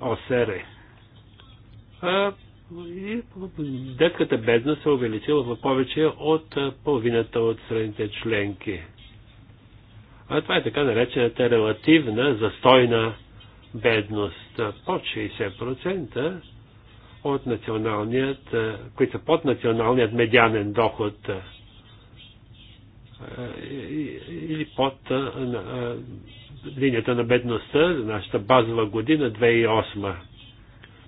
ОСР. И детската бедна се е увеличила в повече от половината от страните членки. А това е така наречената релативна застойна бедност. Под 60% от националният, които са под националният медианен доход или под линията на бедността за нашата базова година 2008.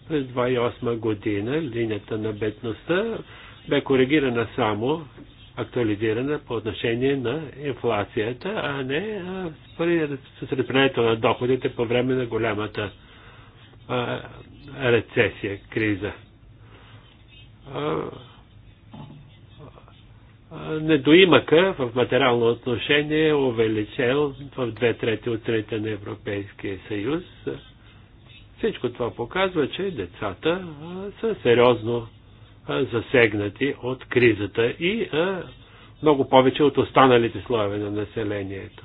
През 2008 година линията на бедността бе коригирана само, актуализирана по отношение на инфлацията, а не с разпределението на доходите по време на голямата а, рецесия, криза. А, недоимъка в материално отношение е увеличен в две трети от трети на Европейския съюз. Всичко това показва, че децата са сериозно засегнати от кризата и много повече от останалите слоеве на населението.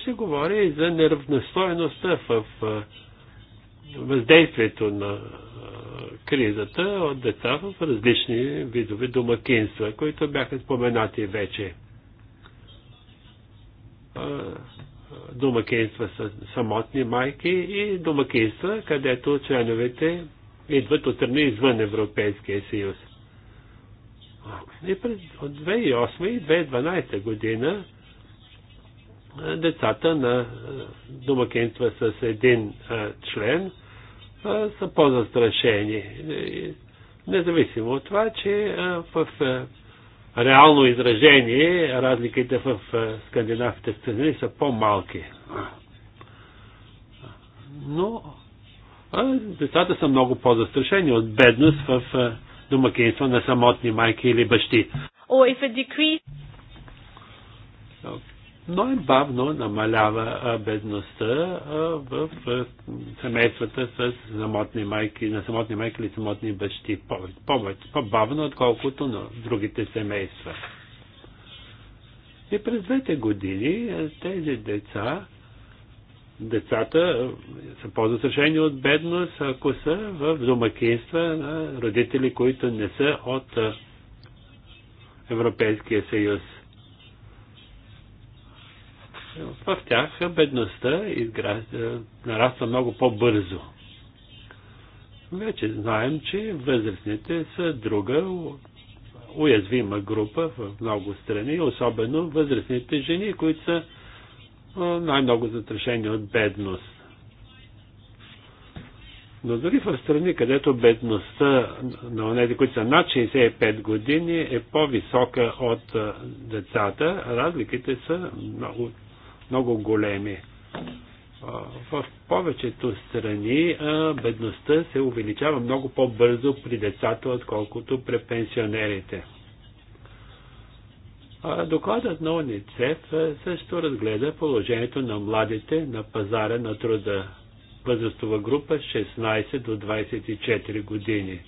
Ще говоря и за неравностойността в въздействието на кризата от деца в различни видове домакинства, които бяха споменати вече. Домакинства са самотни майки и домакинства, където членовете идват от страни извън Европейския съюз. И през 2008 и 2012 година децата на домакинства с един член са по-застрашени. Независимо от това, че в реално изражение разликите в скандинавските страни са по-малки. Но децата са много по-застрашени от бедност в домакинства на самотни майки или бащи. Or if a decrease но е бавно намалява бедността в семействата с самотни майки, на самотни майки или самотни бащи. По-бавно, по отколкото на другите семейства. И през двете години тези деца, децата са по засрешени от бедност, ако са в домакинства на родители, които не са от Европейския съюз в тях бедността изгражда, нараства много по-бързо. Вече знаем, че възрастните са друга уязвима група в много страни, особено възрастните жени, които са най-много затрашени от бедност. Но дори в страни, където бедността на тези, които са над 65 години, е по-висока от децата, разликите са много, много големи. В повечето страни бедността се увеличава много по-бързо при децата, отколкото при пенсионерите. Докладът на ОНИЦЕФ също разгледа положението на младите на пазара на труда. Възрастова група 16 до 24 години.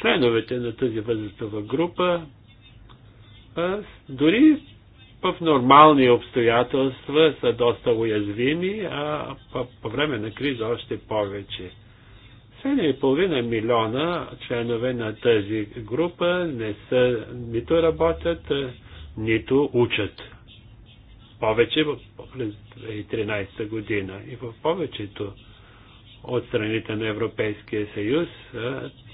Членовете на тази възрастова група дори в нормални обстоятелства са доста уязвими, а по, по време на криза още повече. 7,5 милиона членове на тази група не са нито работят, нито учат. Повече през 2013 година. И в повечето от страните на Европейския съюз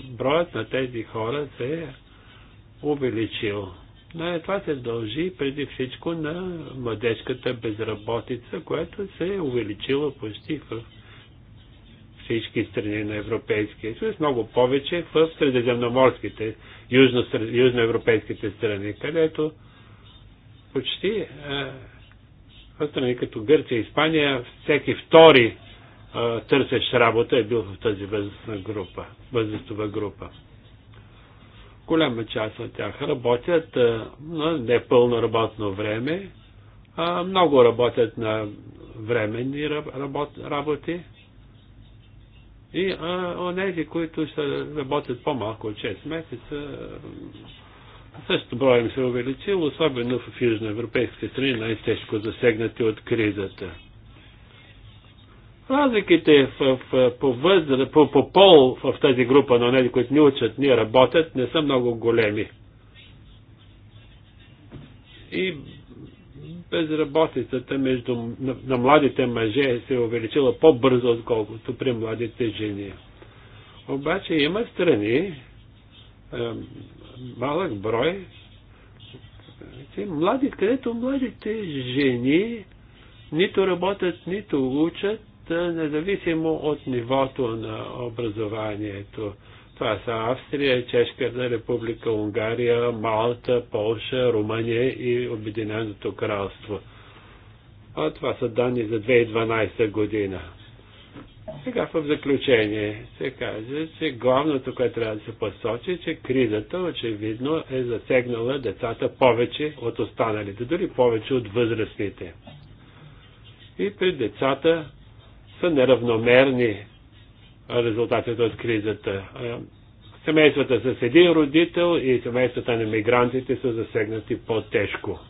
броят на тези хора се е увеличил. Но е, това се дължи преди всичко на младежката безработица, която се е увеличила почти в всички страни на Европейския съюз, много повече в средиземноморските, южно, южноевропейските страни, където почти е, в страни като Гърция и Испания всеки втори е, търсещ работа е бил в тази възрастна група, възрастова група. Голяма част от тях работят на непълно работно време, а много работят на временни работи и онези, които ще работят по-малко от 6 месеца, също броем се увеличил, особено в южноевропейските страни, най-тежко засегнати от кризата. Разликите в, в, по, възда, по, по пол в тази група на тези, които ни учат, ни работят, не са много големи. И безработицата между, на, на младите мъже се е увеличила по-бързо, отколкото при младите жени. Обаче има страни, е, малък брой, млади, където младите жени нито работят, нито учат, независимо от нивото на образованието. Това са Австрия, Чешката република, Унгария, Малта, Полша, Румъния и Обединеното кралство. А това са данни за 2012 година. Сега в заключение се каже, че главното, което трябва да се посочи, е, че кризата очевидно е засегнала децата повече от останалите, дори повече от възрастните. И при децата са неравномерни резултатите от кризата. Семействата с един родител и семействата на мигрантите са засегнати по-тежко.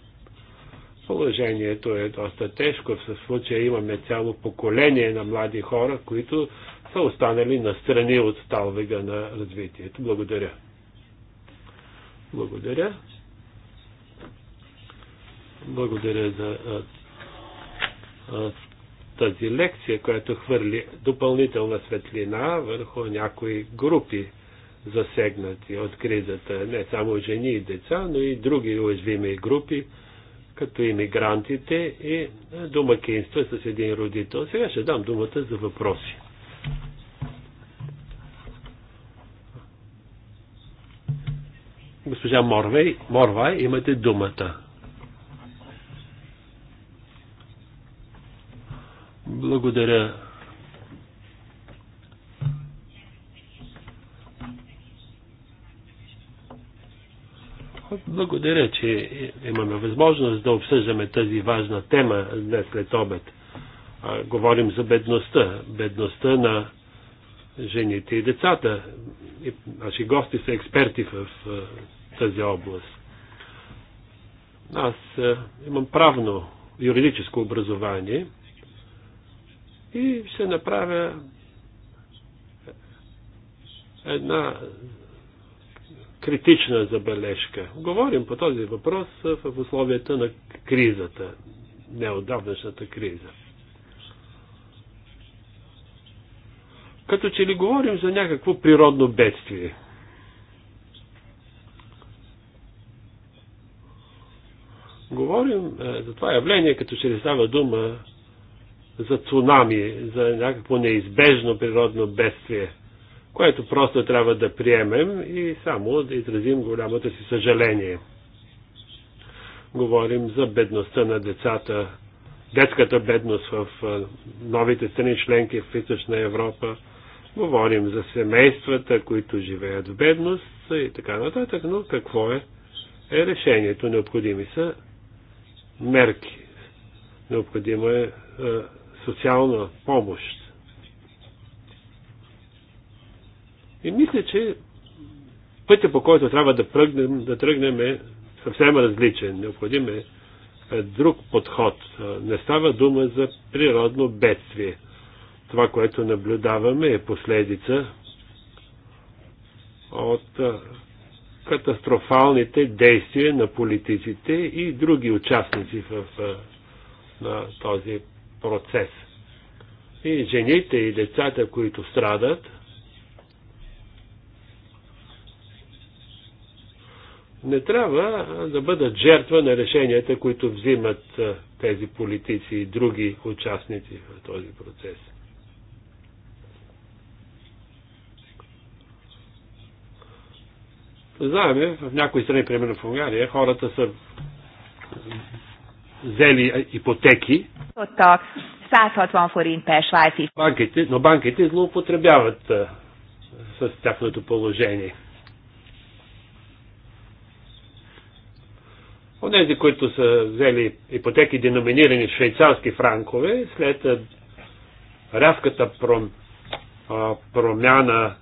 Положението е доста тежко. В случая имаме цяло поколение на млади хора, които са останали настрани от талвега на развитието. Благодаря. Благодаря. Благодаря за тази лекция, която хвърли допълнителна светлина върху някои групи засегнати от кризата, не само жени и деца, но и други уязвими групи, като иммигрантите и домакинства с един родител. Сега ще дам думата за въпроси. Госпожа Морвей, Морвай, имате думата. Благодаря. Благодаря, че имаме възможност да обсъждаме тази важна тема днес след обед. Говорим за бедността. Бедността на жените и децата. Наши гости са експерти в тази област. Аз имам правно юридическо образование – и ще направя една критична забележка. Говорим по този въпрос в условията на кризата, неодавнашната криза. Като че ли говорим за някакво природно бедствие. Говорим за това явление, като че ли става дума за цунами, за някакво неизбежно природно бедствие, което просто трябва да приемем и само да изразим голямото си съжаление. Говорим за бедността на децата, детската бедност в новите страни членки в Източна Европа. Говорим за семействата, които живеят в бедност и така нататък, но какво е, е решението? Необходими са мерки. Необходимо е социална помощ. И мисля, че пътя по който трябва да тръгнем, да тръгнем е съвсем различен. Необходим е, е друг подход. Не става дума за природно бедствие. Това, което наблюдаваме е последица от катастрофалните действия на политиците и други участници в на този процес. И жените и децата, които страдат, не трябва да бъдат жертва на решенията, които взимат тези политици и други участници в този процес. Знаеме, в някои страни, примерно в Унгария, хората са взели ипотеки. Банките, но банките злоупотребяват а, с тяхното положение. Онези, които са взели ипотеки, деноминирани в швейцарски франкове, след рязката пром, а, промяна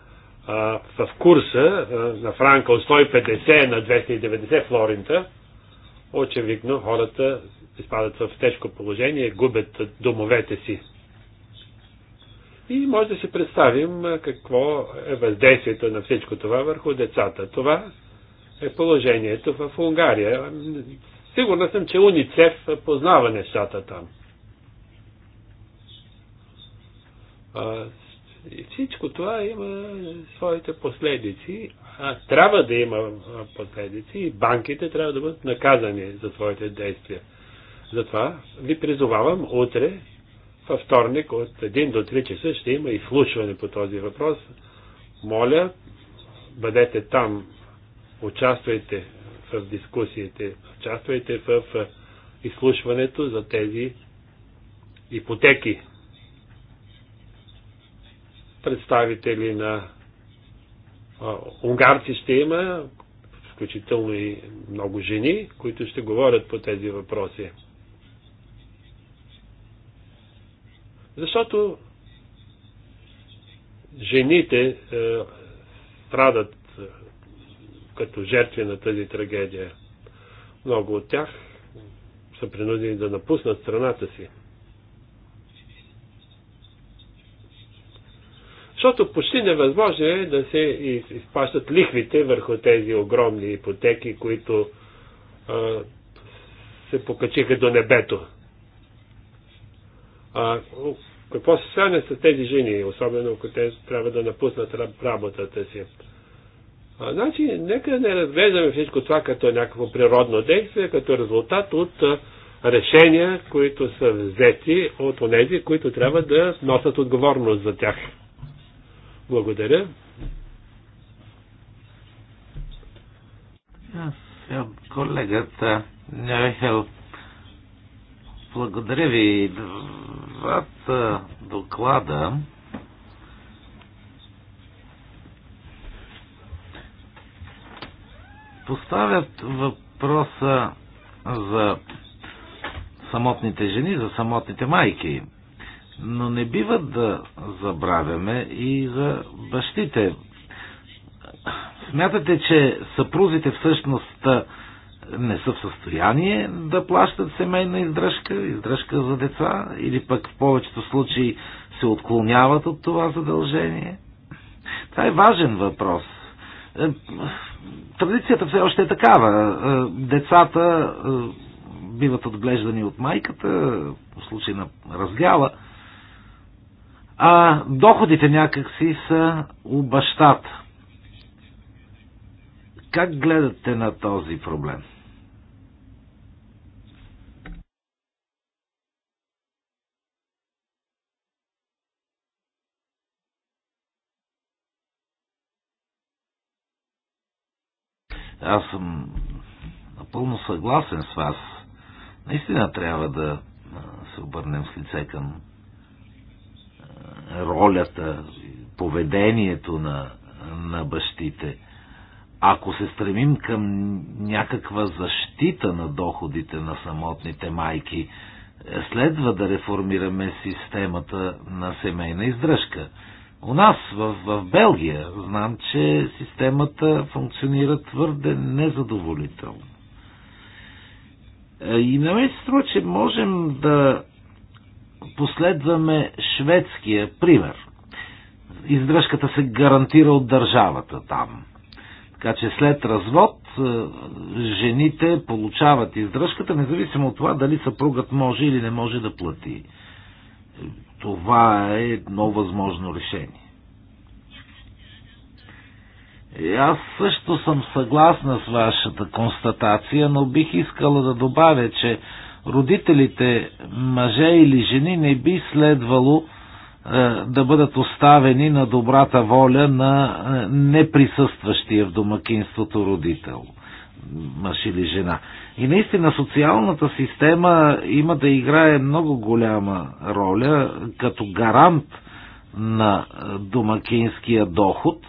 в курса на франка от 150 на 290 флоринта, очевидно хората изпадат в тежко положение, губят домовете си. И може да си представим какво е въздействието на всичко това върху децата. Това е положението в Унгария. Сигурна съм, че Уницев познава нещата там. И всичко това има своите последици, а трябва да има последици и банките трябва да бъдат наказани за своите действия. Затова ви призовавам утре, във вторник, от 1 до 3 часа ще има изслушване по този въпрос. Моля, бъдете там, участвайте в дискусиите, участвайте в изслушването за тези ипотеки. Представители на унгарци ще има, включително и много жени, които ще говорят по тези въпроси. Защото жените е, страдат е, като жертви на тази трагедия. Много от тях са принудени да напуснат страната си. Защото почти невъзможно е да се изплащат лихвите върху тези огромни ипотеки, които а, е, се покачиха до небето. А, какво се стане с тези жени, особено ако те трябва да напуснат работата си? А, значи, нека не разглеждаме всичко това като някакво природно действие, като резултат от решения, които са взети от онези, които трябва да носят отговорност за тях. Благодаря. Колегата Нехел благодаря ви. Двата доклада поставят въпроса за самотните жени, за самотните майки. Но не бива да забравяме и за бащите. Смятате, че съпрузите всъщност не са в състояние да плащат семейна издръжка, издръжка за деца, или пък в повечето случаи се отклоняват от това задължение. Това е важен въпрос. Е, традицията все още е такава. Е, децата е, биват отглеждани от майката, в случай на раздяла, а доходите някакси са у бащата. Как гледате на този проблем? Аз съм напълно съгласен с вас. Наистина трябва да се обърнем с лице към ролята, поведението на, на бащите. Ако се стремим към някаква защита на доходите на самотните майки, е, следва да реформираме системата на семейна издръжка. У нас, в, в Белгия, знам, че системата функционира твърде незадоволително. Е, и на мен се струва, че можем да последваме шведския пример. Издръжката се гарантира от държавата там. Така че след развод е, жените получават издръжката, независимо от това дали съпругът може или не може да плати. Това е едно възможно решение. Аз също съм съгласна с вашата констатация, но бих искала да добавя, че родителите, мъже или жени, не би следвало е, да бъдат оставени на добрата воля на е, неприсъстващия в домакинството родител мъж или жена. И наистина социалната система има да играе много голяма роля като гарант на домакинския доход,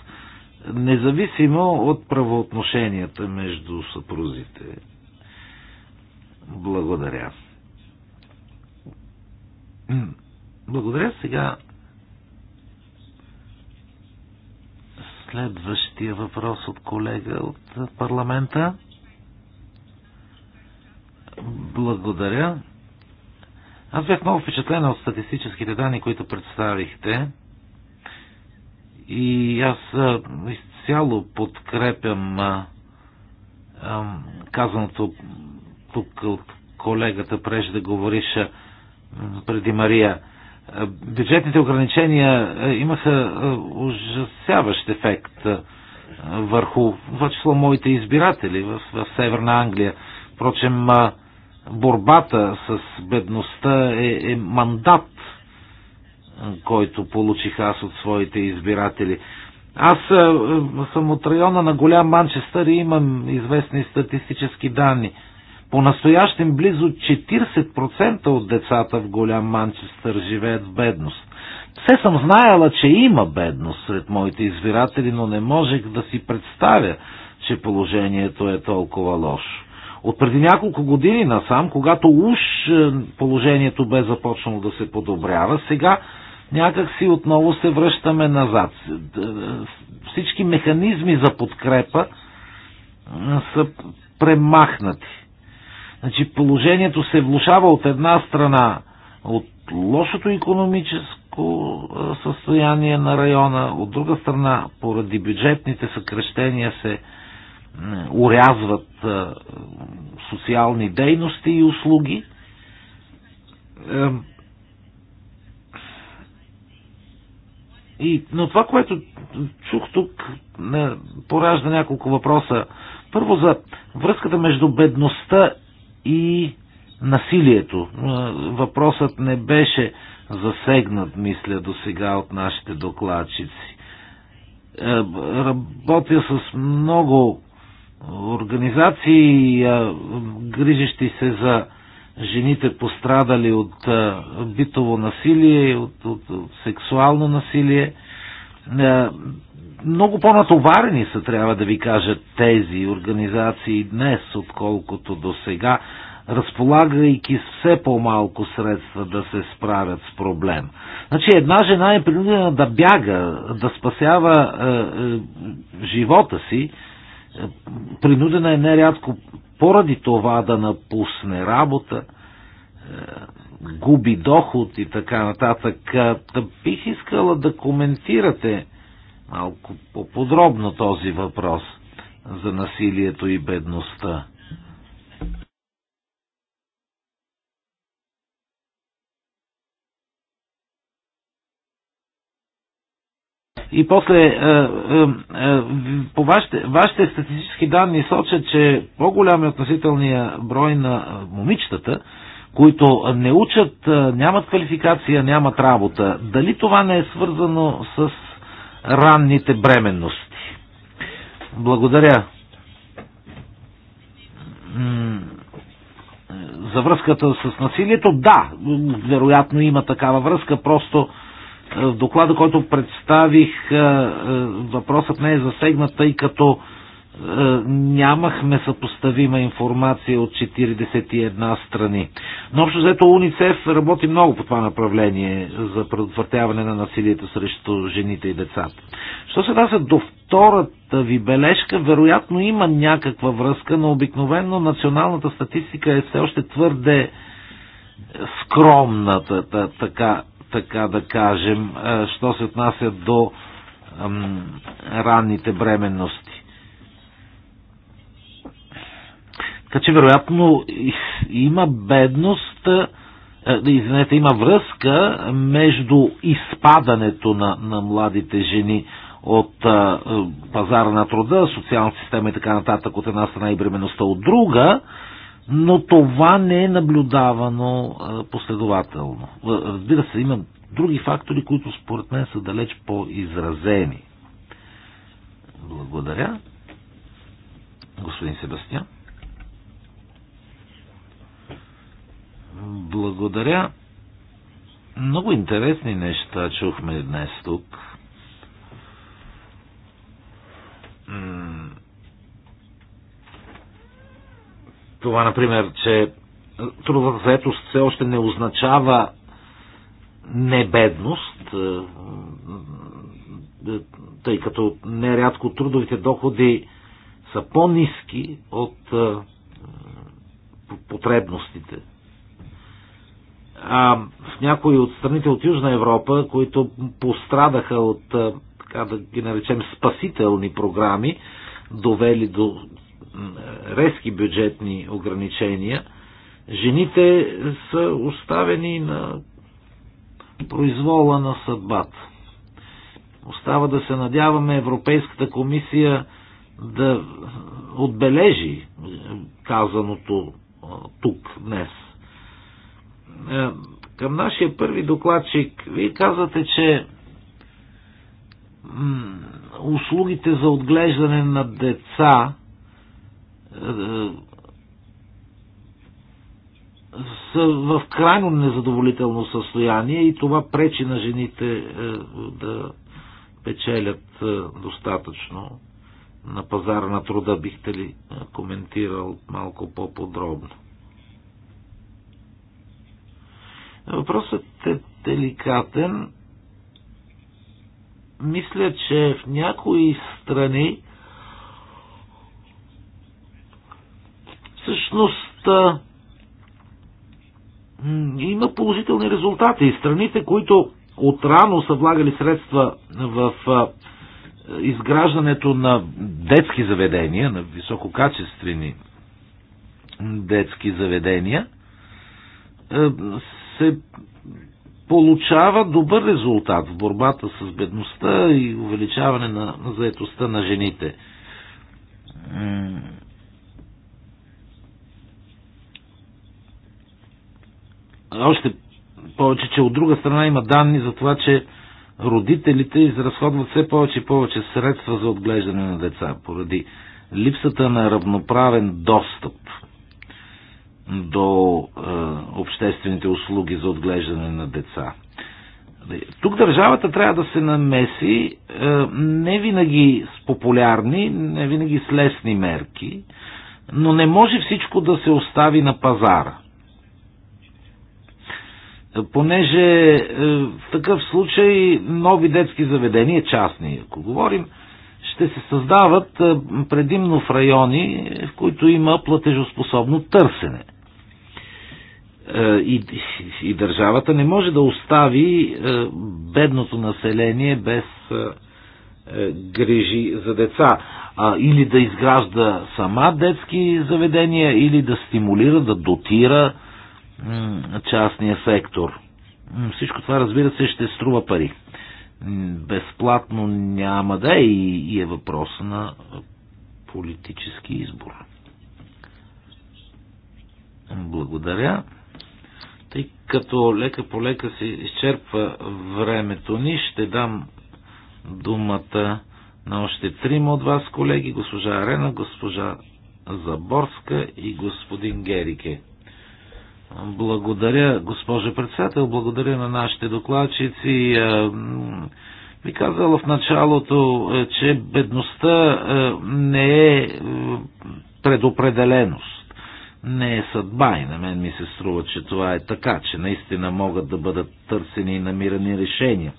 независимо от правоотношенията между съпрузите. Благодаря. Благодаря сега Следващия въпрос от колега от парламента. Благодаря. Аз бях много впечатлена от статистическите данни, които представихте. И аз изцяло подкрепям казаното тук от колегата преждеговориша преди Мария бюджетните ограничения е, имаха е, ужасяващ ефект е, върху, в число моите избиратели в, в Северна Англия. Впрочем, борбата с бедността е, е мандат, който получих аз от своите избиратели. Аз съм от района на Голям Манчестър и имам известни статистически данни – по-настоящем близо 40% от децата в голям Манчестър живеят в бедност. Все съм знаела, че има бедност сред моите избиратели, но не можех да си представя, че положението е толкова лошо. От преди няколко години насам, когато уж е, положението бе започнало да се подобрява, сега някак си отново се връщаме назад. Е, всички механизми за подкрепа е, са премахнати. Значи положението се влушава от една страна от лошото економическо състояние на района, от друга страна поради бюджетните съкрещения се урязват социални дейности и услуги. И, но това, което чух тук, е, поражда няколко въпроса. Първо за връзката между бедността и насилието. Въпросът не беше засегнат, мисля, до сега от нашите докладчици. Е, работя с много организации, грижещи се за жените пострадали от битово насилие, от, от, от сексуално насилие. Е, много по-натоварени са, трябва да ви кажа, тези организации днес, отколкото до сега, разполагайки все по-малко средства да се справят с проблем. Значи една жена е принудена да бяга, да спасява е, е, живота си, е, принудена е нерядко поради това да напусне работа, е, губи доход и така нататък. Та е, бих искала да коментирате малко по-подробно този въпрос за насилието и бедността. И после, е, е, е, по вашите, вашите статистически данни сочат, че по-голям е относителния брой на момичетата, които не учат, нямат квалификация, нямат работа. Дали това не е свързано с ранните бременности. Благодаря за връзката с насилието. Да, вероятно има такава връзка, просто е, в доклада, който представих, е, е, въпросът не е засегнат, тъй като е, нямахме съпоставима информация от 41 страни. Но общо взето УНИЦЕФ работи много по това направление за предотвратяване на насилието срещу жените и децата. Що се отнася до втората ви бележка, вероятно има някаква връзка, но обикновено националната статистика е все още твърде скромната, така, така да кажем, е, що се отнася до ранните бременности. Така че вероятно има бедност, е, е, извинете, има връзка между изпадането на, на младите жени от а, е, пазара на труда, социална система и така нататък от една страна и бременността от друга, но това не е наблюдавано а, последователно. Разбира се, има други фактори, които според мен са далеч по-изразени. Благодаря. Господин Себастьян. Благодаря. Много интересни неща чухме днес тук. Това, например, че трудовата заетост все още не означава небедност, е, е, тъй като нерядко трудовите доходи са по-низки от е, потребностите а в някои от страните от Южна Европа, които пострадаха от, така да ги наречем, спасителни програми, довели до резки бюджетни ограничения, жените са оставени на произвола на съдбата. Остава да се надяваме Европейската комисия да отбележи казаното тук днес – е, към нашия първи докладчик. Вие казвате, че услугите за отглеждане на деца е, са в крайно незадоволително състояние и това пречи на жените е, да печелят достатъчно на пазара на труда. Бихте ли коментирал малко по-подробно? Въпросът е деликатен. Мисля, че в някои страни всъщност има положителни резултати. Страните, които отрано са влагали средства в изграждането на детски заведения, на висококачествени детски заведения, се получава добър резултат в борбата с бедността и увеличаване на заетостта на жените. Още повече, че от друга страна има данни за това, че родителите изразходват все повече и повече средства за отглеждане на деца, поради липсата на равноправен достъп до е, обществените услуги за отглеждане на деца. Тук държавата трябва да се намеси е, не винаги с популярни, не винаги с лесни мерки, но не може всичко да се остави на пазара. Понеже е, в такъв случай нови детски заведения, частни, ако говорим, ще се създават предимно в райони, в които има платежоспособно търсене. И, и държавата не може да остави бедното население без грижи за деца. или да изгражда сама детски заведения, или да стимулира, да дотира частния сектор. Всичко това, разбира се, ще струва пари безплатно няма да е и е въпрос на политически избор. Благодаря. Тъй като лека по лека се изчерпва времето ни, ще дам думата на още трима от вас, колеги, госпожа Арена, госпожа Заборска и господин Герике. Благодаря, госпожо председател, благодаря на нашите докладчици. Ви е, казала в началото, е, че бедността е, не е предопределеност, не е съдба и на мен ми се струва, че това е така, че наистина могат да бъдат търсени и намирани решения.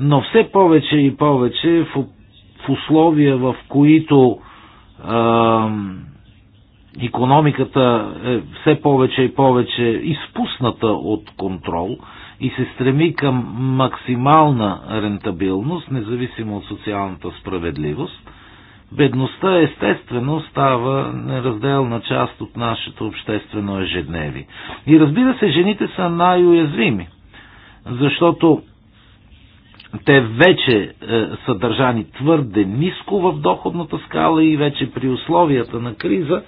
Но все повече и повече в, условия, в които економиката е все повече и повече изпусната от контрол и се стреми към максимална рентабилност, независимо от социалната справедливост, бедността естествено става неразделна част от нашето обществено ежедневие. И разбира се, жените са най-уязвими, защото те вече е, са държани твърде ниско в доходната скала и вече при условията на криза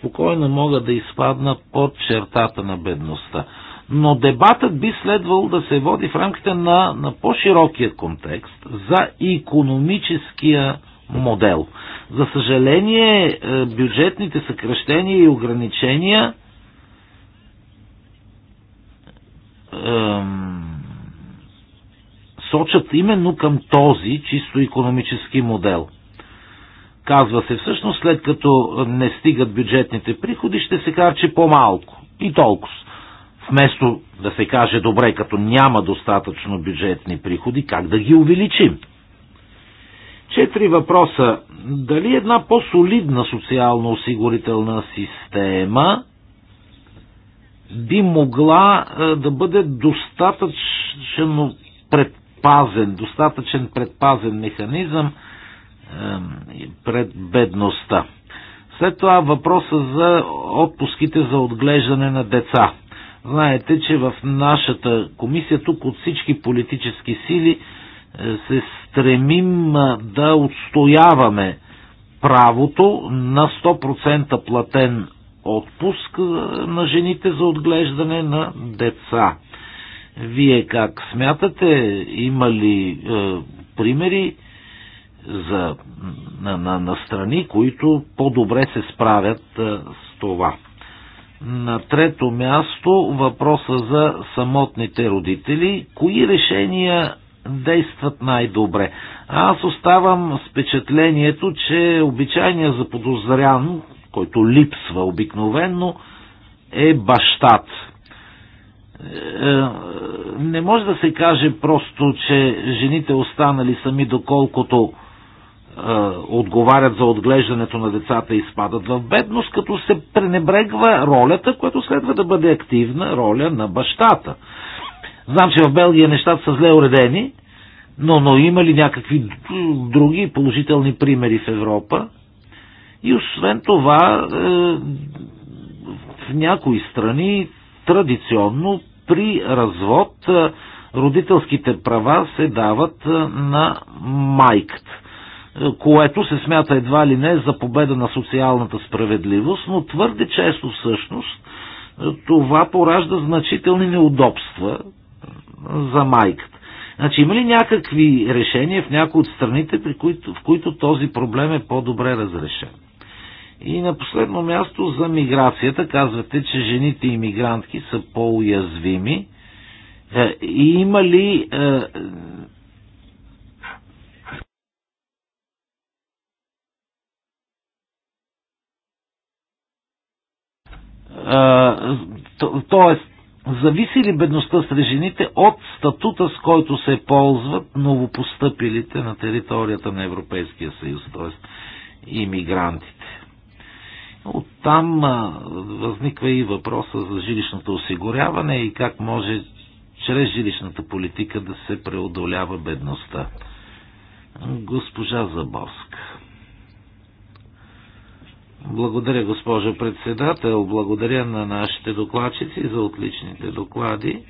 спокойно могат да изпаднат под чертата на бедността. Но дебатът би следвал да се води в рамките на, на по-широкия контекст за економическия модел. За съжаление, е, бюджетните съкръщения и ограничения ем, сочат именно към този чисто економически модел – Казва се всъщност, след като не стигат бюджетните приходи, ще се харчи по-малко. И толкова. Вместо да се каже, добре, като няма достатъчно бюджетни приходи, как да ги увеличим? Четири въпроса. Дали една по-солидна социално-осигурителна система би могла е, да бъде достатъчно предпазен, достатъчен предпазен механизъм пред бедността. След това въпроса за отпуските за отглеждане на деца. Знаете, че в нашата комисия тук от всички политически сили е, се стремим да отстояваме правото на 100% платен отпуск на жените за отглеждане на деца. Вие как смятате? Има ли е, примери? за, на, на, на страни, които по-добре се справят с това. На трето място въпроса за самотните родители. Кои решения действат най-добре? Аз оставам с впечатлението, че обичайният заподозрян, който липсва обикновенно, е бащат. Е, е, не може да се каже просто, че жените останали сами, доколкото отговарят за отглеждането на децата и спадат в бедност, като се пренебрегва ролята, която следва да бъде активна роля на бащата. Знам, че в Белгия нещата са зле уредени, но, но има ли някакви други положителни примери в Европа? И освен това, е, в някои страни традиционно при развод е, родителските права се дават е, на майката което се смята едва ли не за победа на социалната справедливост, но твърде често всъщност е, това поражда значителни неудобства е, за майката. Значи има ли някакви решения в някои от страните, при които, в които този проблем е по-добре разрешен? И на последно място за миграцията казвате, че жените и мигрантки са по-уязвими. Е, и има ли Тоест, зависи ли бедността сред жените от статута, с който се ползват новопостъпилите на територията на Европейския съюз, т.е. иммигрантите? Оттам възниква и въпроса за жилищното осигуряване и как може чрез жилищната политика да се преодолява бедността. Госпожа Забовска. Благодаря, госпожо председател. Благодаря на нашите докладчици за отличните доклади.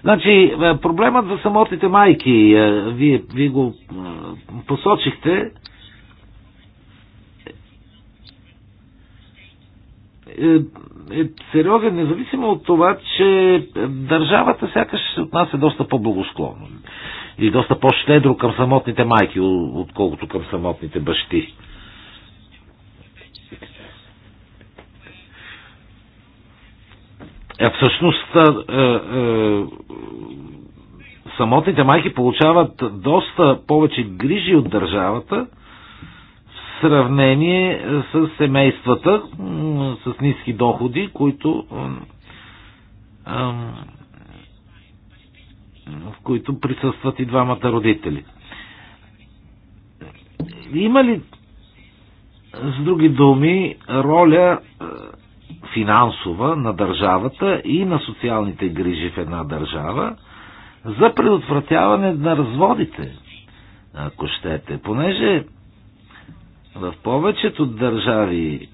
Значи, е, проблемът за самотните майки, е, вие, вие го е, посочихте, Е, е сериозен, независимо от това, че държавата сякаш от нас е доста по-благосклонна и доста по-щедро към самотните майки, отколкото към самотните бащи. А всъщност е, е, самотните майки получават доста повече грижи от държавата, сравнение с семействата с ниски доходи, които в които присъстват и двамата родители. Има ли с други думи роля е, финансова на държавата и на социалните грижи в една държава за предотвратяване на разводите, ако щете, понеже в повечето държави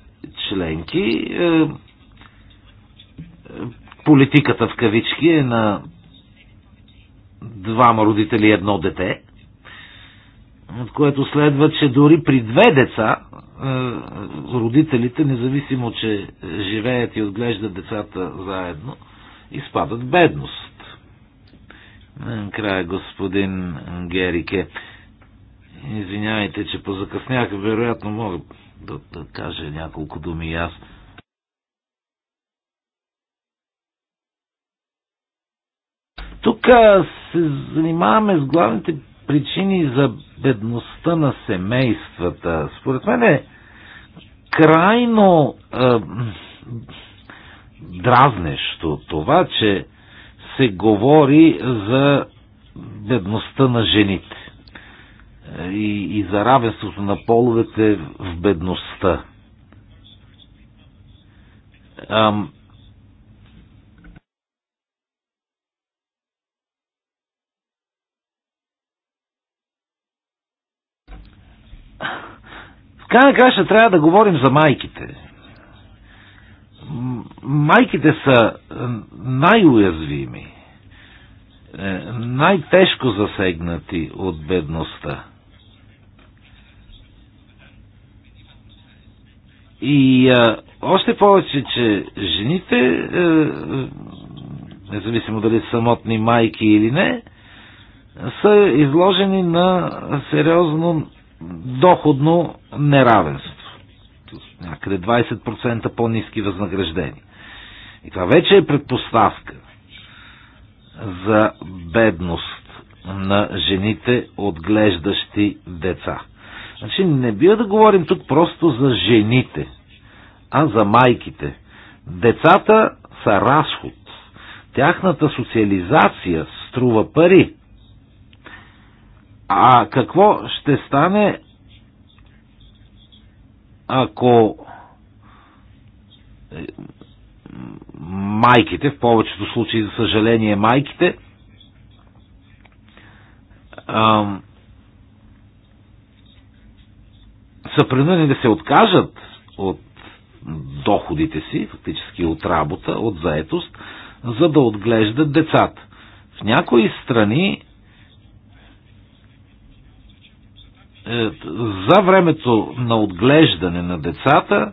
членки е, е, политиката в кавички е на двама родители и едно дете, от което следва, че дори при две деца е, родителите, независимо, че живеят и отглеждат децата заедно, изпадат в бедност. Е, Края господин Герике. Извинявайте, че позакъснях. Вероятно мога да, да кажа няколко думи и аз. Тук се занимаваме с главните причини за бедността на семействата. Според мен е крайно е, дразнещо това, че се говори за бедността на жените и, и за равенството на половете в бедността. Ам... В крайна краща трябва да говорим за майките. Майките са най-уязвими, е, най-тежко засегнати от бедността. И а, още повече, че жените, а, независимо дали са самотни майки или не, са изложени на сериозно доходно неравенство. Някъде 20% по-низки възнаграждения. И това вече е предпоставка за бедност на жените, отглеждащи деца. Значи не бива да говорим тук просто за жените, а за майките. Децата са разход. Тяхната социализация струва пари. А какво ще стане, ако е, майките, в повечето случаи, за съжаление, майките, ам, са принудени да се откажат от доходите си, фактически от работа, от заетост, за да отглеждат децата. В някои страни е, за времето на отглеждане на децата,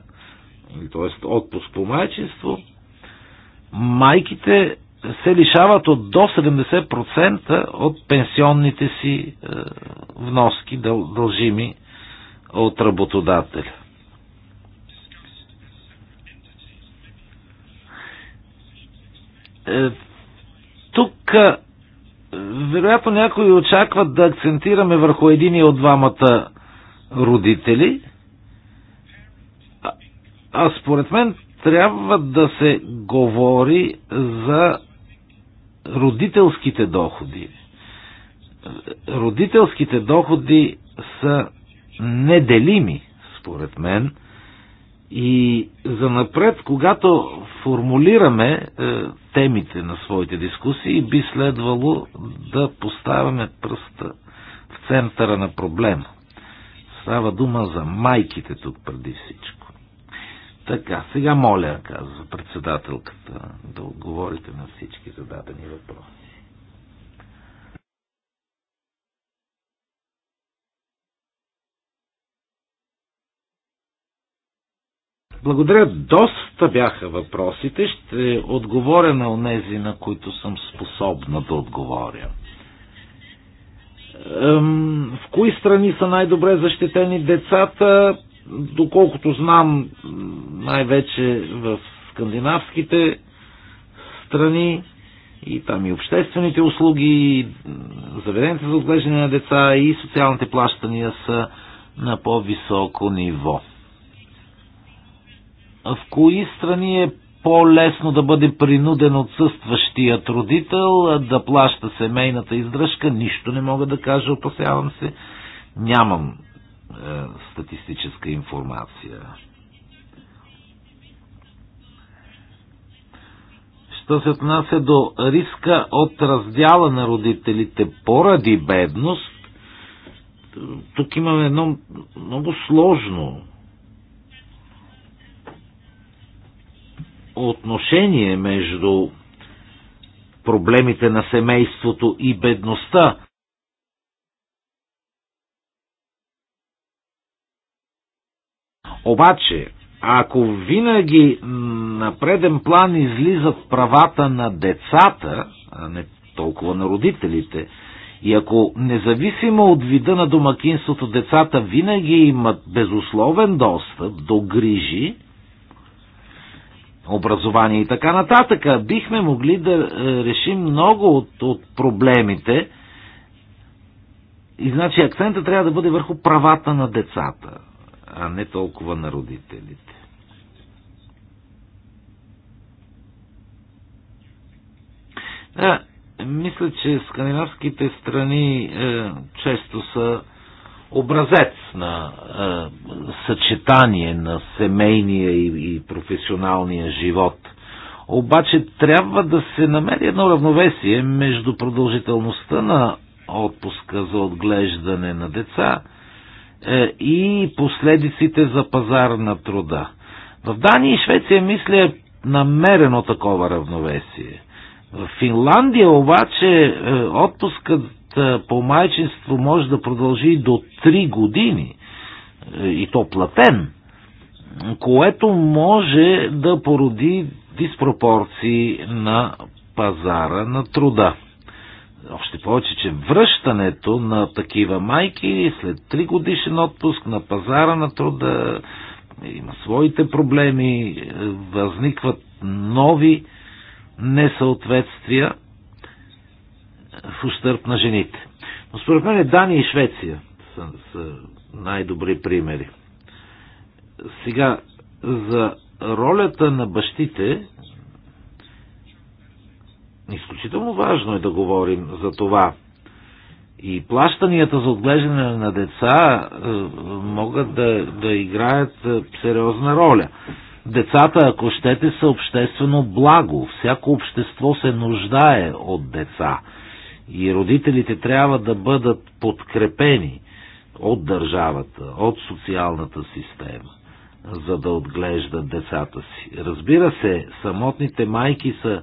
т.е. отпуск по майчинство, майките се лишават от до 70% от пенсионните си е, вноски, дължими от работодателя. Е, тук е, вероятно някои очакват да акцентираме върху един от двамата родители, а според мен трябва да се говори за родителските доходи. Е, родителските доходи са неделими, според мен. И занапред, когато формулираме е, темите на своите дискусии, би следвало да поставяме пръста в центъра на проблема. Става дума за майките тук преди всичко. Така, сега моля, казва председателката, да отговорите на всички зададени въпроси. Благодаря. Доста бяха въпросите. Ще отговоря на онези, на които съм способна да отговоря. В кои страни са най-добре защитени децата? Доколкото знам, най-вече в скандинавските страни и там и обществените услуги, и заведените за отглеждане на деца и социалните плащания са на по-високо ниво в кои страни е по-лесно да бъде принуден отсъстващият родител да плаща семейната издръжка? Нищо не мога да кажа, опасявам се. Нямам е, статистическа информация. Що се отнася до риска от раздяла на родителите поради бедност, тук имаме едно много сложно отношение между проблемите на семейството и бедността. Обаче, ако винаги на преден план излизат правата на децата, а не толкова на родителите, и ако независимо от вида на домакинството децата винаги имат безусловен достъп до грижи, образование и така нататък, бихме могли да е, решим много от, от проблемите. И значи акцента трябва да бъде върху правата на децата, а не толкова на родителите. Да, мисля, че скандинавските страни е, често са образец на е, съчетание на семейния и, и професионалния живот. Обаче трябва да се намери едно равновесие между продължителността на отпуска за отглеждане на деца е, и последиците за пазар на труда. В Дания и Швеция мисля е намерено такова равновесие. В Финландия обаче е, отпускът по майчинство може да продължи до 3 години и то платен, което може да породи диспропорции на пазара на труда. Още повече, че връщането на такива майки след 3 годишен отпуск на пазара на труда има своите проблеми, възникват нови несъответствия – в устърп на жените. Но според мен Дания и Швеция са, са най-добри примери. Сега, за ролята на бащите, изключително важно е да говорим за това. И плащанията за отглеждане на деца е, могат да, да играят е, сериозна роля. Децата, ако щете, са обществено благо. Всяко общество се нуждае от деца и родителите трябва да бъдат подкрепени от държавата, от социалната система, за да отглеждат децата си. Разбира се, самотните майки са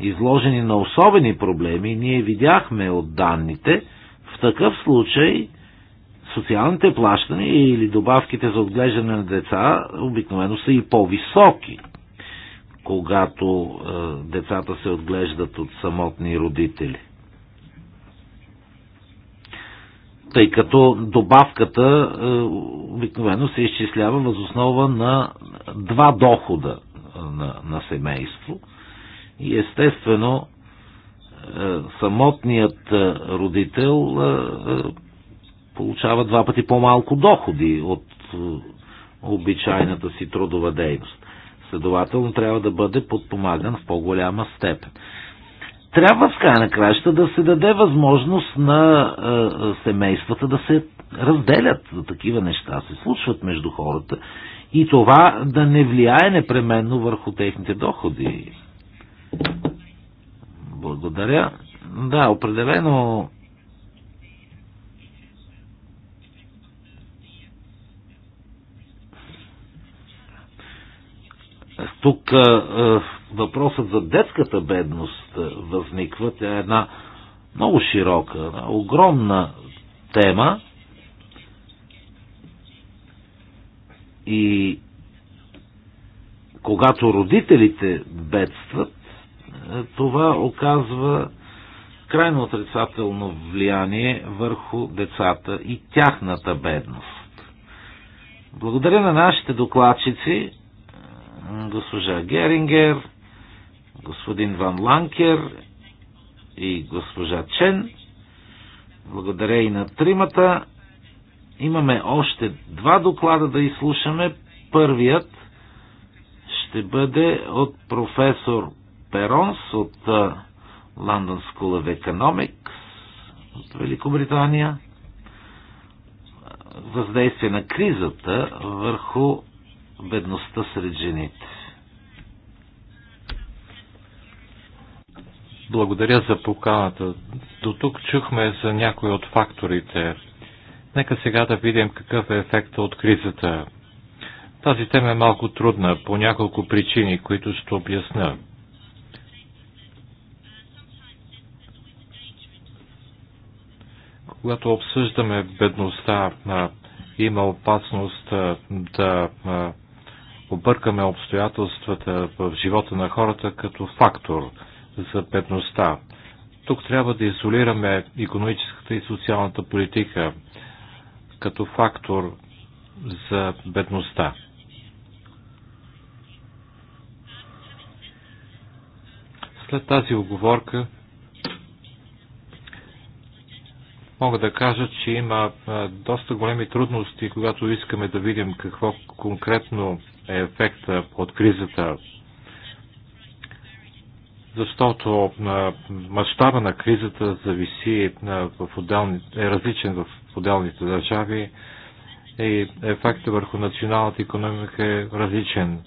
изложени на особени проблеми, ние видяхме от данните, в такъв случай социалните плащания или добавките за отглеждане на деца обикновено са и по-високи, когато е, децата се отглеждат от самотни родители. тъй като добавката е, обикновено се изчислява възоснова на два дохода е, на, на семейство. И естествено, е, самотният родител получава два пъти по-малко доходи от обичайната си трудова дейност. Следователно трябва да бъде подпомаган в по-голяма степен трябва в края на краща да се даде възможност на е, семействата да се разделят. За такива неща се случват между хората и това да не влияе непременно върху техните доходи. Благодаря. Да, определено тук въпросът за детската бедност е, възниква. Тя е една много широка, една огромна тема. И когато родителите бедстват, е, това оказва крайно отрицателно влияние върху децата и тяхната бедност. Благодаря на нашите докладчици, е, госпожа Герингер, господин Ван Ланкер и госпожа Чен. Благодаря и на тримата. Имаме още два доклада да изслушаме. Първият ще бъде от професор Перонс от London School of Economics от Великобритания. Въздействие на кризата върху бедността сред жените. Благодаря за поканата. До тук чухме за някои от факторите. Нека сега да видим какъв е ефекта от кризата. Тази тема е малко трудна по няколко причини, които ще обясня. Когато обсъждаме бедността, има опасност да объркаме обстоятелствата в живота на хората като фактор – за бедността. Тук трябва да изолираме економическата и социалната политика като фактор за бедността. След тази оговорка мога да кажа, че има доста големи трудности, когато искаме да видим какво конкретно е ефекта от кризата защото мащаба на кризата зависи в отделни, е различен в отделните държави и е, ефекта върху националната економика е различен.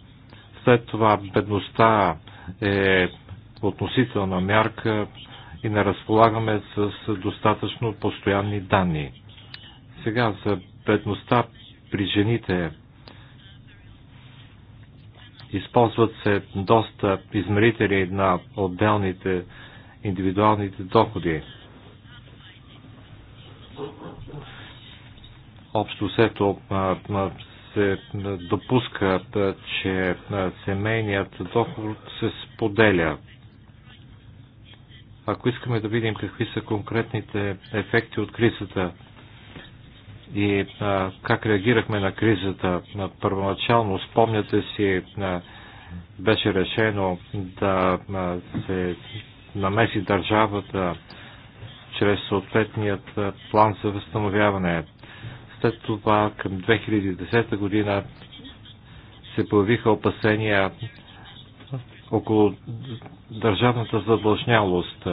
След това бедността е относителна мярка и не разполагаме с достатъчно постоянни данни. Сега за бедността при жените Използват се доста измерители на отделните индивидуалните доходи. Общо сето се допуска, че семейният доход се споделя. Ако искаме да видим какви са конкретните ефекти от кризата, и а, как реагирахме на кризата. Първоначално, спомняте си, а, беше решено да а, се намеси държавата чрез съответният план за възстановяване. След това към 2010 година се появиха опасения около държавната задължнялост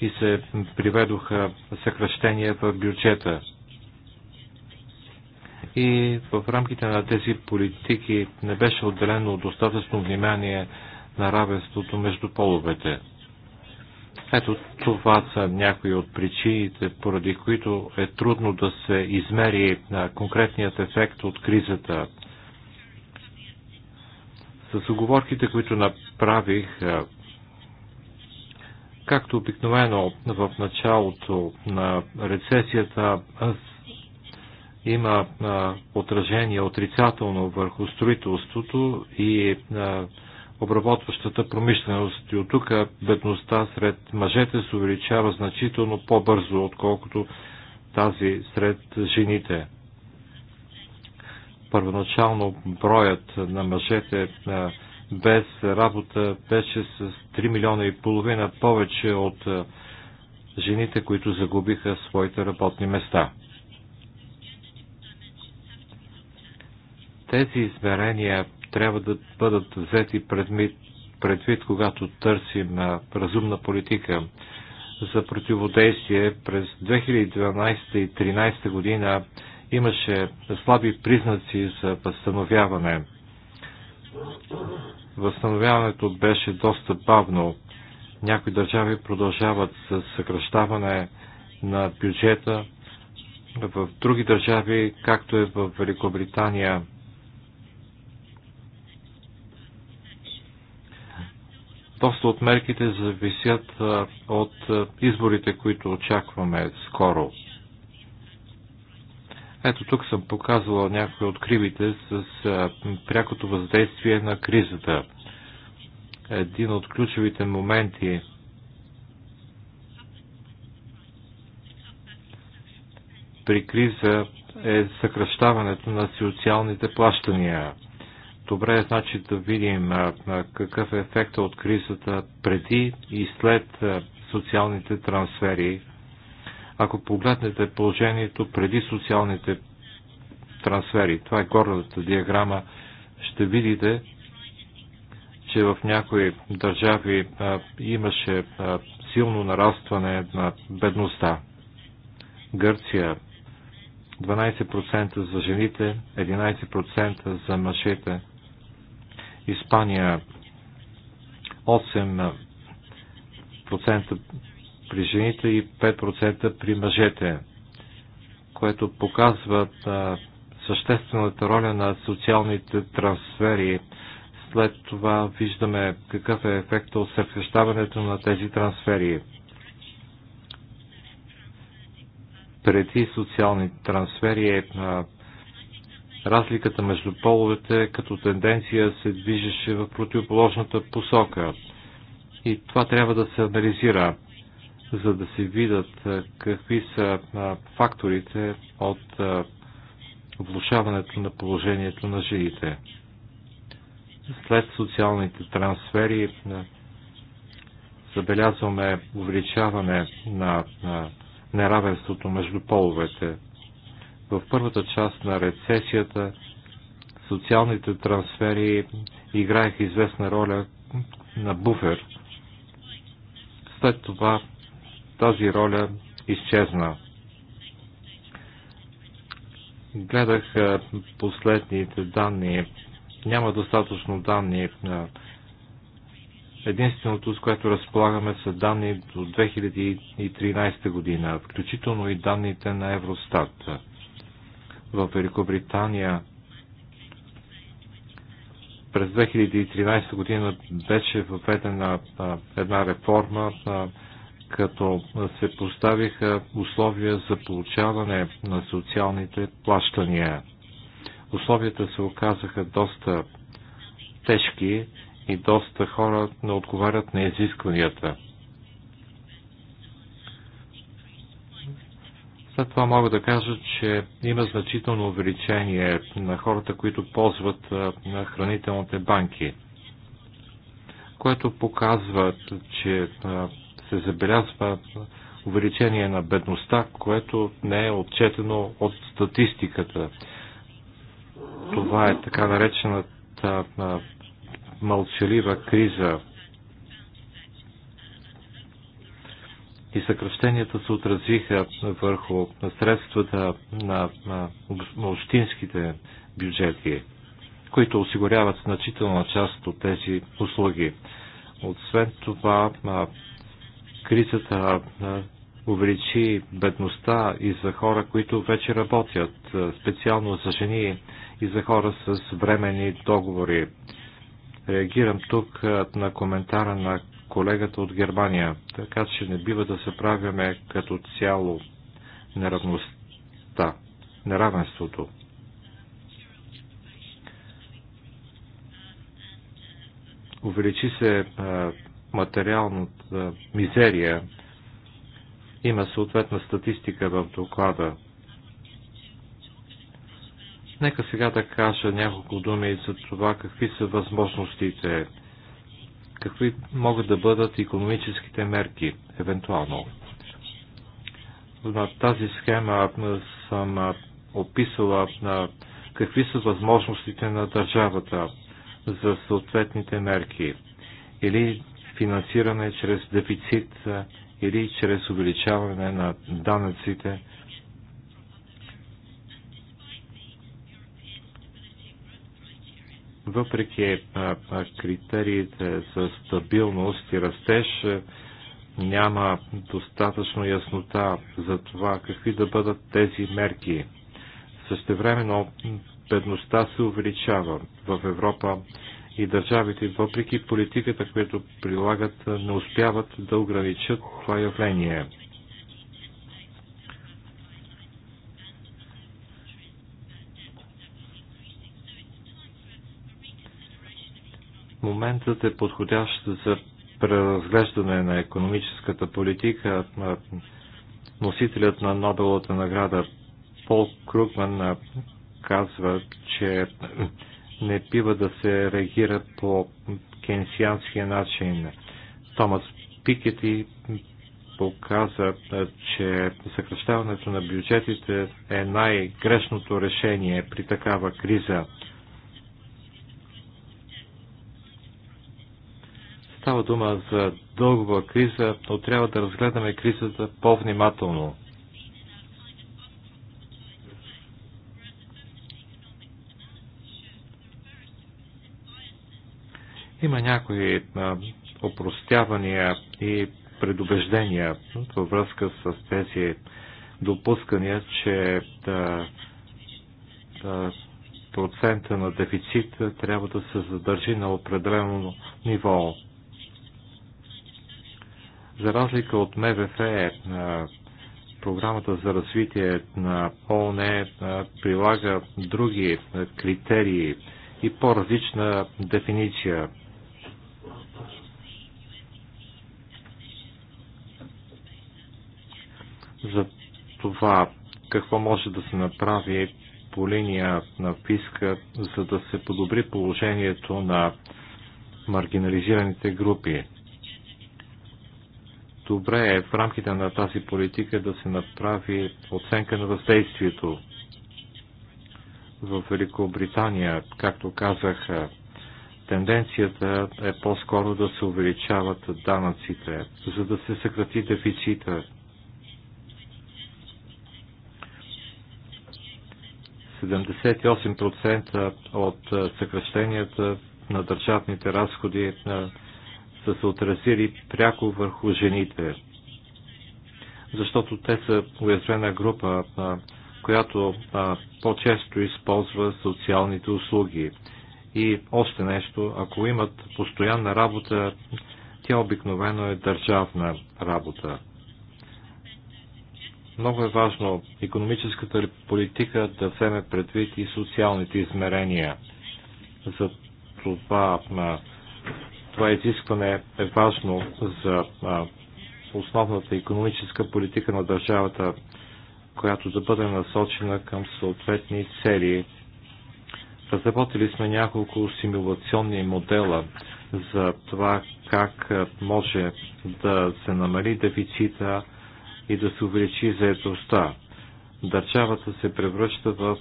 и се приведоха съкръщения в бюджета и в рамките на тези политики не беше отделено достатъчно внимание на равенството между половете. Ето това са някои от причините, поради които е трудно да се измери на конкретният ефект от кризата. С оговорките, които направих, както обикновено в началото на рецесията, има отражение отрицателно върху строителството и обработващата промишленост. И от тук бедността сред мъжете се увеличава значително по-бързо, отколкото тази сред жените. Първоначално броят на мъжете без работа беше с 3 милиона и половина повече от жените, които загубиха своите работни места. Тези измерения трябва да бъдат взети предмет, предвид, когато търсим разумна политика за противодействие. През 2012 и 2013 година имаше слаби признаци за възстановяване. Възстановяването беше доста бавно. Някои държави продължават с съкръщаване на бюджета. В други държави, както е в Великобритания, Доста от мерките зависят от изборите, които очакваме скоро. Ето тук съм показвала някои от кривите с прякото въздействие на кризата. Един от ключовите моменти при криза е съкръщаването на социалните плащания – Добре, значи да видим какъв е ефекта от кризата преди и след социалните трансфери. Ако погледнете положението преди социалните трансфери, това е горната диаграма, ще видите, че в някои държави имаше силно нарастване на бедността. Гърция 12% за жените, 11% за мъжете. Испания 8% при жените и 5% при мъжете, което показва съществената роля на социалните трансфери. След това виждаме какъв е ефект от съкрещаването на тези трансфери. Преди социални трансфери е разликата между половете като тенденция се движеше в противоположната посока. И това трябва да се анализира, за да се видят какви са факторите от влушаването на положението на жените. След социалните трансфери забелязваме увеличаване на, неравенството между половете в първата част на рецесията социалните трансфери играеха известна роля на буфер. След това тази роля изчезна. Гледах последните данни. Няма достатъчно данни. Единственото, с което разполагаме, са данни до 2013 година, включително и данните на Евростат в Великобритания през 2013 година беше въведена една реформа, като се поставиха условия за получаване на социалните плащания. Условията се оказаха доста тежки и доста хора не отговарят на изискванията. След това мога да кажа, че има значително увеличение на хората, които ползват на хранителните банки, което показва, че се забелязва увеличение на бедността, което не е отчетено от статистиката. Това е така наречената мълчалива криза и съкръщенията се отразиха върху средствата на, на общинските бюджети, които осигуряват значителна част от тези услуги. Освен това, кризата увеличи бедността и за хора, които вече работят, специално за жени и за хора с временни договори. Реагирам тук на коментара на колегата от Германия, така че не бива да се правиме като цяло неравността, неравенството. Увеличи се материалната мизерия. Има съответна статистика в доклада. Нека сега да кажа няколко думи за това какви са възможностите какви могат да бъдат економическите мерки, евентуално. На тази схема съм описала на какви са възможностите на държавата за съответните мерки или финансиране чрез дефицит или чрез увеличаване на данъците Въпреки критериите за стабилност и растеж, няма достатъчно яснота за това какви да бъдат тези мерки. Същевременно бедността се увеличава в Европа и държавите, въпреки политиката, която прилагат, не успяват да ограничат това явление. Моментът е подходящ за преразглеждане на економическата политика. Носителят на Нобелата награда Пол Кругман казва, че не бива да се реагира по кенсианския начин. Томас Пикети показа, че съкръщаването на бюджетите е най-грешното решение при такава криза. Става дума за дългова криза, но трябва да разгледаме кризата по-внимателно. Има някои опростявания и предубеждения във връзка с тези допускания, че да, да, процента на дефицит трябва да се задържи на определено ниво. За разлика от МВФ, е, програмата за развитие на ООН е, прилага други е, критерии и по-различна дефиниция. За това какво може да се направи по линия на фиска, за да се подобри положението на маргинализираните групи добре е в рамките на тази политика да се направи оценка на въздействието. В Великобритания, както казах, тенденцията е по-скоро да се увеличават данъците, за да се съкрати дефицита. 78% от съкръщенията на държавните разходи на са се отразили пряко върху жените, защото те са уязвена група, която по-често използва социалните услуги. И още нещо, ако имат постоянна работа, тя обикновено е държавна работа. Много е важно економическата политика да вземе предвид и социалните измерения. За това това изискване е важно за основната економическа политика на държавата, която да бъде насочена към съответни цели. Разработили сме няколко симулационни модела за това как може да се намали дефицита и да се увеличи заедостта. Държавата се превръща в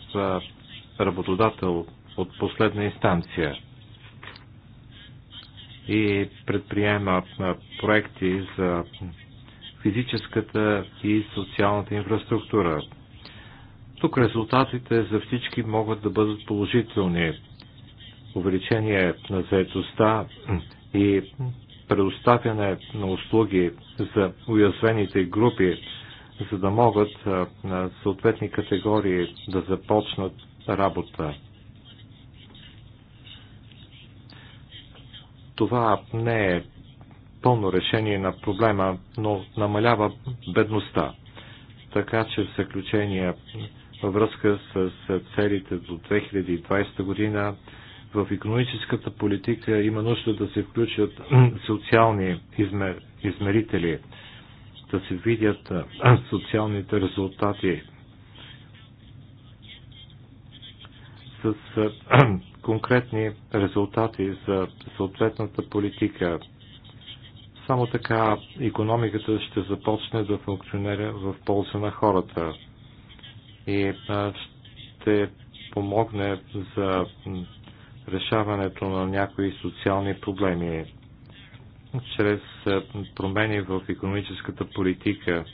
работодател от последна инстанция и предприема проекти за физическата и социалната инфраструктура. Тук резултатите за всички могат да бъдат положителни. Увеличение на заедостта и предоставяне на услуги за уязвените групи, за да могат на съответни категории да започнат работа. Това не е пълно решение на проблема, но намалява бедността. Така че в заключение във връзка с целите до 2020 година в економическата политика има нужда да се включат социални измер... измерители, да се видят социалните резултати. С конкретни резултати за съответната политика. Само така економиката ще започне да функционира в полза на хората и ще помогне за решаването на някои социални проблеми чрез промени в економическата политика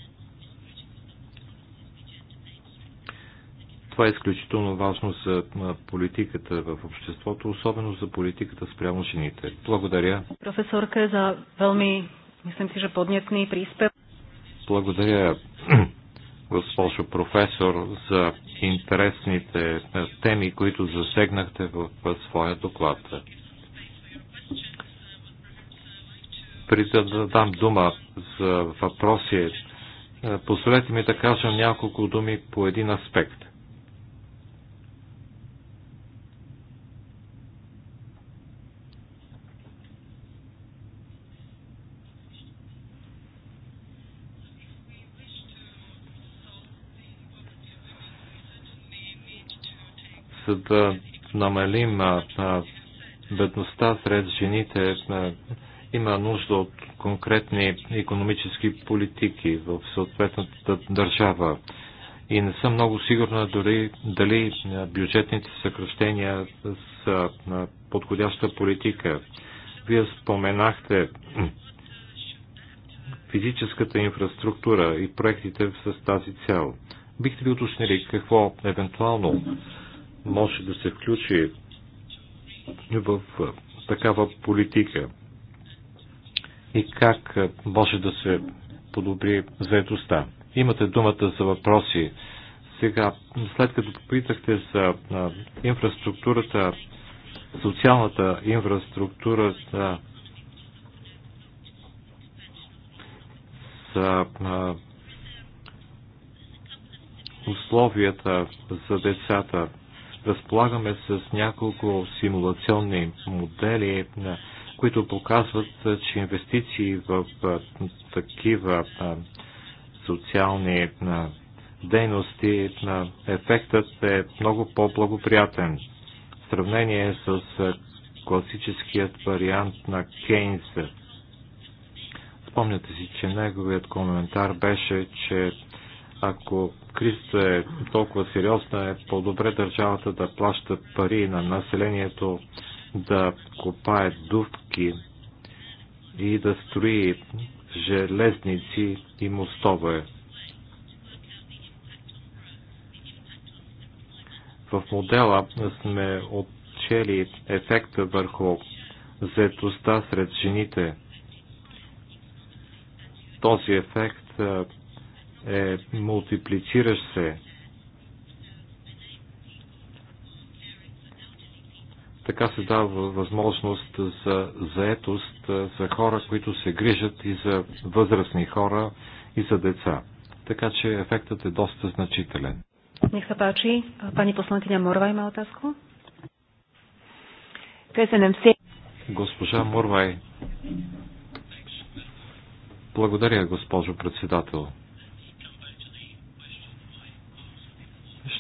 Това е изключително важно за политиката в обществото, особено за политиката спрямо жените. Благодаря. Професорка за велми, мислям си, поднятни приспев. Благодаря, госпожо професор, за интересните теми, които засегнахте в своя доклад. При да дам дума за въпроси, позволете ми да кажа няколко думи по един аспект. за да намалим бедността сред жените, има нужда от конкретни економически политики в съответната държава. И не съм много сигурна дори дали бюджетните съкръщения са подходяща политика. Вие споменахте физическата инфраструктура и проектите с тази цел. Бихте ли уточнили какво евентуално може да се включи в такава политика и как може да се подобри заедостта. Имате думата за въпроси. Сега, след като попитахте за инфраструктурата, социалната инфраструктура за, за условията за децата разполагаме с няколко симулационни модели, които показват, че инвестиции в такива социални дейности ефектът е много по-благоприятен в сравнение с класическият вариант на Кейнс. Спомняте си, че неговият коментар беше, че ако кризата е толкова сериозна, е по-добре държавата да плаща пари на населението да копае дувки и да строи железници и мостове. В модела сме отчели ефекта върху заедостта сред жените. Този ефект е мултиплициращ се. Така се дава възможност за заетост за хора, които се грижат и за възрастни хора и за деца. Така че ефектът е доста значителен. Нека sa páči. Pani poslankyňa Morvaj má Госпожа Морвай. Благодаря, госпожо председател.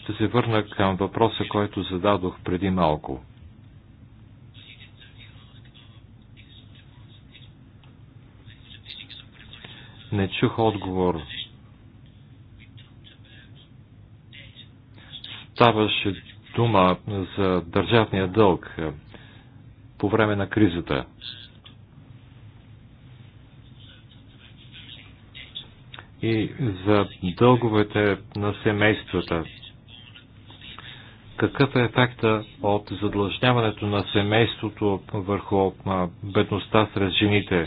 Ще се върна към въпроса, който зададох преди малко. Не чух отговор. Ставаше дума за държавния дълг по време на кризата. И за дълговете на семействата. Какъв е ефекта от задлъжняването на семейството върху бедността сред жените?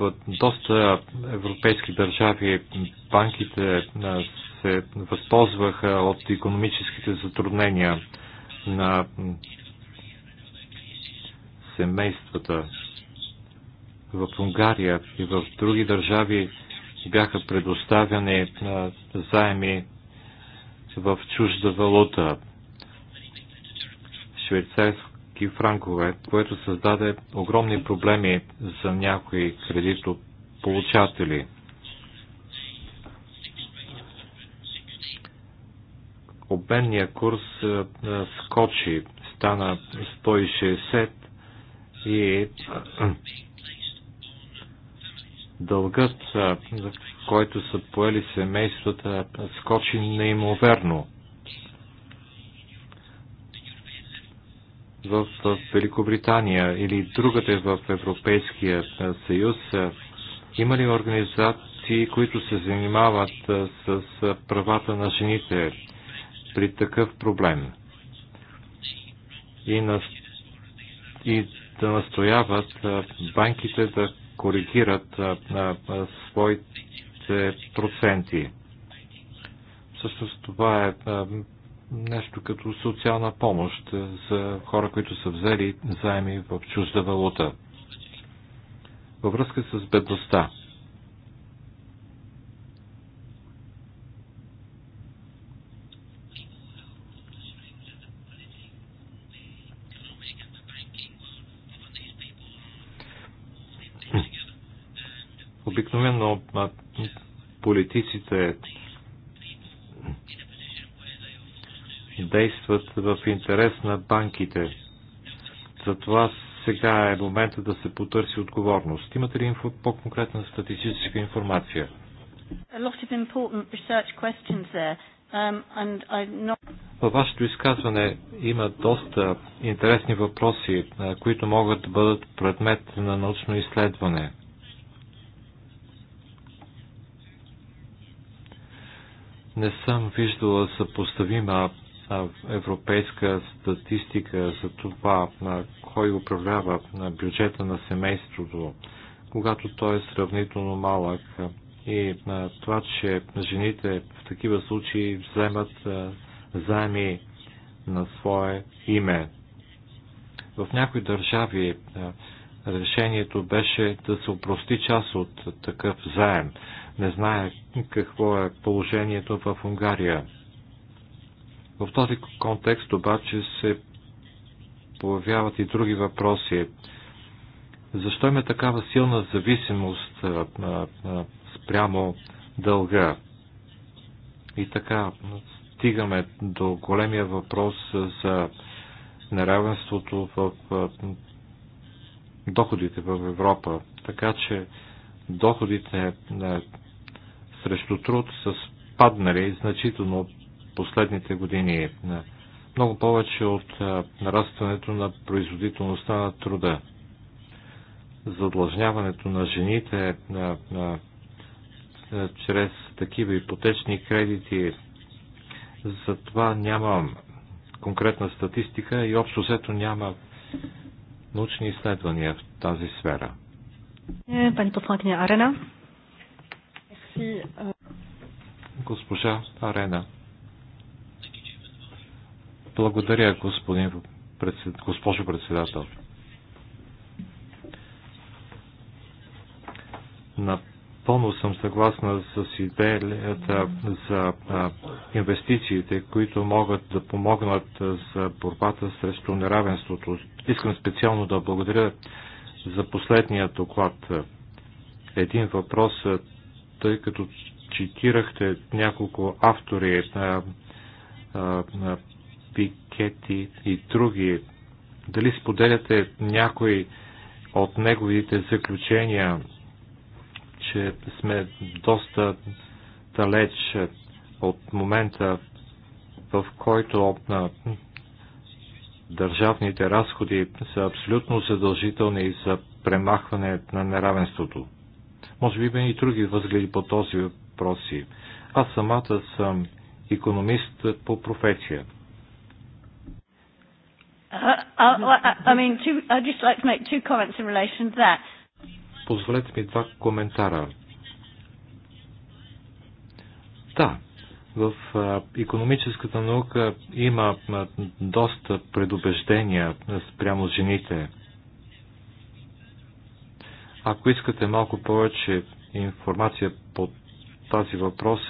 в доста европейски държави банките се възползваха от економическите затруднения на семействата. В Унгария и в други държави бяха предоставяни заеми в чужда валута, швейцарски франкове, което създаде огромни проблеми за някои кредитополучатели. обменния курс скочи, стана 160 и дългът, който са поели семействата, скочи неимоверно. В, в Великобритания или другата в Европейския съюз има ли организации, които се занимават с правата на жените при такъв проблем и, на, и да настояват банките да коригират на своите проценти. Всъщност това е нещо като социална помощ за хора, които са взели заеми в чужда валута. Във връзка с бедността. Обикновено политиците действат в интерес на банките. Затова сега е момента да се потърси отговорност. Имате ли инфо, по-конкретна статистическа информация? Um, Във вашето изказване има доста интересни въпроси, които могат да бъдат предмет на научно изследване. Не съм виждала съпоставима европейска статистика за това, на кой управлява на бюджета на семейството, когато той е сравнително малък и на това, че жените в такива случаи вземат заеми на свое име. В някои държави решението беше да се упрости част от такъв заем не знае какво е положението в Унгария. В този контекст обаче се появяват и други въпроси. Защо има такава силна зависимост спрямо дълга? И така стигаме до големия въпрос за неравенството в доходите в Европа. Така че доходите срещу труд са спаднали значително последните години. Много повече от нарастването на производителността на труда. Задлъжняването на жените на, на, чрез такива ипотечни кредити. Затова нямам конкретна статистика и общо взето няма научни изследвания в тази сфера. Е, пани Арена merci. Госпожа Арена. Благодаря, господин председ... госпожо председател. Напълно съм съгласна с идеята за инвестициите, които могат да помогнат за борбата срещу неравенството. Искам специално да благодаря за последния доклад. Един въпрос тъй като цитирахте няколко автори на, е, Пикети е, и други. Дали споделяте някои от неговите заключения, че сме доста далеч от момента, в който на е, държавните разходи са абсолютно задължителни за премахване на неравенството. Може би има и други възгледи по този въпрос. Аз самата съм економист по професия. Uh, uh, uh, Позволете ми два коментара. Да, в економическата наука има доста предубеждения спрямо жените. Ако искате малко повече информация по тази въпрос,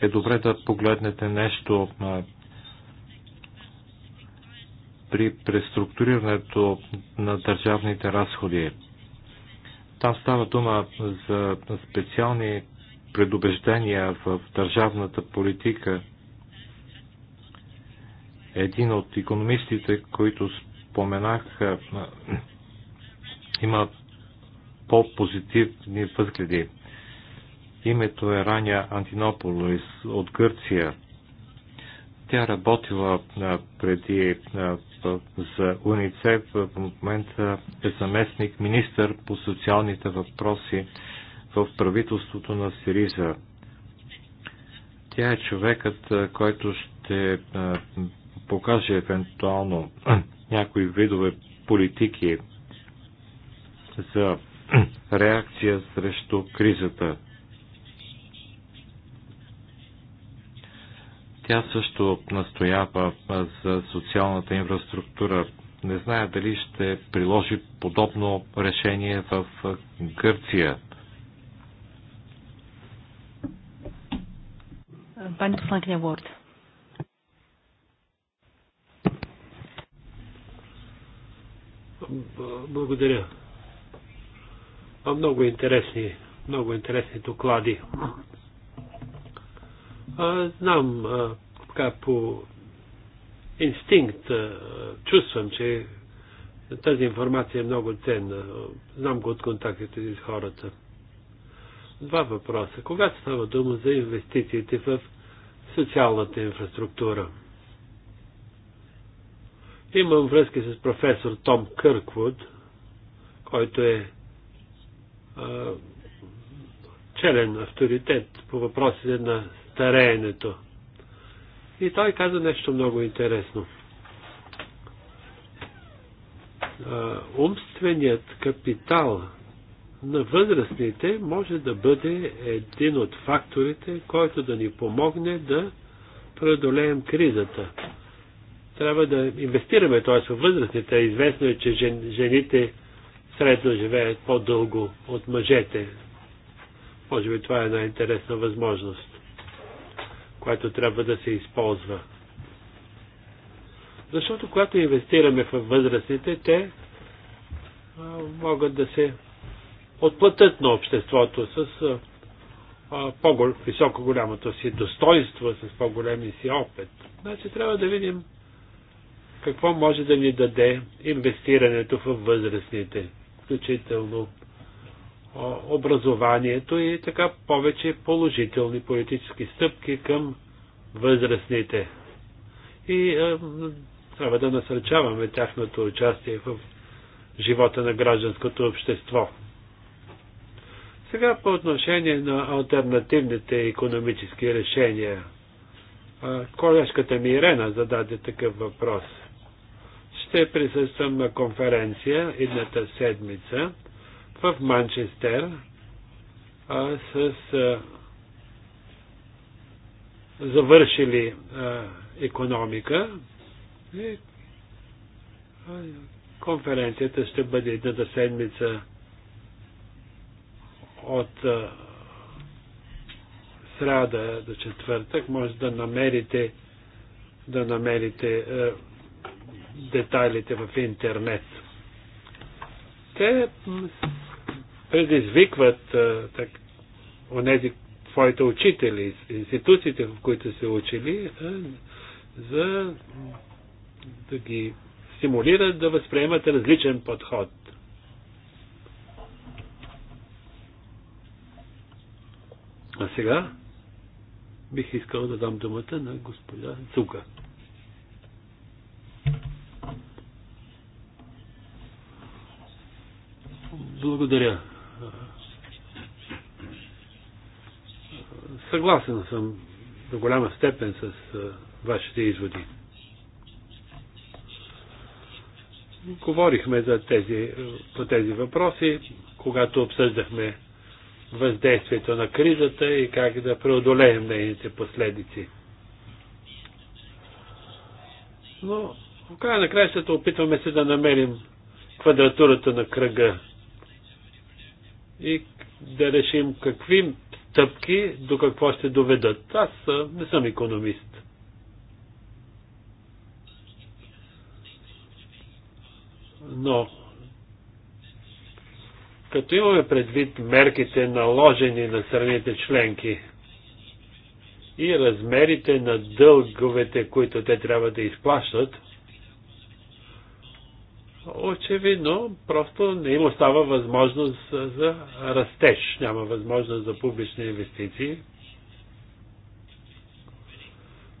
е добре да погледнете нещо при преструктурирането на държавните разходи. Там става дума за специални предубеждения в държавната политика. Един от економистите, които споменах, има по-позитивни възгледи. Името е Раня Антинополис от Гърция. Тя работила преди за УНИЦЕФ, в момента е заместник министър по социалните въпроси в правителството на Сириза. Тя е човекът, който ще покаже евентуално някои видове политики за реакция срещу кризата. Тя също настоява за социалната инфраструктура. Не зная дали ще приложи подобно решение в Гърция. Благодаря. Много интересни, много интересни доклади. Знам така по инстинкт, чувствам, че тази информация е много ценна. Знам го от контактите с хората. Два въпроса. Кога става дума за инвестициите в социалната инфраструктура? Имам връзки с професор Том Кърквуд, който е челен авторитет по въпросите на стареенето. И той каза нещо много интересно. Умственият капитал на възрастните може да бъде един от факторите, който да ни помогне да преодолеем кризата. Трябва да инвестираме, т.е. в възрастните. Известно е, че жените средно живеят по-дълго от мъжете. Може би това е една интересна възможност, която трябва да се използва. Защото когато инвестираме в възрастните, те а, могат да се отплатят на обществото с по-високо голямото си достоинство, с по-големи си опит. Значи трябва да видим какво може да ни даде инвестирането в възрастните включително образованието и така повече положителни политически стъпки към възрастните. И е, трябва да насърчаваме тяхното участие в живота на гражданското общество. Сега по отношение на альтернативните економически решения. Колежката ми Ирена зададе такъв въпрос – ще присъствам на конференция едната седмица в Манчестер а, с а, завършили а, економика. И, а, конференцията ще бъде едната седмица от а, сряда до четвъртък. Може да намерите да намерите а, детайлите в интернет. Те предизвикват так, онези твоите учители, институциите, в които се учили, за да ги стимулират да възприемат различен подход. А сега бих искал да дам думата на господа Цука. Благодаря. Съгласен съм до голяма степен с вашите изводи. Говорихме за тези, по тези въпроси, когато обсъждахме въздействието на кризата и как да преодолеем нейните последици. Но в края на краищата опитваме се да намерим квадратурата на кръга и да решим какви стъпки до какво ще доведат. Аз не съм економист. Но като имаме предвид мерките наложени на страните членки и размерите на дълговете, които те трябва да изплащат, очевидно просто не им остава възможност за растеж, няма възможност за публични инвестиции.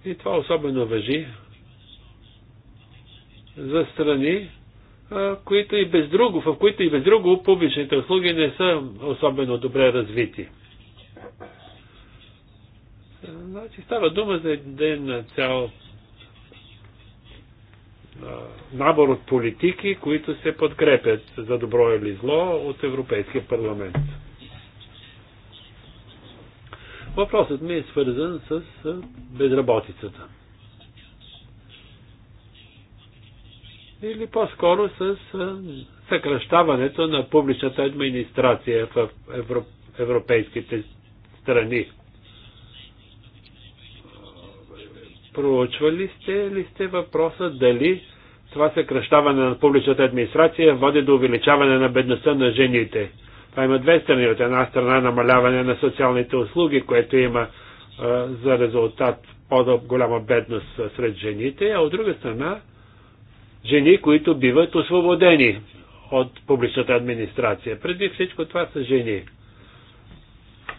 И това особено въжи за страни, които и без друго, в които и без друго публичните услуги не са особено добре развити. Значи става дума за един цял набор от политики, които се подкрепят за добро или зло от Европейския парламент. Въпросът ми е свързан с безработицата. Или по-скоро с съкръщаването на публичната администрация в европейските страни. проучвали сте ли сте въпроса дали това съкръщаване на публичната администрация води до увеличаване на бедността на жените? Това има две страни. От една страна намаляване на социалните услуги, което има а, за резултат по-голяма бедност сред жените, а от друга страна жени, които биват освободени от публичната администрация. Преди всичко това са жени.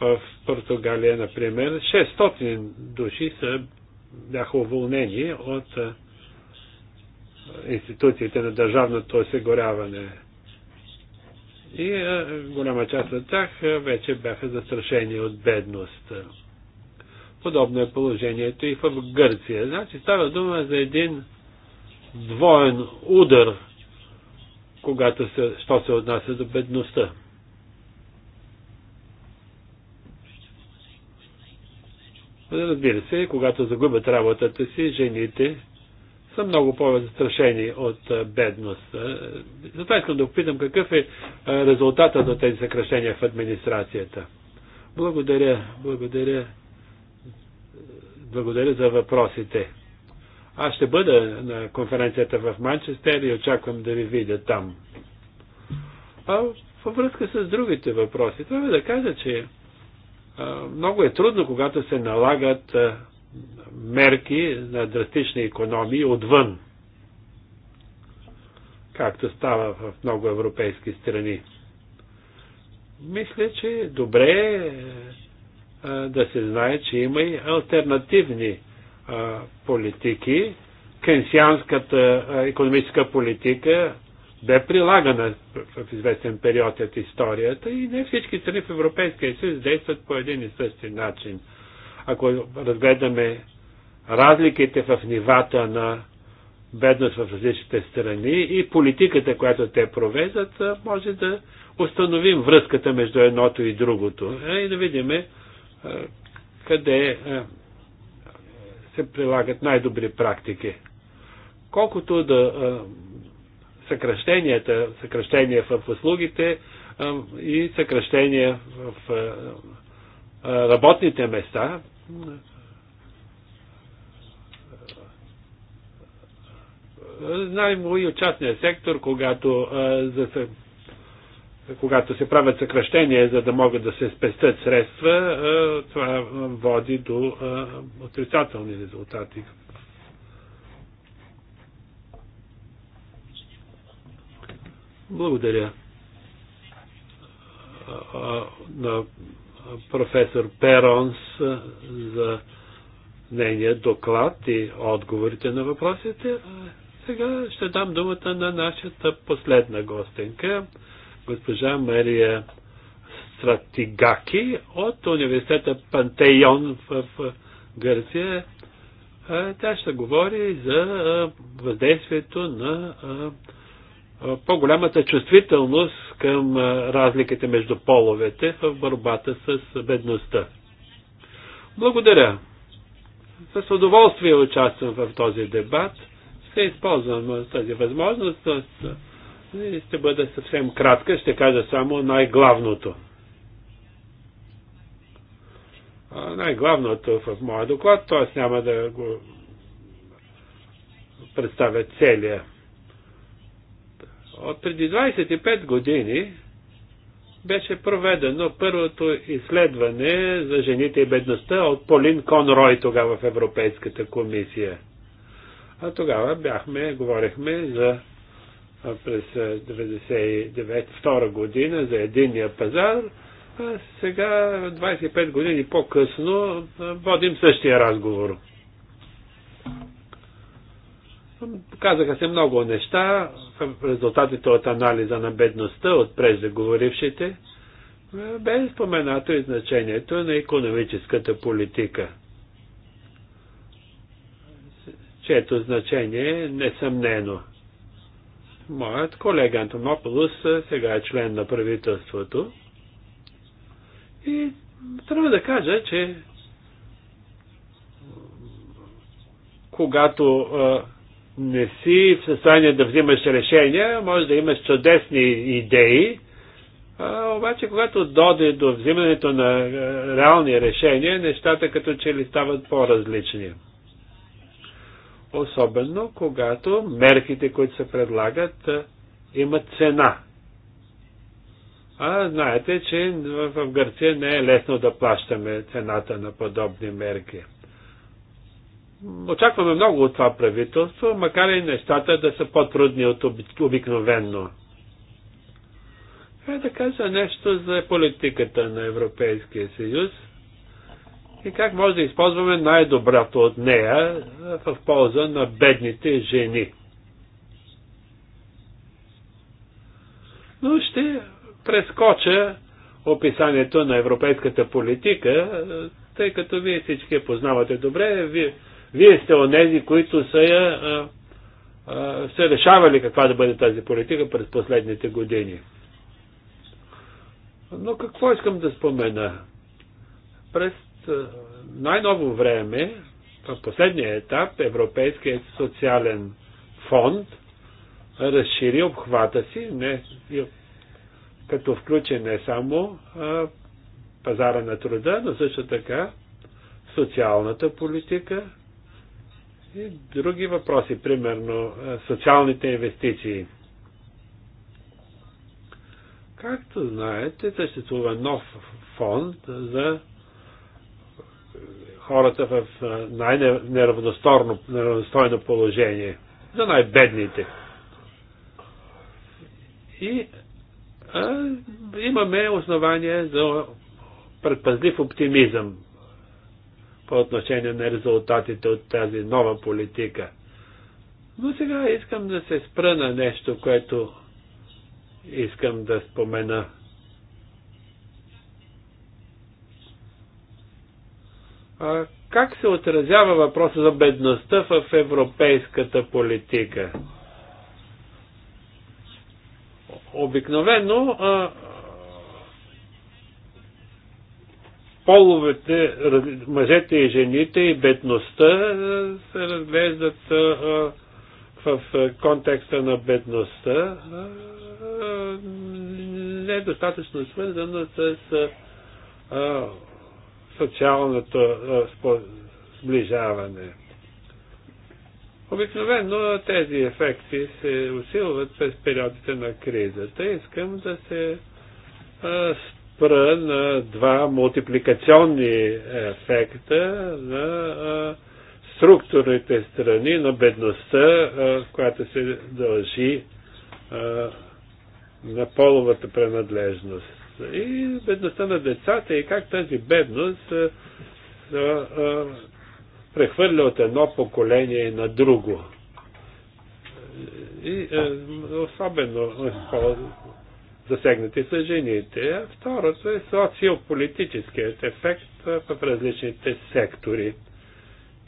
В Португалия, например, 600 души са бяха уволнени от институциите на държавното осигуряване. И голяма част от тях вече бяха застрашени от бедност. Подобно е положението и в Гърция. Значи става дума за един двоен удар, когато се, що се отнася до бедността. Разбира се, когато загубят работата си, жените са много по-застрашени от бедност. Затова искам да опитам какъв е резултатът на тези съкръщения в администрацията. Благодаря, благодаря, благодаря за въпросите. Аз ще бъда на конференцията в Манчестер и очаквам да ви видя там. А във връзка с другите въпроси, трябва да кажа, че много е трудно, когато се налагат мерки на драстични економии отвън, както става в много европейски страни. Мисля, че е добре е да се знае, че има и альтернативни политики. Кенсианската економическа политика бе прилагана в известен период от историята и не всички страни в Европейския съюз действат по един и същи начин. Ако разгледаме разликите в нивата на бедност в различните страни и политиката, която те провеждат, може да установим връзката между едното и другото и да видим къде се прилагат най-добри практики. Колкото да съкръщенията, съкръщения в услугите и съкръщения в работните места. Знаем го и от частния сектор, когато, за, когато се правят съкръщения, за да могат да се спестят средства, това води до отрицателни резултати Благодаря на професор Перонс за нейния доклад и отговорите на въпросите. Сега ще дам думата на нашата последна гостенка, госпожа Мария Стратигаки от университета Пантеон в Гърция. Тя ще говори за въздействието на по-голямата чувствителност към разликите между половете в борбата с бедността. Благодаря. С удоволствие участвам в този дебат. Ще използвам тази възможност. Ще бъда съвсем кратка, ще кажа само най-главното. Най-главното в моя доклад, т.е. няма да го представя целия. От преди 25 години беше проведено първото изследване за жените и бедността от Полин Конрой тогава в Европейската комисия. А тогава бяхме, говорихме за през 1992 година за единния пазар, а сега 25 години по-късно водим същия разговор. Казаха се много неща в резултатите от анализа на бедността от преждеговорившите. Е, Бе споменато и значението на економическата политика, чието значение е несъмнено. Моят колега Антонополус е, сега е член на правителството и трябва да кажа, че когато е, не си в състояние да взимаш решения, може да имаш чудесни идеи, а, обаче когато дойде до взимането на реални решения, нещата като че ли стават по-различни. Особено когато мерките, които се предлагат, имат цена. А знаете, че в Гърция не е лесно да плащаме цената на подобни мерки. Очакваме много от това правителство, макар и нещата да са по-трудни от обикновено. Трябва да кажа нещо за политиката на Европейския съюз и как може да използваме най-доброто от нея в полза на бедните жени. Но ще прескоча описанието на европейската политика, тъй като вие всички я познавате добре, вие вие сте онези, които са я са решавали каква да бъде тази политика през последните години. Но какво искам да спомена? През най-ново време, в последния етап, Европейският социален фонд разшири обхвата си, не, като включи не само а, пазара на труда, но също така социалната политика, и други въпроси, примерно е, социалните инвестиции. Както знаете, съществува нов фонд за хората в е, най-неравностойно положение, за най-бедните. И а, е, имаме основания за предпазлив оптимизъм по отношение на резултатите от тази нова политика. Но сега искам да се спра на нещо, което искам да спомена. А, как се отразява въпроса за бедността в европейската политика? Обикновено а, половете, мъжете и жените и бедността е, се разглеждат е, е, в контекста на бедността недостатъчно свързана с социалното сближаване. Обикновено тези ефекти се усилват през периодите на кризата. Искам да се спра на два мултипликационни ефекта на структурните страни на бедността, която се дължи на половата принадлежност. И бедността на децата и как тази бедност прехвърля от едно поколение на друго. И особено засегнати са жените. второто е социополитическият ефект в различните сектори.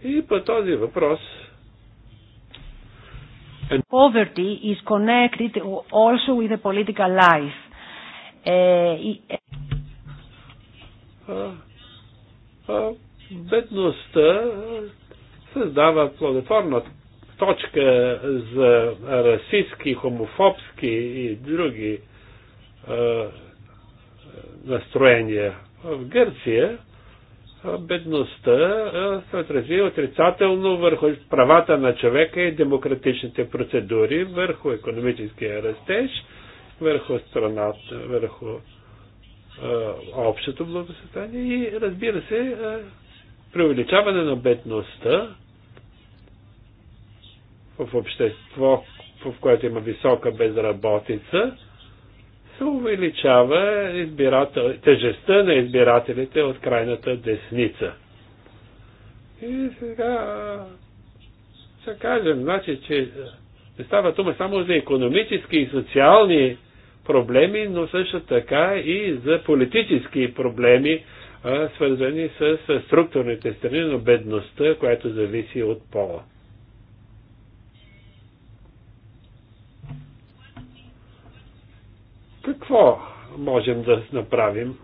И по този въпрос Poverty is connected also with the political life. Е, е. А, а, бедността създава плодотворна точка за расистски, хомофобски и други настроения. В Гърция бедността се отрази отрицателно върху правата на човека и демократичните процедури, върху економическия растеж, върху страната, върху общото благосъстояние и разбира се, преувеличаване на бедността в общество, в което има висока безработица, се увеличава избирател... тежестта на избирателите от крайната десница. И сега ще кажем, значи, че не става дума само за економически и социални проблеми, но също така и за политически проблеми, свързани с структурните страни на бедността, която зависи от пола. Какво можем да направим,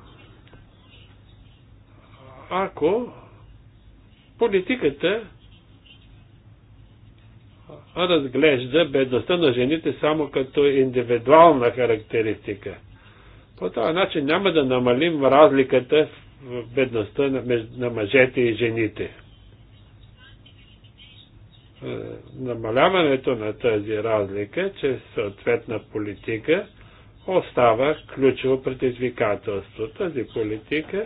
ако политиката разглежда бедността на жените само като индивидуална характеристика. По този начин няма да намалим разликата в бедността на мъжете и жените. Е, намаляването на тази разлика че съответна политика – остава ключово предизвикателство. Тази политика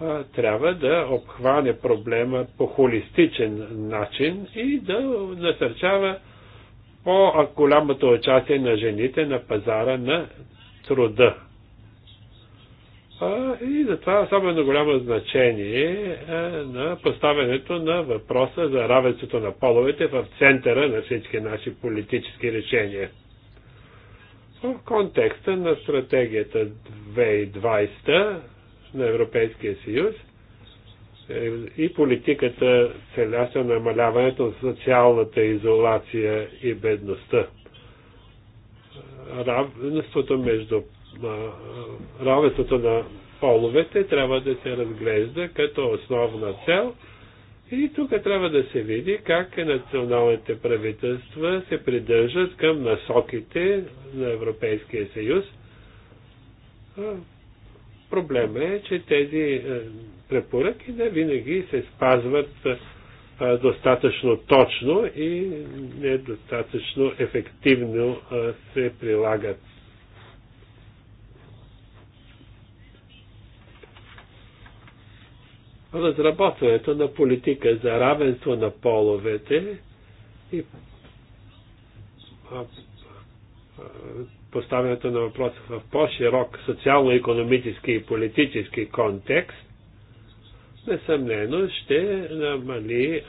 а, трябва да обхване проблема по холистичен начин и да насърчава по-голямото участие на жените на пазара на труда. А, и затова особено голямо значение е на поставянето на въпроса за равенството на половете в центъра на всички наши политически решения в контекста на стратегията 2020 на Европейския съюз е, и политиката целяща намаляването на социалната изолация и бедността. Равенството между равенството на половете трябва да се разглежда като основна цел – и тук трябва да се види как националните правителства се придържат към насоките на Европейския съюз. Проблема е, че тези е, препоръки не винаги се спазват е, достатъчно точно и недостатъчно ефективно е, се прилагат разработването на политика за равенство на половете и поставянето на въпроса в по-широк социално-економически и политически контекст, несъмнено ще намали е,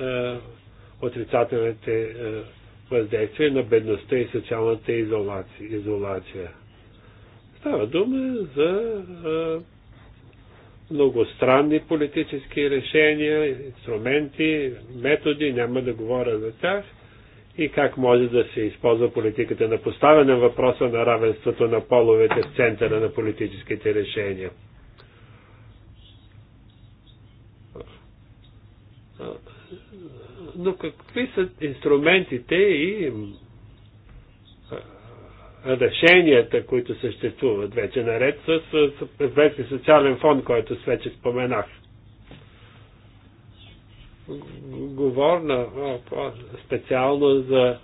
отрицателните е, въздействия на бедността и социалната изолация. Става дума за многостранни политически решения, инструменти, методи, няма да говоря за тях, и как може да се използва политиката на поставяне въпроса на равенството на половете в центъра на политическите решения. Но какви са инструментите и решенията, които съществуват вече наред с Европейския социален фонд, който вече споменах. Говорна специално за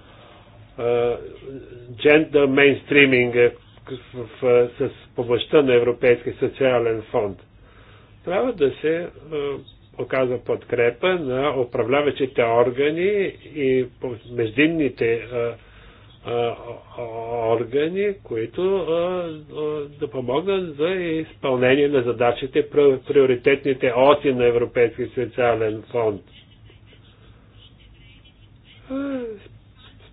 джендър мейнстриминга е, с помощта на Европейския социален фонд. Трябва да се оказва подкрепа на управляващите органи и междинните а, органи, които да помогнат за изпълнение на задачите, приоритетните оси на Европейския социален фонд.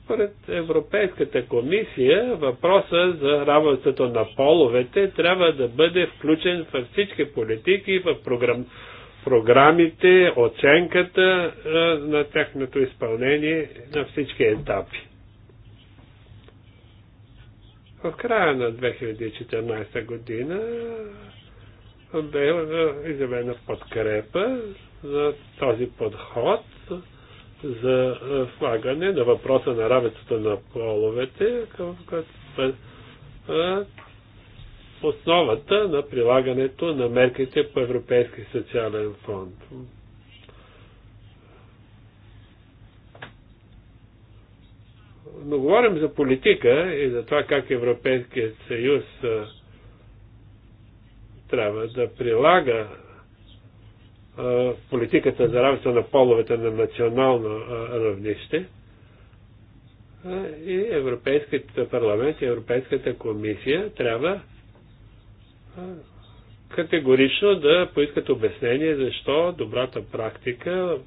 Според Европейската комисия въпроса за работата на половете трябва да бъде включен във всички политики, в програм... програмите, оценката на тяхното изпълнение на всички етапи. В края на 2014 година бе изявена подкрепа за този подход за слагане на въпроса на равенството на половете към основата на прилагането на мерките по Европейски социален фонд. но говорим за политика и за това как Европейският съюз трябва да прилага политиката за равенство на половете на национално равнище. И Европейският парламент и Европейската комисия трябва категорично да поискат обяснение защо добрата практика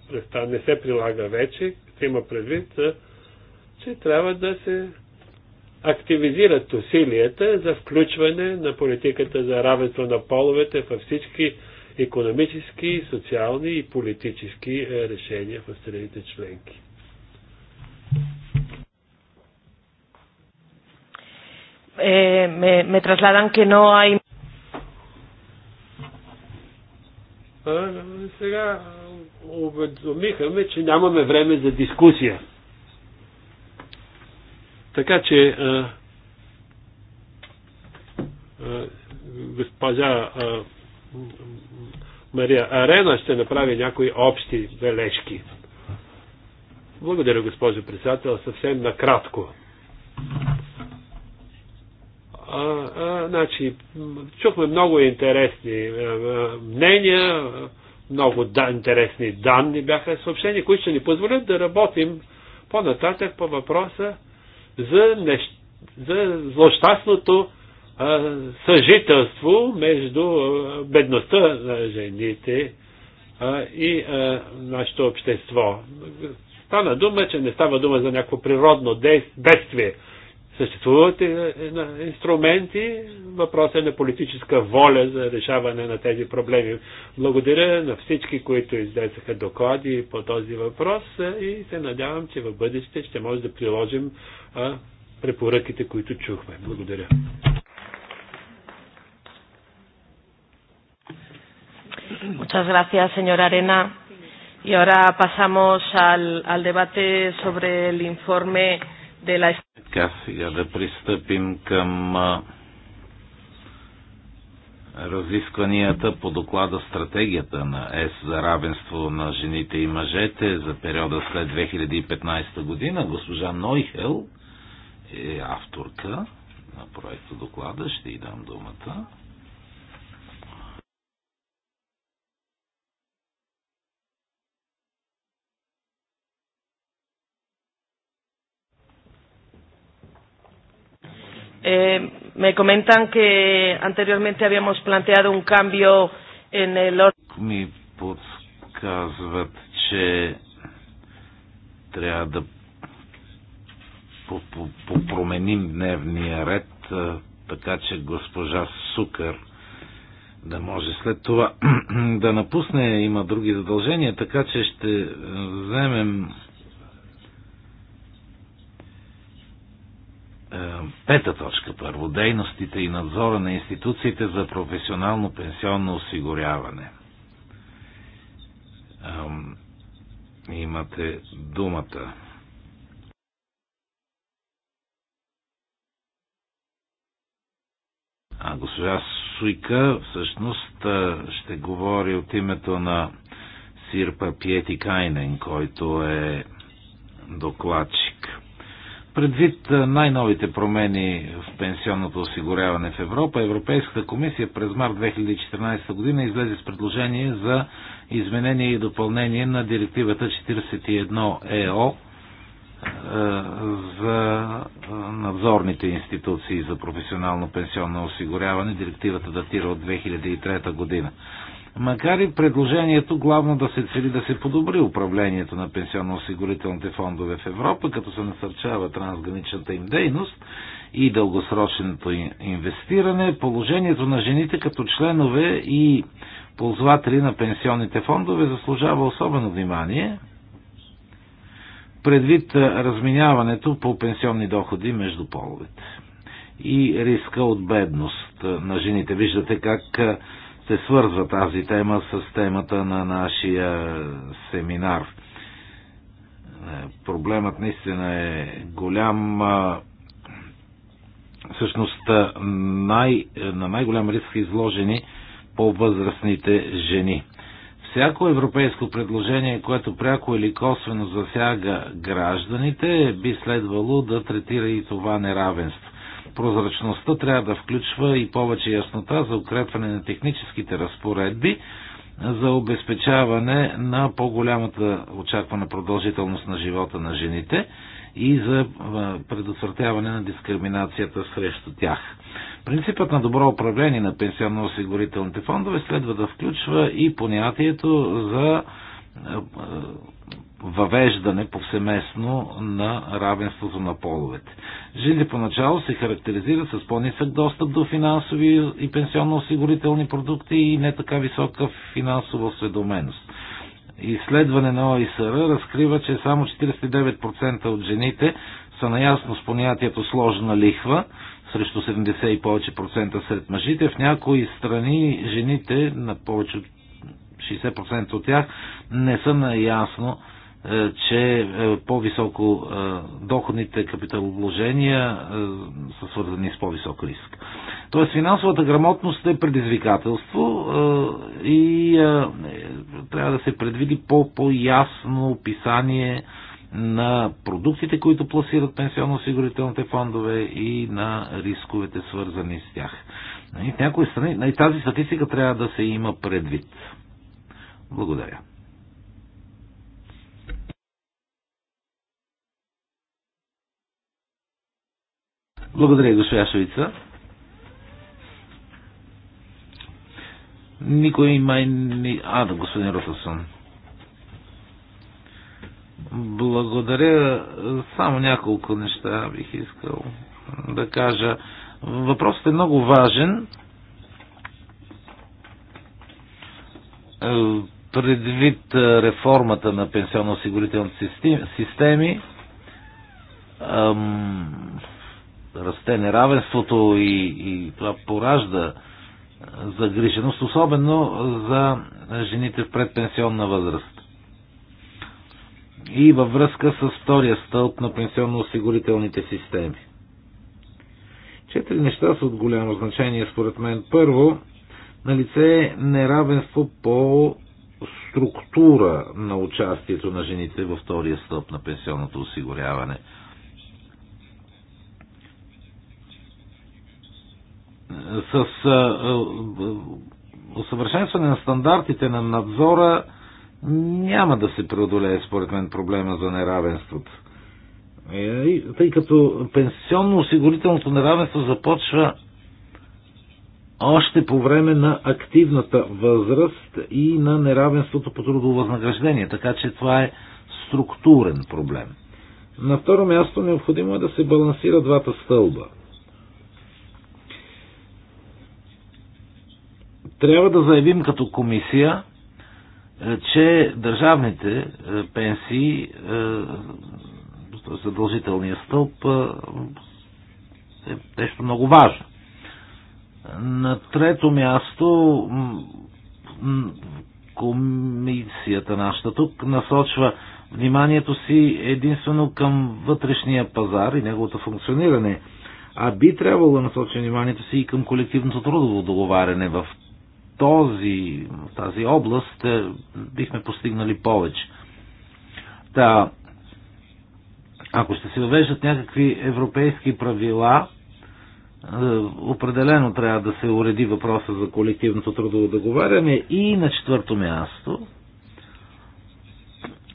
не се прилага вече, има предвид че трябва да се активизират усилията за включване на политиката за равенство на половете във всички економически, социални и политически е, решения в страните членки. Eh, me, me trasladan que no hay. сега уведомиха че нямаме време за дискусия. Така че а, а, госпожа а, Мария Арена ще направи някои общи бележки. Благодаря, госпожо председател, съвсем накратко. А, а, значи, чухме много интересни а, мнения, много да, интересни данни бяха съобщени, които ще ни позволят да работим по-нататък по въпроса за, нещ... за злощастното а, съжителство между а, бедността на жените а, и а, нашето общество. Стана дума, че не става дума за някакво природно действие, Съществуват е, е, инструменти, въпрос е на политическа воля за решаване на тези проблеми. Благодаря на всички, които изнесаха доклади по този въпрос е, и се надявам, че в бъдеще ще може да приложим препоръките, които чухме. Благодаря. Muchas gracias, señora Arena. Y ahora pasamos al, al debate sobre el informe de la... Така, сега да пристъпим към разискванията по доклада Стратегията на ЕС за равенство на жените и мъжете за периода след 2015 година. Госпожа Нойхел е авторка на проекта доклада. Ще й дам думата. Eh, me comentan que anteriormente habíamos planteado un cambio en el orden. подсказват, така че госпожа Сукър да може след това да напусне, има други задължения, така че ще вземем Е, пета точка първо. Дейностите и надзора на институциите за професионално пенсионно осигуряване. Имате думата. А госпожа Суйка всъщност е, ще говори от името на Сирпа Пиети Кайнен, който е докладчик. Предвид най-новите промени в пенсионното осигуряване в Европа, Европейската комисия през март 2014 година излезе с предложение за изменение и допълнение на директивата 41 ЕО е за надзорните институции за професионално пенсионно осигуряване. Директивата датира от 2003 година. Макар и предложението главно да се цели да се подобри управлението на пенсионно-осигурителните фондове в Европа, като се насърчава трансграничната им дейност и дългосрочното инвестиране, положението на жените като членове и ползватели на пенсионните фондове заслужава особено внимание, предвид разминяването по пенсионни доходи между половете и риска от бедност на жените. Виждате как се свързва тази тема с темата на нашия семинар. Е, проблемът наистина е голям. Всъщност най, на най-голям риск изложени по-възрастните жени. Всяко европейско предложение, което пряко или косвено засяга гражданите, би следвало да третира и това неравенство прозрачността трябва да включва и повече яснота за укрепване на техническите разпоредби, за обезпечаване на по-голямата очаквана продължителност на живота на жените и за предотвратяване на дискриминацията срещу тях. Принципът на добро управление на пенсионно-осигурителните фондове следва да включва и понятието за въвеждане повсеместно на равенството на половете. Жили поначало се характеризира с по-нисък достъп до финансови и пенсионно-осигурителни продукти и не така висока финансова осведоменост. Изследване на ОИСР разкрива, че само 49% от жените са наясно с понятието сложна лихва, срещу 70 и повече процента сред мъжите. В някои страни жените, на повече от 60% от тях, не са наясно е, че е, по-високо е, доходните капиталовложения са свързани с по-висок риск. Тоест финансовата грамотност е предизвикателство и трябва да се предвиди по-ясно -по описание на продуктите, които пласират пенсионно-осигурителните фондове и на рисковете свързани с тях. И в някои страни и тази статистика трябва да се има предвид. Благодаря. Благодаря, госпожа Шовица. Никой май не... А, да, господин Ротасон. Благодаря. Само няколко неща бих искал да кажа. Въпросът е много важен. Предвид реформата на пенсионно-осигурителните системи, расте неравенството и, и това поражда загриженост, особено за жените в предпенсионна възраст. И във връзка с втория стълб на пенсионно-осигурителните системи. Четири неща са от голямо значение според мен. Първо, на лице е неравенство по структура на участието на жените във втория стълб на пенсионното осигуряване – с усъвършенстване на стандартите на надзора няма да се преодолее, според мен, проблема за неравенството. Е, тъй като пенсионно-осигурителното неравенство започва още по време на активната възраст и на неравенството по трудово възнаграждение. Така че това е структурен проблем. На второ място необходимо е да се балансира двата стълба – трябва да заявим като комисия, е, че държавните е, пенсии, е, т.е. задължителния стълб, е нещо много важно. На трето място, комисията нашата тук насочва вниманието си единствено към вътрешния пазар и неговото функциониране, а би трябвало да насочи вниманието си и към колективното трудово договаряне в този, тази област е, бихме постигнали повече. Та, ако ще се въвеждат някакви европейски правила, е, определено трябва да се уреди въпроса за колективното трудово договаряне и на четвърто място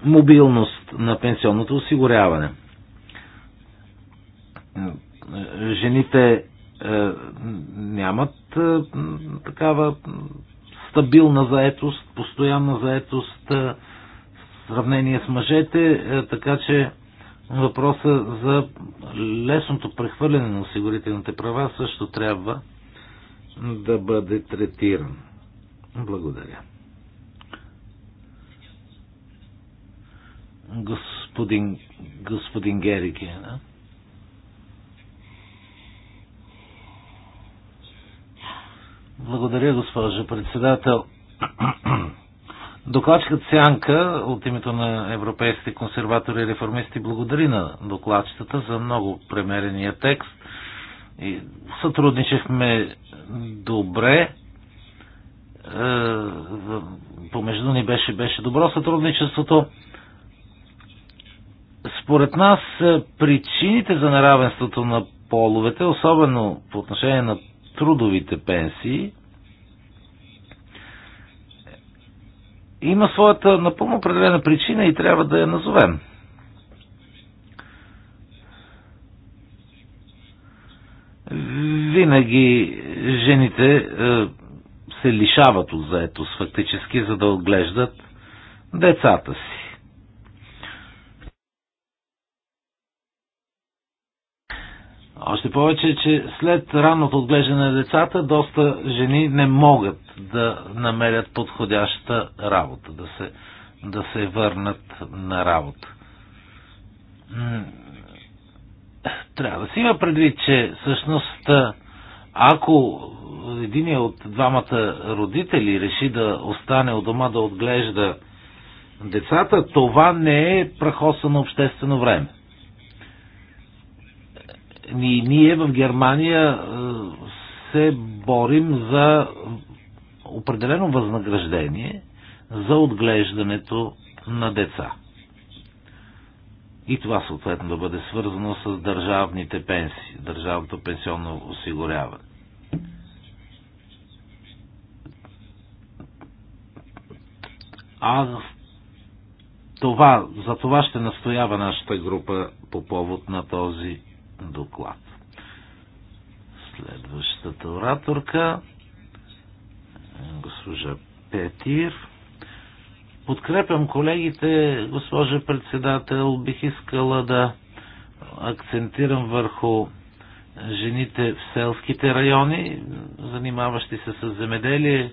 мобилност на пенсионното осигуряване. Жените е, нямат е, такава стабилна заетост, постоянна заетост е, в сравнение с мъжете, така че въпроса за лесното прехвърляне на осигурителните права също трябва да бъде третиран. Благодаря. Господин, господин Герике, да? Благодаря, госпожо председател. Докладчикът Сянка от името на европейските консерватори и реформисти благодари на докладчетата за много премерения текст. И сътрудничахме добре. Е, помежду ни беше, беше добро сътрудничеството. Според нас е, причините за неравенството на половете, особено по отношение на трудовите пенсии, има своята напълно определена причина и трябва да я назовем. Винаги жените е, се лишават от заетост фактически, за да отглеждат децата си. Още повече, че след ранното отглеждане на децата, доста жени не могат да намерят подходяща работа, да се, да се върнат на работа. Трябва да си има предвид, че всъщност ако един от двамата родители реши да остане от дома да отглежда децата, това не е прахосано обществено време. И ние в Германия е, се борим за определено възнаграждение за отглеждането на деца. И това съответно да бъде свързано с държавните пенсии, държавното пенсионно осигуряване. А това, за това ще настоява нашата група по повод на този доклад. Следващата ораторка, госпожа Петир. Подкрепям колегите, госпожа председател. Бих искала да акцентирам върху жените в селските райони, занимаващи се с земеделие,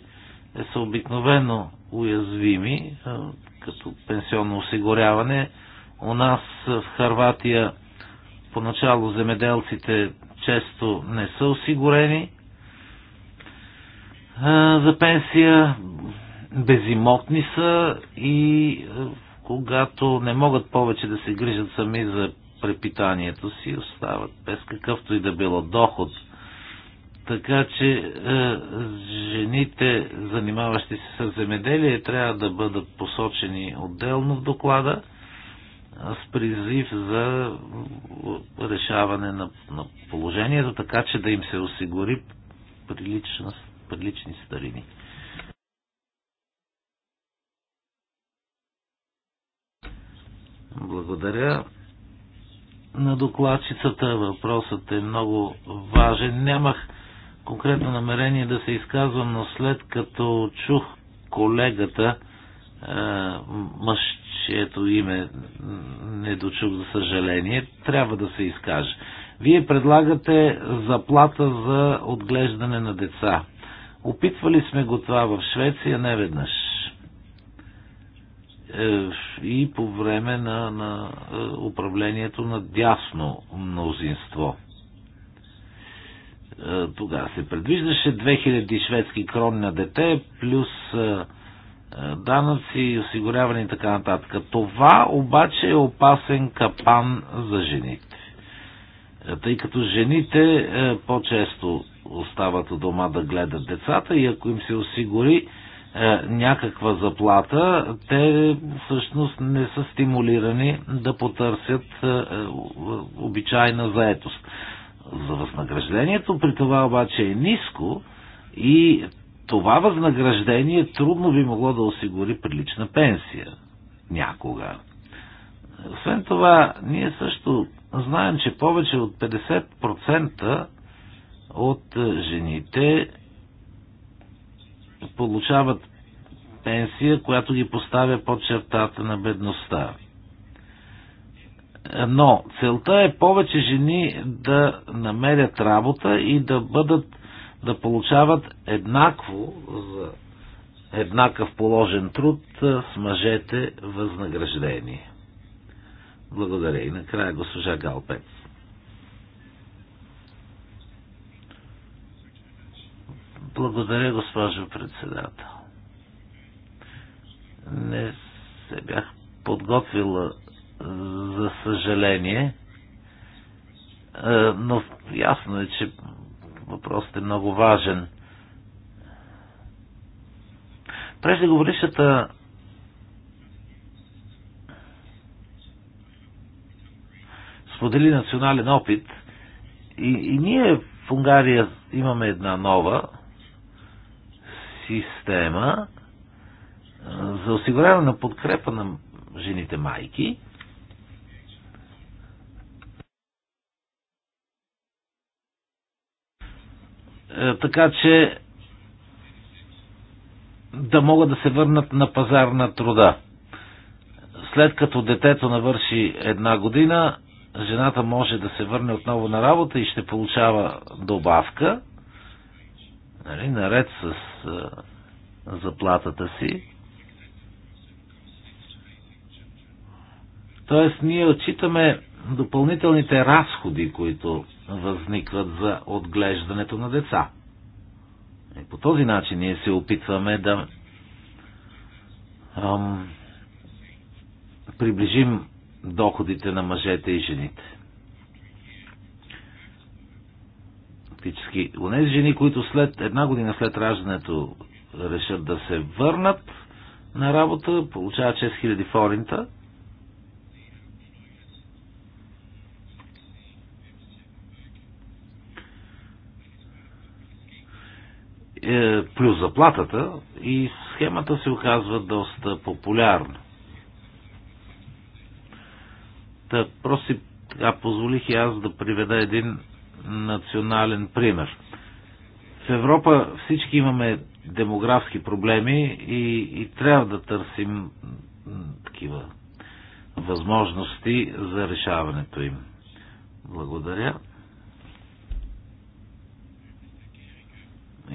са обикновено уязвими, като пенсионно осигуряване. У нас в Харватия Поначало земеделците често не са осигурени за пенсия, безимотни са и когато не могат повече да се грижат сами за препитанието си, остават без какъвто и да било доход. Така че е, жените, занимаващи се с земеделие, трябва да бъдат посочени отделно в доклада с призив за решаване на, на положението, така че да им се осигури прилична, прилични старини. Благодаря на докладчицата. Въпросът е много важен. Нямах конкретно намерение да се изказвам, но след като чух колегата, мъж, чието име не дочук за съжаление, трябва да се изкаже. Вие предлагате заплата за отглеждане на деца. Опитвали сме го това в Швеция не веднъж. Е, и по време на, на е, управлението на дясно мнозинство. Е, тогава се предвиждаше 2000 шведски крон на дете плюс е, данъци, осигуряване и така нататък. Това обаче е опасен капан за жените. Е, тъй като жените е, по-често остават у дома да гледат децата и ако им се осигури някаква заплата, те всъщност не са стимулирани да потърсят обичайна заетост. За възнаграждението при това обаче е ниско и това възнаграждение трудно би могло да осигури прилична пенсия. Някога. Освен това, ние също знаем, че повече от 50% от жените получават пенсия, която ги поставя под чертата на бедността. Но целта е повече жени да намерят работа и да бъдат да получават еднакво за еднакъв положен труд с мъжете възнаграждение. Благодаря. И накрая госпожа Галпец. Благодаря, госпожо председател. Не се бях подготвила за съжаление, но ясно е, че Въпросът е много важен. Преждеговорившата сподели национален опит и, и ние в Унгария имаме една нова система за осигуряване на подкрепа на жените майки – Е, така че да могат да се върнат на пазар на труда. След като детето навърши една година, жената може да се върне отново на работа и ще получава добавка, нали, наред с а, е, заплатата си. Тоест, ние отчитаме допълнителните разходи, които възникват за отглеждането на деца. И по този начин ние се опитваме да ам, приближим доходите на мъжете и жените. Фактически, у жени, които след една година след раждането решат да се върнат на работа, получават 6000 форинта – Е, плюс заплатата и схемата се оказва доста популярна. Та, просто а позволих и аз да приведа един национален пример. В Европа всички имаме демографски проблеми и, и трябва да търсим такива възможности за решаването им. Благодаря.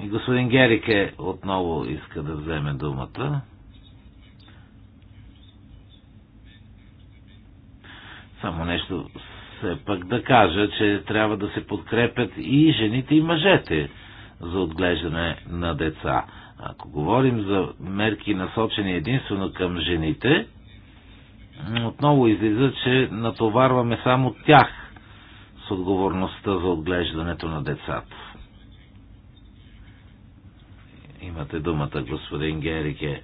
И господин Герике отново иска да вземе думата. Само нещо все пък да кажа, че трябва да се подкрепят и жените и мъжете за отглеждане на деца. Ако говорим за мерки насочени единствено към жените, отново излиза, че натоварваме само тях с отговорността за отглеждането на децата. Имате думата, господин Герике.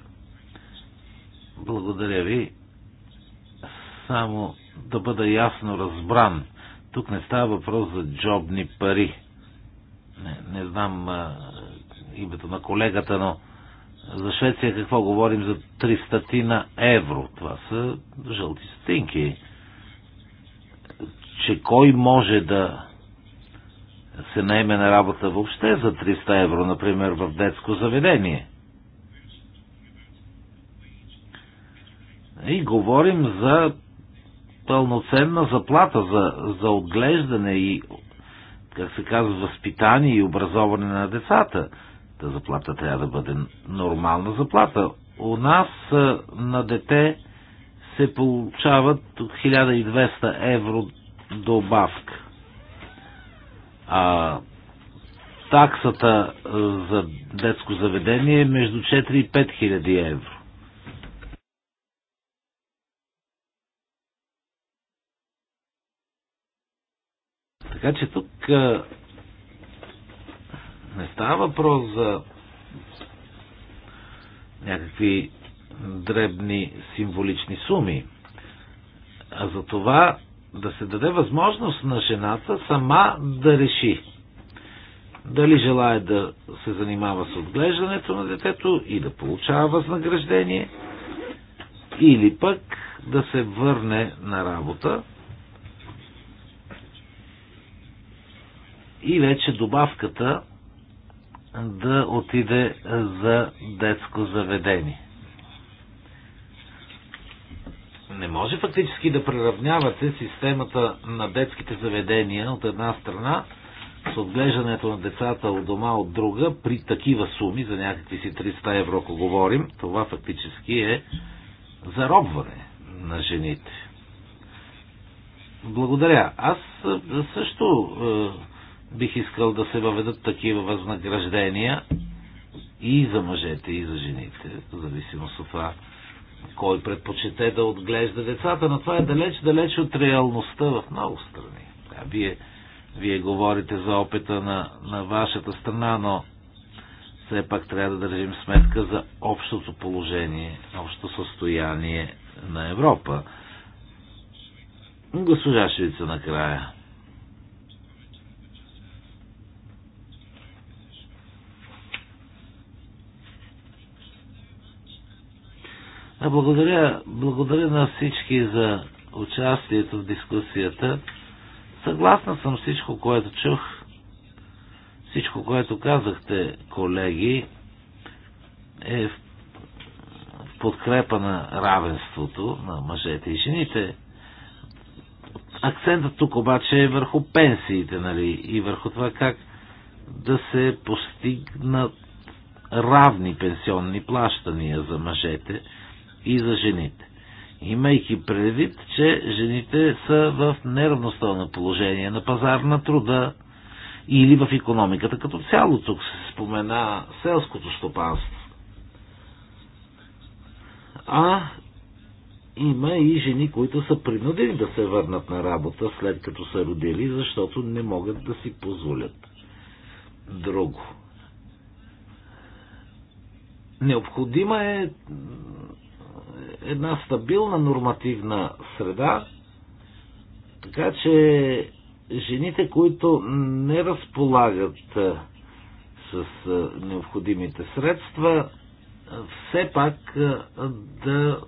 Благодаря ви. Само да бъда ясно разбран. Тук не става въпрос за джобни пари. Не, не знам а, името на колегата, но за Швеция какво говорим за 300 на евро? Това са жълти стинки. Че кой може да се наеме на работа въобще за 300 евро, например, в детско заведение. И говорим за пълноценна заплата за, за отглеждане и, как се казва, възпитание и образоване на децата. Та заплата трябва да бъде нормална заплата. У нас на дете се получават 1200 евро добавка. А таксата за детско заведение е между 4 и 5 хиляди евро. Така че тук не става въпрос за някакви дребни символични суми, а за това да се даде възможност на жената сама да реши дали желая да се занимава с отглеждането на детето и да получава възнаграждение, или пък да се върне на работа и вече добавката да отиде за детско заведение. Не може фактически да преравнявате системата на детските заведения от една страна с отглеждането на децата от дома от друга при такива суми, за някакви си 300 евро, ако говорим, това фактически е заробване на жените. Благодаря. Аз също е, бих искал да се въведат такива възнаграждения и за мъжете, и за жените, в зависимост от това кой предпочете да отглежда децата, но това е далеч, далеч от реалността в много страни. А вие, вие говорите за опита на, на вашата страна, но все пак трябва да държим сметка за общото положение, общото състояние на Европа. Госпожа Швица накрая. Благодаря, благодаря на всички за участието в дискусията. Съгласна съм всичко, което чух, всичко, което казахте, колеги, е в подкрепа на равенството на мъжете и жените. Акцентът тук обаче е върху пенсиите, нали, и върху това как да се постигнат равни пенсионни плащания за мъжете и за жените. Имайки предвид, че жените са в неравностойно положение на пазар на труда или в економиката като цяло. Тук се спомена селското стопанство. А има и жени, които са принудени да се върнат на работа след като са родили, защото не могат да си позволят друго. Необходима е една стабилна нормативна среда, така че жените, които не разполагат с необходимите средства, все пак да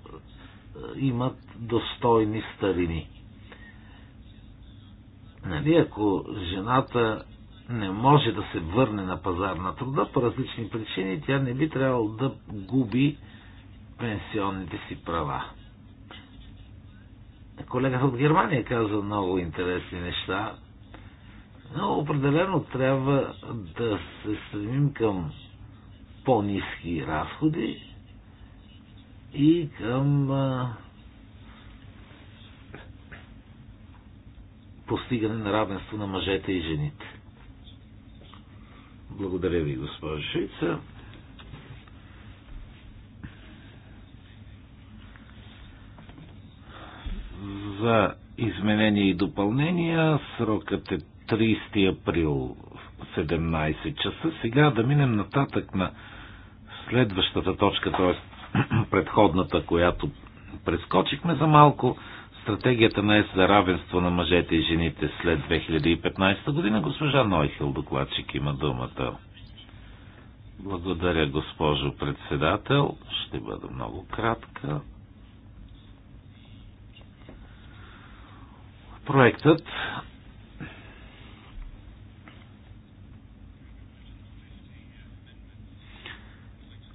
имат достойни старини. Нали, ако жената не може да се върне на пазар на труда по различни причини, тя не би трябвало да губи пенсионните си права. Колегата от Германия казва много интересни неща, но определено трябва да се стремим към по-низки разходи и към постигане на равенство на мъжете и жените. Благодаря ви, госпожо Шица. за изменения и допълнения. Срокът е 30 април 17 часа. Сега да минем нататък на следващата точка, т.е. предходната, която прескочихме за малко. Стратегията на ЕС за равенство на мъжете и жените след 2015 година. Госпожа Нойхел, докладчик, има думата. Благодаря, госпожо председател. Ще бъда много кратка. Проектът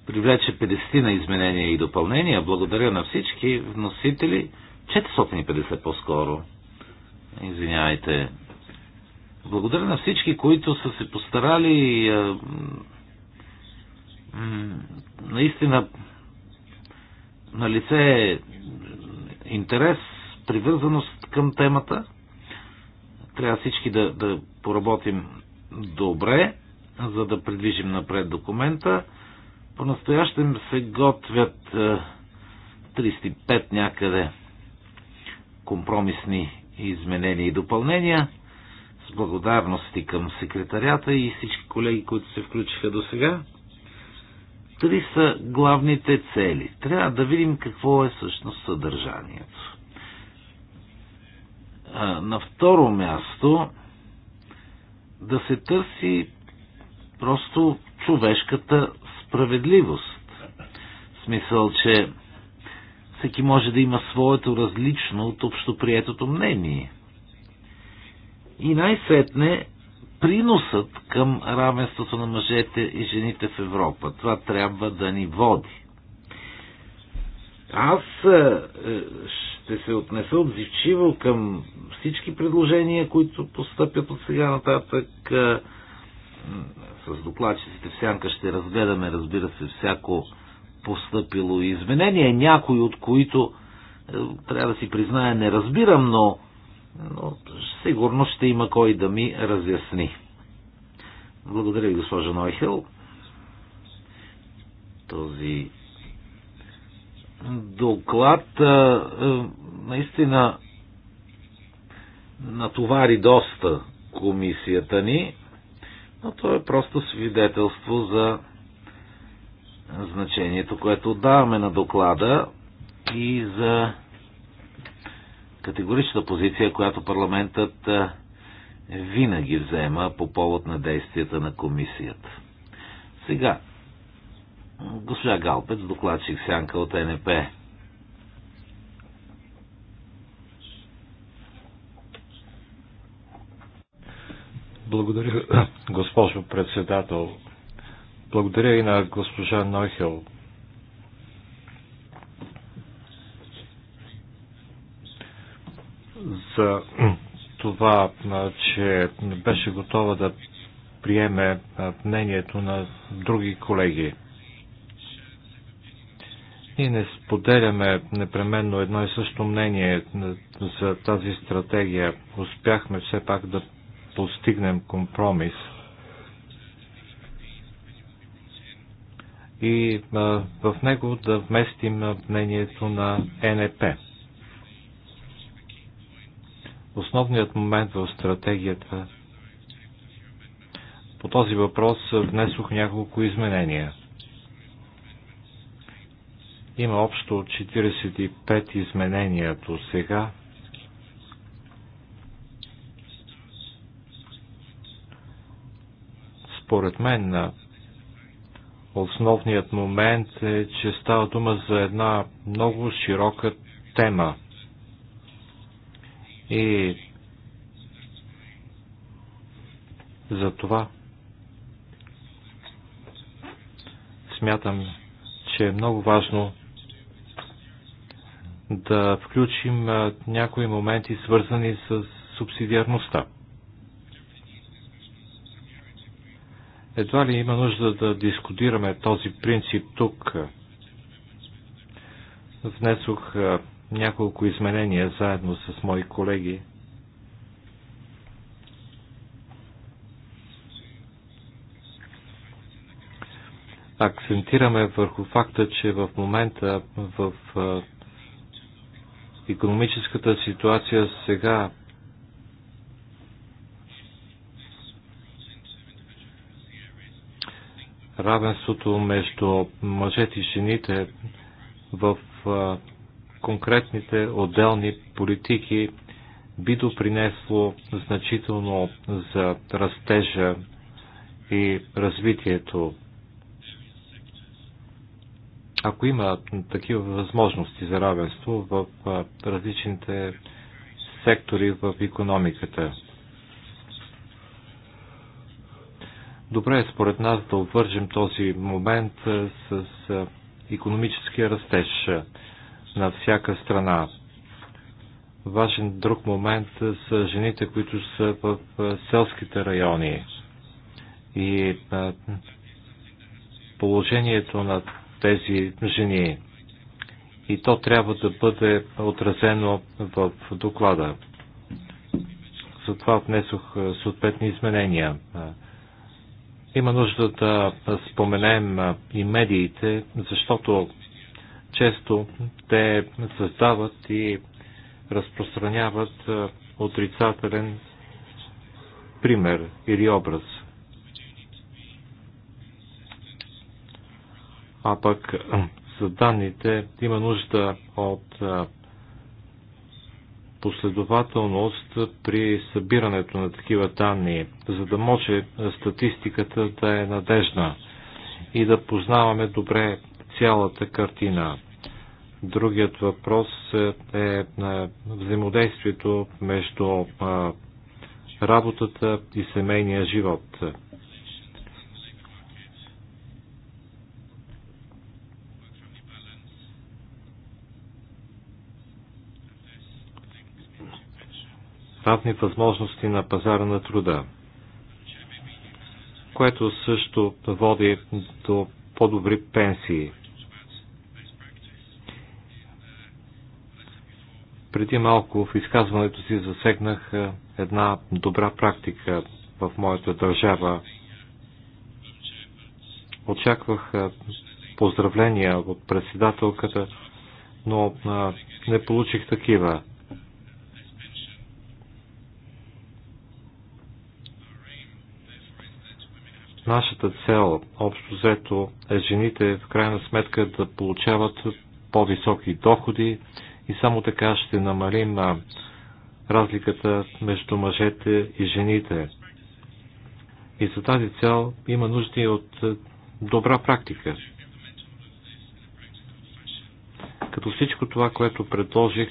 привлече 50 на изменения и допълнения. Благодаря на всички вносители. 450 по-скоро. Извинявайте. Благодаря на всички, които са се постарали а, наистина на лице интерес привързаност към темата. Трябва всички да, да поработим добре, за да придвижим напред документа. По-настоящем се готвят 35 е, някъде компромисни изменения и допълнения. С благодарности към секретарята и всички колеги, които се включиха до сега. Три са главните цели. Трябва да видим какво е всъщност съдържанието. На второ място да се търси просто човешката справедливост. В смисъл, че всеки може да има своето различно от общоприетото мнение. И най-сетне приносът към равенството на мъжете и жените в Европа. Това трябва да ни води. Аз е, е, ще се отнеса отзивчиво към всички предложения, които постъпят от сега нататък. Е, с докладчиците в сянка ще разгледаме, разбира се, всяко постъпило изменение, някои от които е, трябва да си призная, не разбирам, но, но сигурно ще има кой да ми разясни. Благодаря ви, госпожа Нойхел. Този доклад наистина натовари доста комисията ни, но то е просто свидетелство за значението, което даваме на доклада и за категорична позиция, която парламентът винаги взема по повод на действията на комисията. Сега, Госпожа Галпец, докладчик Сянка от НП. Благодаря, госпожо председател. Благодаря и на госпожа Нойхел. За това, че беше готова да приеме мнението на други колеги. Ние не споделяме непременно едно и също мнение за тази стратегия. Успяхме все пак да постигнем компромис. И а, в него да вместим мнението на НЕП. Основният момент в стратегията по този въпрос внесох няколко изменения. Има общо 45 изменения до сега. Според мен основният момент е, че става дума за една много широка тема. И за това смятам, че е много важно да включим някои моменти, свързани с субсидиарността. Едва ли има нужда да дискутираме този принцип тук. Внесох няколко изменения заедно с мои колеги. Акцентираме върху факта, че в момента в економическата ситуация сега равенството между мъжете и жените в конкретните отделни политики би допринесло значително за растежа и развитието ако има такива възможности за равенство в различните сектори в економиката. Добре е според нас да обвържим този момент с економическия растеж на всяка страна. Важен друг момент са жените, които са в селските райони. И положението на тези жени. И то трябва да бъде отразено в доклада. Затова внесох съответни изменения. Има нужда да споменем и медиите, защото често те създават и разпространяват отрицателен пример или образ. а пък за данните има нужда от последователност при събирането на такива данни, за да може статистиката да е надежна и да познаваме добре цялата картина. Другият въпрос е на е, е взаимодействието между работата и семейния живот. равни възможности на пазара на труда, което също води до по-добри пенсии. Преди малко в изказването си засегнах една добра практика в моята държава. Очаквах поздравления от председателката, но не получих такива. Нашата цел, общо взето, е жените в крайна сметка да получават по-високи доходи и само така ще намалим на разликата между мъжете и жените. И за тази цел има нужди от добра практика. Като всичко това, което предложих,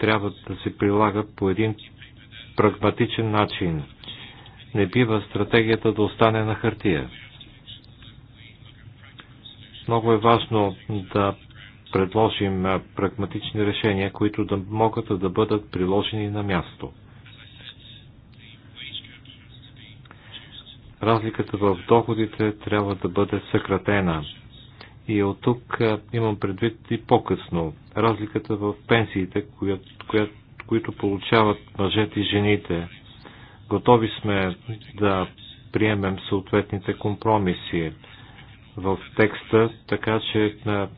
трябва да се прилага по един прагматичен начин – не бива стратегията да остане на хартия. Много е важно да предложим прагматични решения, които да могат да бъдат приложени на място. Разликата в доходите трябва да бъде съкратена. И от тук имам предвид и по-късно разликата в пенсиите, които получават мъжете и жените. Готови сме да приемем съответните компромиси в текста, така че на,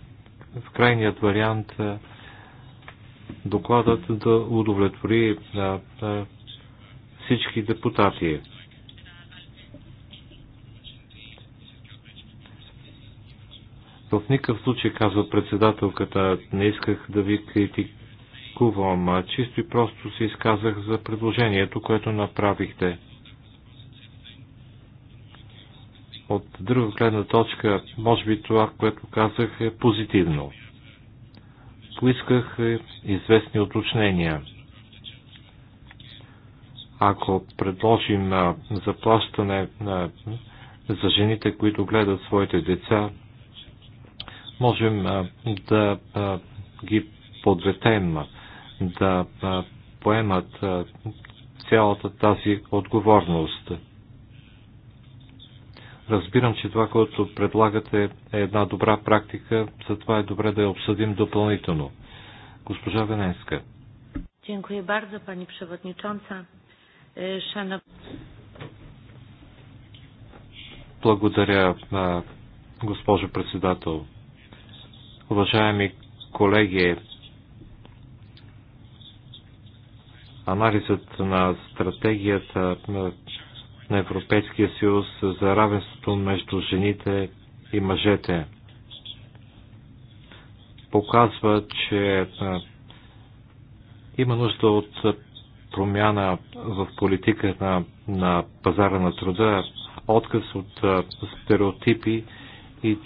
в крайният вариант докладът да удовлетвори на, на всички депутати. В никакъв случай, казва председателката, не исках да ви критик, критикувам. Чисто и просто се изказах за предложението, което направихте. От друга гледна точка, може би това, което казах, е позитивно. Поисках е, известни уточнения. Ако предложим заплащане за жените, които гледат своите деца, можем да ги подветем да поемат цялата тази отговорност. Разбирам, че това, което предлагате е една добра практика, затова е добре да я обсъдим допълнително. Госпожа Вененска. Дякую bardzo пани Przewodnicząca. Шана... E, Благодаря, госпожо председател. Уважаеми колеги, анализът на стратегията на Европейския съюз за равенството между жените и мъжете показва, че има нужда от промяна в политика на, на пазара на труда, отказ от стереотипи и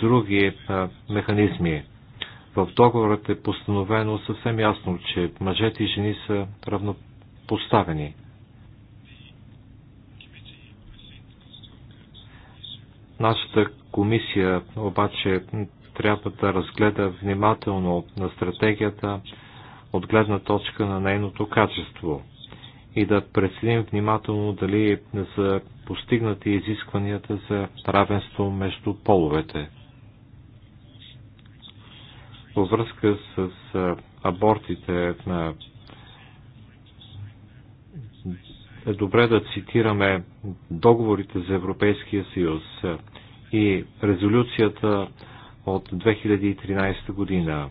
други механизми. В договорът е постановено съвсем ясно, че мъжете и жени са равнопоставени. Нашата комисия обаче трябва да разгледа внимателно на стратегията от гледна точка на нейното качество и да преценим внимателно дали не са постигнати изискванията за равенство между половете във връзка с абортите на е добре да цитираме договорите за Европейския съюз и резолюцията от 2013 година.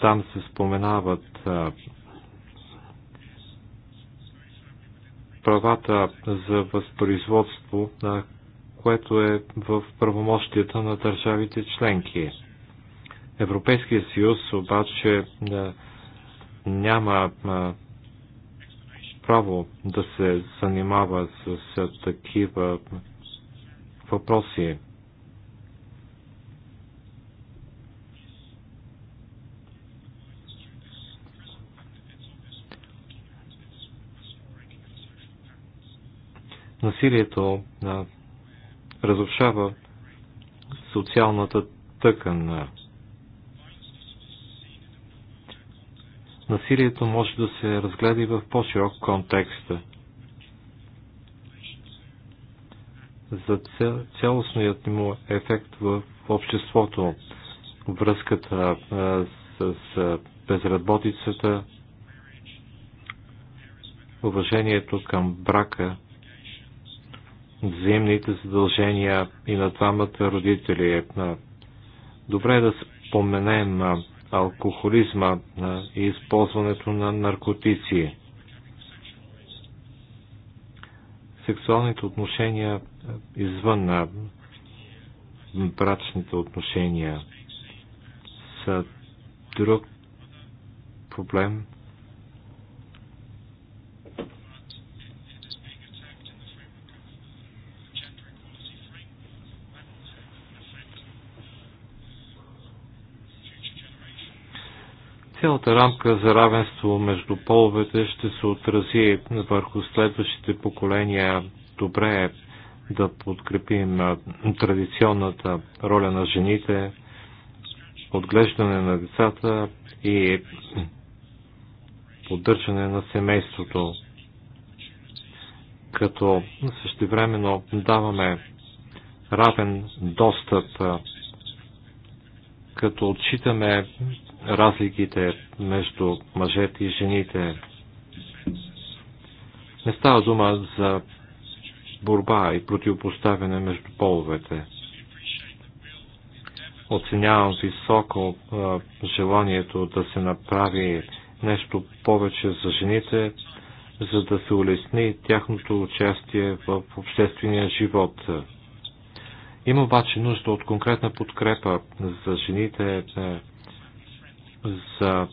Там се споменават правата за възпроизводство на което е в правомощията на държавите членки. Европейския съюз обаче е, няма е, право да се занимава с е, такива въпроси. Насилието на разрушава социалната тъкан. Насилието може да се разгледа и в по-широк контекст. За цялостният му ефект в обществото, връзката с безработицата, уважението към брака, взаимните задължения и на двамата родители. Е, добре е да споменем алкохолизма и използването на наркотици. Сексуалните отношения извън на брачните отношения са друг проблем – Цялата рамка за равенство между половете ще се отрази върху следващите поколения. Добре е да подкрепим традиционната роля на жените, отглеждане на децата и поддържане на семейството, като същевременно даваме равен достъп, като отчитаме разликите между мъжете и жените. Не става дума за борба и противопоставяне между половете. Оценявам високо а, желанието да се направи нещо повече за жените, за да се улесни тяхното участие в обществения живот. Има обаче нужда от конкретна подкрепа за жените за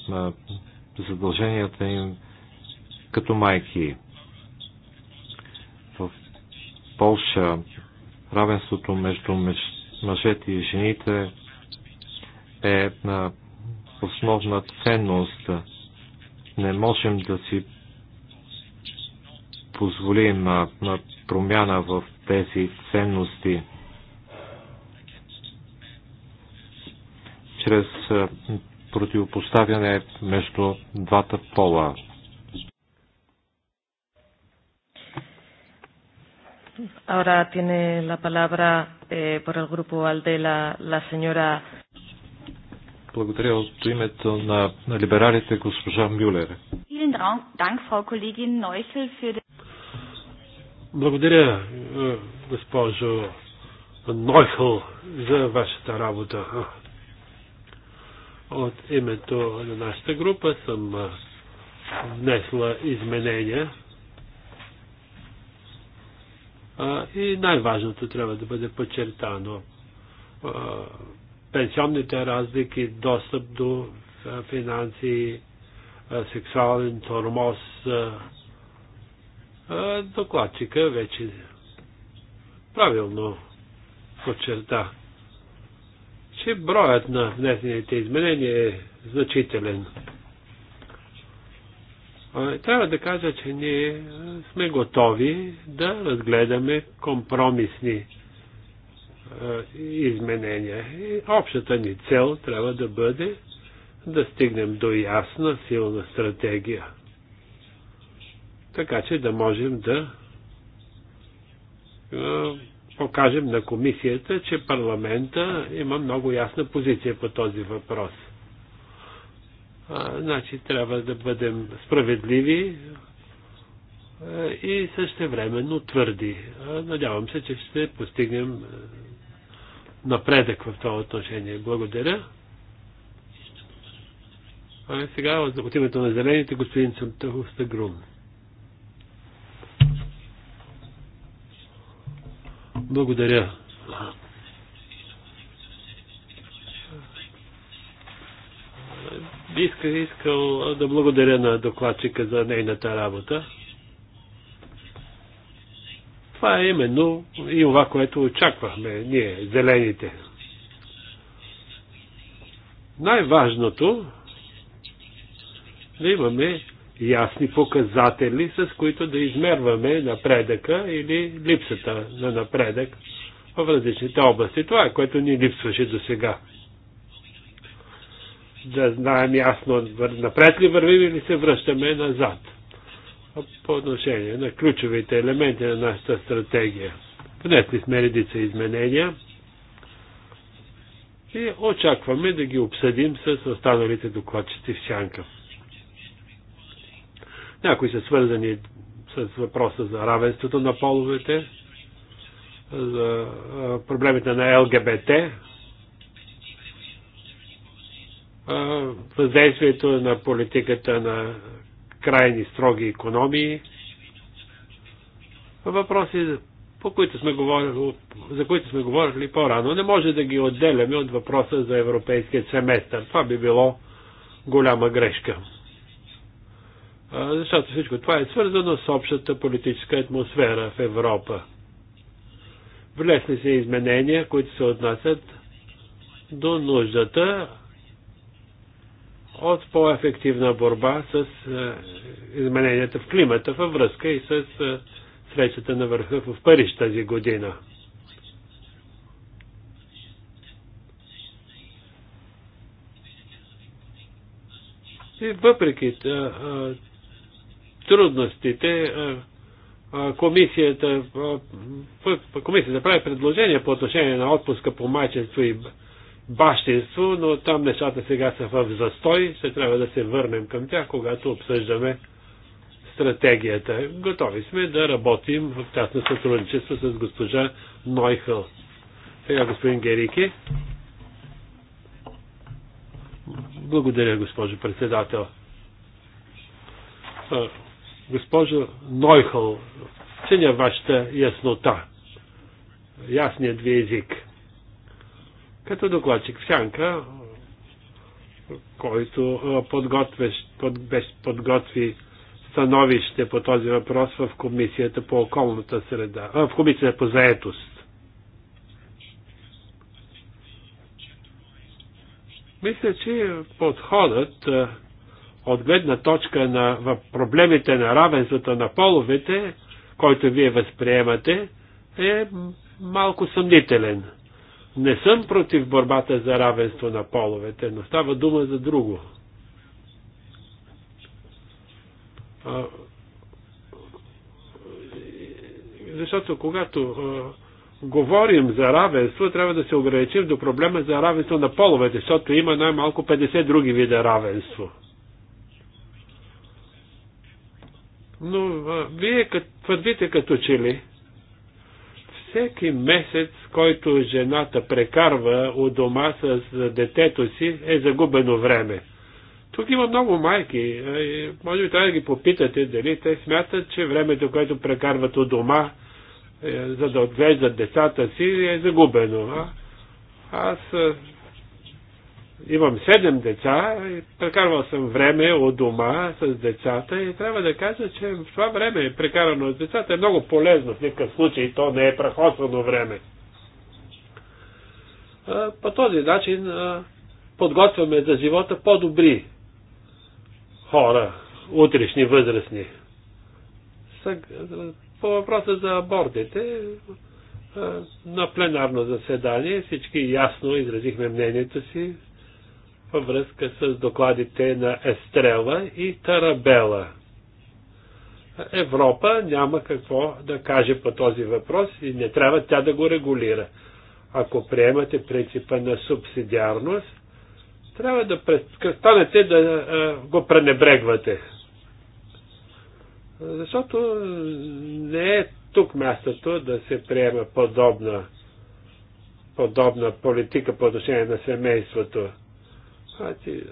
задълженията им като майки. В Полша равенството между мъжете и жените е една основна ценност. Не можем да си позволим на промяна в тези ценности. Чрез противопоставяне между двата пола. Ahora tiene la palabra eh, por el grupo ALDE la, la señora. Благодаря от името на, либералите госпожа Мюлер. Благодаря, е, госпожо Нойхъл, за вашата работа. От името на нашата група съм внесла изменения. И най-важното трябва да бъде подчертано. Пенсионните разлики, достъп до финанси, сексуален тормоз. Докладчика вече правилно подчерта че броят на внесените изменения е значителен. Трябва да кажа, че ние сме готови да разгледаме компромисни изменения. И общата ни цел трябва да бъде да стигнем до ясна, силна стратегия. Така че да можем да покажем на комисията, че парламента има много ясна позиция по този въпрос. А, значи трябва да бъдем справедливи а, и същевременно твърди. А, надявам се, че ще постигнем напредък в това отношение. Благодаря. А сега от името на зелените господин Сантахов Стагрум. Благодаря. Иска, искал да благодаря на докладчика за нейната работа. Това е именно и това, което очаквахме ние, зелените. Най-важното да имаме ясни показатели, с които да измерваме напредъка или липсата на напредък в различните области. Това е което ни липсваше до сега. Да знаем ясно напред ли вървим или се връщаме назад по отношение на ключовите елементи на нашата стратегия. Внесли сме редица изменения и очакваме да ги обсъдим с останалите докладчици в сянка. Някои са свързани с въпроса за равенството на половете, за проблемите на ЛГБТ, въздействието на политиката на крайни строги економии, въпроси, по които сме говорили, за които сме говорили по-рано. Не може да ги отделяме от въпроса за европейския семестър. Това би било голяма грешка защото всичко това е свързано с общата политическа атмосфера в Европа. Влезли се изменения, които се отнасят до нуждата от по-ефективна борба с измененията в климата във връзка и с срещата на върха в Париж тази година. И въпреки трудностите, е, комисията, комисията прави предложение по отношение на отпуска по майчество и бащинство, но там нещата сега са в застой. Ще трябва да се върнем към тях, когато обсъждаме стратегията. Готови сме да работим в тясно сътрудничество с госпожа Нойхъл. Сега господин Герики. Благодаря, госпожо председател. Госпожо Нойхъл, ценя вашата яснота, ясният ви език. Като докладчик в Сянка, който под, подготви становище по този въпрос в Комисията по околната среда, в Комисията по заетост. Мисля, че подходът от гледна точка на проблемите на равенството на половете, който вие възприемате, е малко съмнителен. Не съм против борбата за равенство на половете, но става дума за друго. Защото когато говорим за равенство, трябва да се ограничим до проблема за равенство на половете, защото има най-малко 50 други вида равенство. Но а, вие твърдите като че ли, всеки месец, който жената прекарва у дома с детето си, е загубено време. Тук има много майки. Може би трябва да ги попитате дали те смятат, че времето, което прекарват у дома, е, за да отглеждат децата си, е загубено. А? Аз Имам седем деца, прекарвал съм време от дома с децата и трябва да кажа, че в това време, прекарано от децата, е много полезно в никакъв случай, то не е прахосвано време. По този начин подготвяме за живота по-добри хора, утрешни, възрастни. По въпроса за абордите, на пленарно заседание всички ясно изразихме мнението си, във връзка с докладите на Естрела и Тарабела. Европа няма какво да каже по този въпрос и не трябва тя да го регулира. Ако приемате принципа на субсидиарност, трябва да престанете да го пренебрегвате. Защото не е тук мястото да се приема подобна, подобна политика по отношение на семейството. Значи,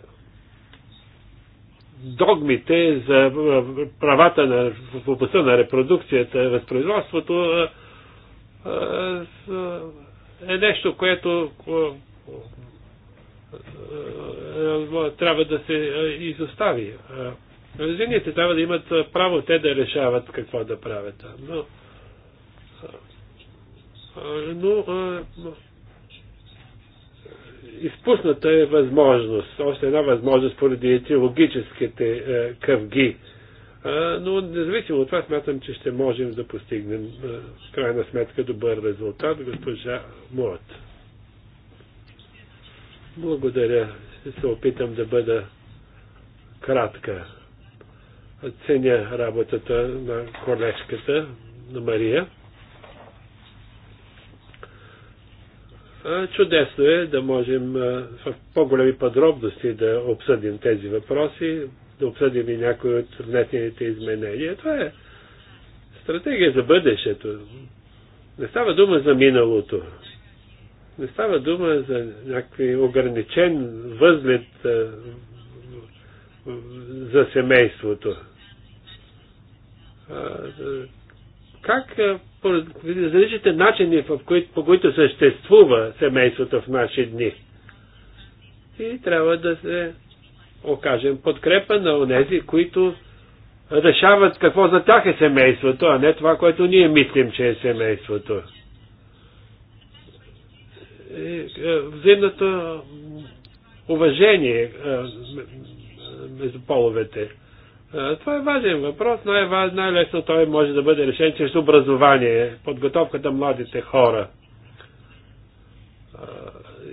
догмите за правата на, в областта на репродукцията и възпроизводството е нещо, което трябва да се изостави. Жените трябва да имат право те да решават какво да правят. Но, но изпусната е възможност, още една възможност поради етиологическите е, къвги. Но независимо от това, смятам, че ще можем да постигнем е, в крайна сметка добър резултат, госпожа Мурат. Благодаря. Ще се опитам да бъда кратка. Ценя работата на колежката, на Мария. Чудесно е да можем в по-големи подробности да обсъдим тези въпроси, да обсъдим и някои от внесените изменения. Това е стратегия за бъдещето. Не става дума за миналото. Не става дума за някакви ограничен възглед за семейството как е, различните начини, в кои, по които съществува семейството в наши дни. И трябва да се окажем подкрепа на онези, които решават какво за тях е семейството, а не това, което ние мислим, че е семейството. Е, взаимното уважение е, между половете това е важен въпрос, но е най-лесно той може да бъде решен чрез образование, подготовката на младите хора.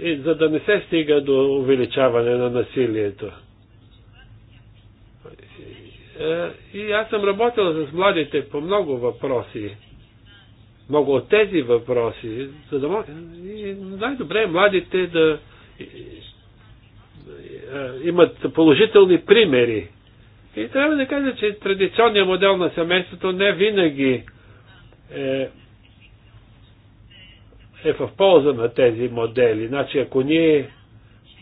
И за да не се стига до увеличаване на насилието. И аз съм работил с младите по много въпроси. Много от тези въпроси, за да И най-добре е младите да имат положителни примери и трябва да кажа, че традиционният модел на семейството не винаги е, е в полза на тези модели. Значи, ако ние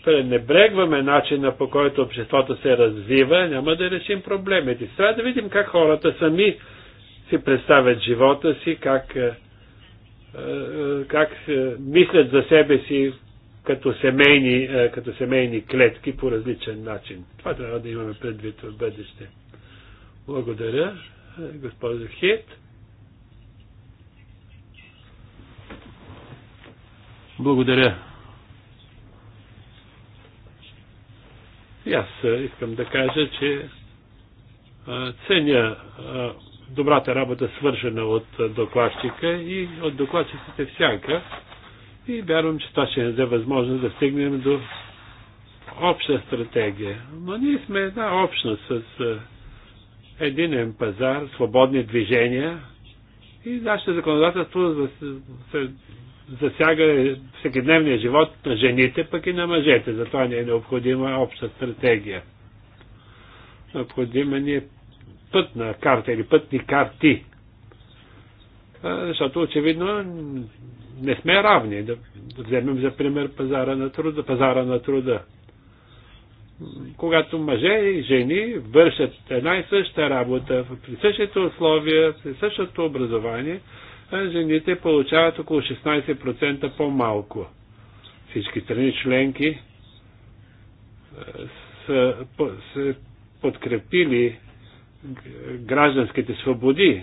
пренебрегваме начина по който обществото се развива, няма да решим проблемите. Трябва да видим как хората сами си представят живота си, как, е, е, е, как мислят за себе си като семейни, е, като семейни клетки по различен начин. Това трябва да имаме предвид в бъдеще. Благодаря, е, госпожа Хит. Благодаря. И аз е, искам да кажа, че ценя добрата работа, свършена от докладчика и от докладчиците всяка и вярвам, че това ще даде възможност да стигнем до обща стратегия. Но ние сме една общност с единен пазар, свободни движения и нашето законодателство засяга всекидневния живот на жените, пък и на мъжете. Затова ни не е необходима обща стратегия. Необходима ни е пътна карта или пътни карти. Защото очевидно не сме равни. Да, да вземем за пример пазара на труда. Пазара на труда. Когато мъже и жени вършат една и съща работа, при същите условия, при същото образование, жените получават около 16% по-малко. Всички страни членки са, са подкрепили гражданските свободи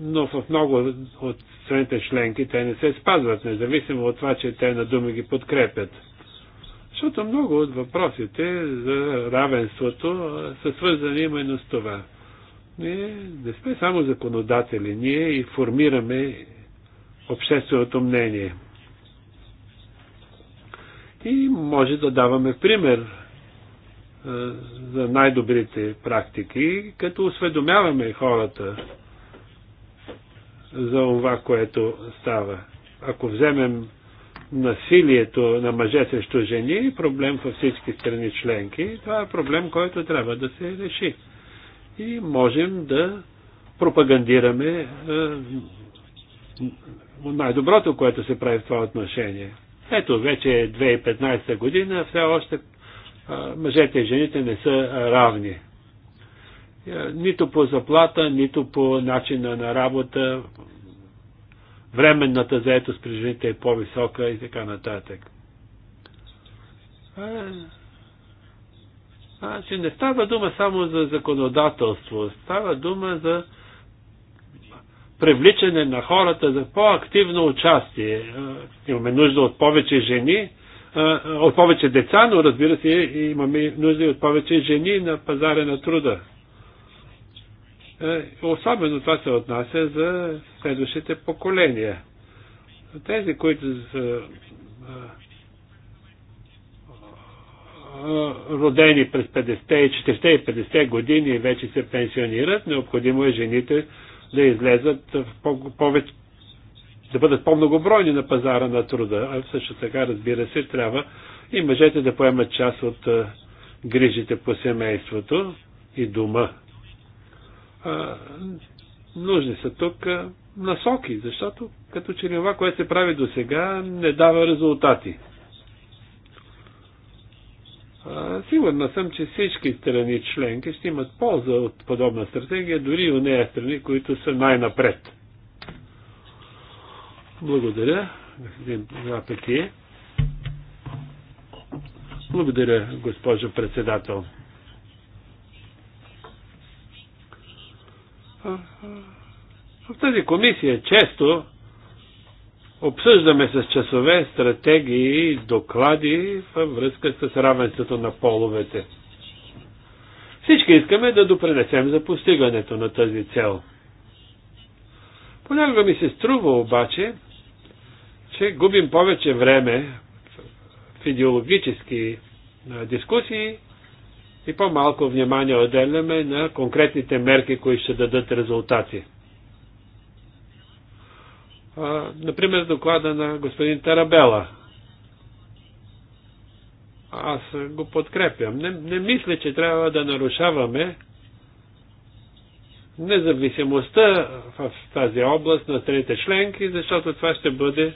но в много от страните членки те не се спазват, независимо от това, че те на думи ги подкрепят. Защото много от въпросите за равенството са свързани именно с това. Ние не сме само законодатели, ние и формираме общественото мнение. И може да даваме пример за най-добрите практики, като осведомяваме хората за това, което става. Ако вземем насилието на мъже срещу жени, проблем във всички страни членки, това е проблем, който трябва да се реши. И можем да пропагандираме е, най-доброто, което се прави в това отношение. Ето, вече е 2015 година, все още е, мъжете и жените не са равни. Е, нито по заплата, нито по начина на работа, временната заетост при жените е по-висока и така нататък. Е, значи не става дума само за законодателство, става дума за привличане на хората за по-активно участие. Е, имаме нужда от повече жени, от повече деца, но разбира се, имаме нужда и от повече жени на пазара на труда. Е, особено това се отнася за следващите поколения. Тези, които са е, е, родени през 50-те и 40-те 50 години и вече се пенсионират, необходимо е жените да излезат в повече, да бъдат по-многобройни на пазара на труда. А също така, разбира се, трябва и мъжете да поемат част от грижите по семейството и дома нужни са тук насоки, защото като че това, което се прави до сега, не дава резултати. Сигурна съм, че всички страни членки ще имат полза от подобна стратегия, дори и у нея страни, които са най-напред. Благодаря, господин Благодаря, госпожо председател. В тази комисия често обсъждаме с часове стратегии и доклади във връзка с равенството на половете. Всички искаме да допренесем за постигането на тази цел. Понякога ми се струва обаче, че губим повече време в идеологически дискусии, и по-малко внимание отделяме на конкретните мерки, които ще дадат резултати. например, доклада на господин Тарабела. Аз го подкрепям. Не, не мисля, че трябва да нарушаваме независимостта в тази област на трите членки, защото това ще бъде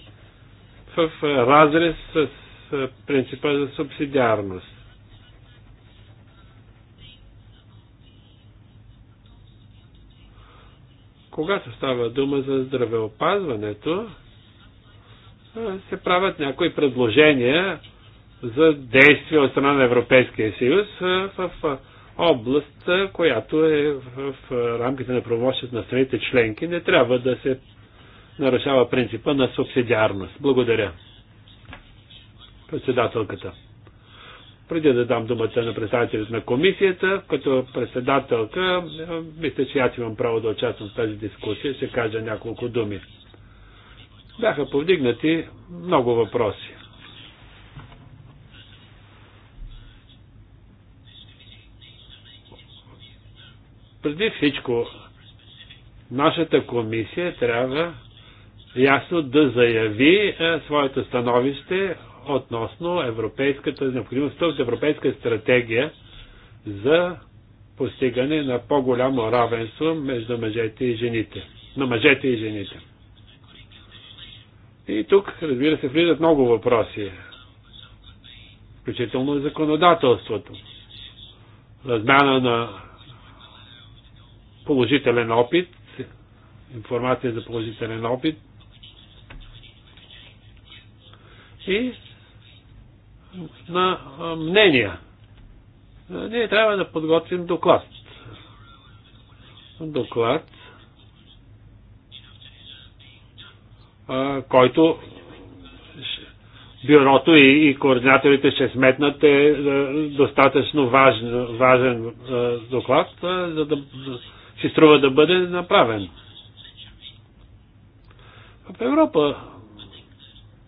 в разрез с принципа за субсидиарност. когато става дума за здравеопазването, се правят някои предложения за действия от страна на Европейския съюз в област, която е в рамките на правомощите на страните членки. Не трябва да се нарушава принципа на субсидиарност. Благодаря. Председателката. Преди да дам думата на представителите на комисията, като председателка, мисля, че аз имам право да участвам в тази дискусия, ще кажа няколко думи. Бяха повдигнати много въпроси. преди всичко, нашата комисия трябва ясно да заяви е, своето становище относно европейската, необходимостта от европейска стратегия за постигане на по-голямо равенство между мъжете и жените. На мъжете и жените. И тук, разбира се, влизат много въпроси, включително и законодателството. Размяна на положителен опит, информация за положителен опит и на мнения. Ние трябва да подготвим доклад. Доклад, който бюрото и, и координаторите ще сметнат е, е достатъчно важен, важен доклад, за да си струва да бъде направен. В Европа,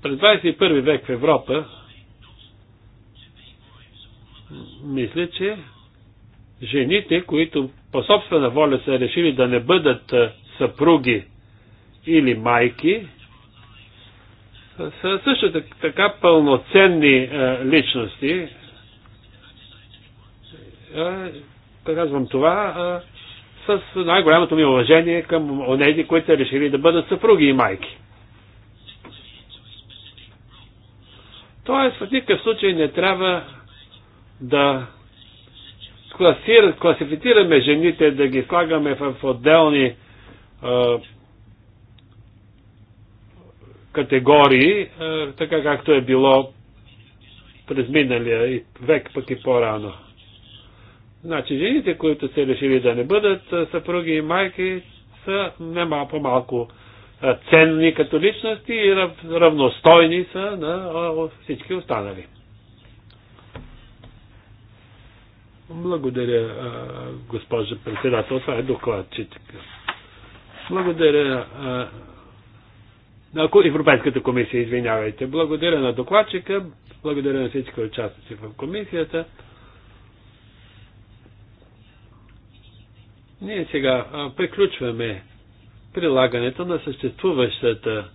през 21 век в Европа, мисля, че жените, които по собствена воля са решили да не бъдат съпруги или майки, са също така пълноценни личности. Казвам това с най-голямото ми уважение към онези, които са решили да бъдат съпруги и майки. Тоест, в никакъв случай не трябва да класир, класифицираме жените, да ги слагаме в, в отделни а, категории, а, така както е било през миналия и век пък и по-рано. Значи жените, които се решили да не бъдат съпруги и майки, са нема по-малко ценни като личности и равностойни са на всички останали. Благодаря, госпожа председател. Това е така. Благодаря. На Европейската комисия, извинявайте. Благодаря на докладчика, благодаря на всички участници в комисията. Ние сега приключваме прилагането на съществуващата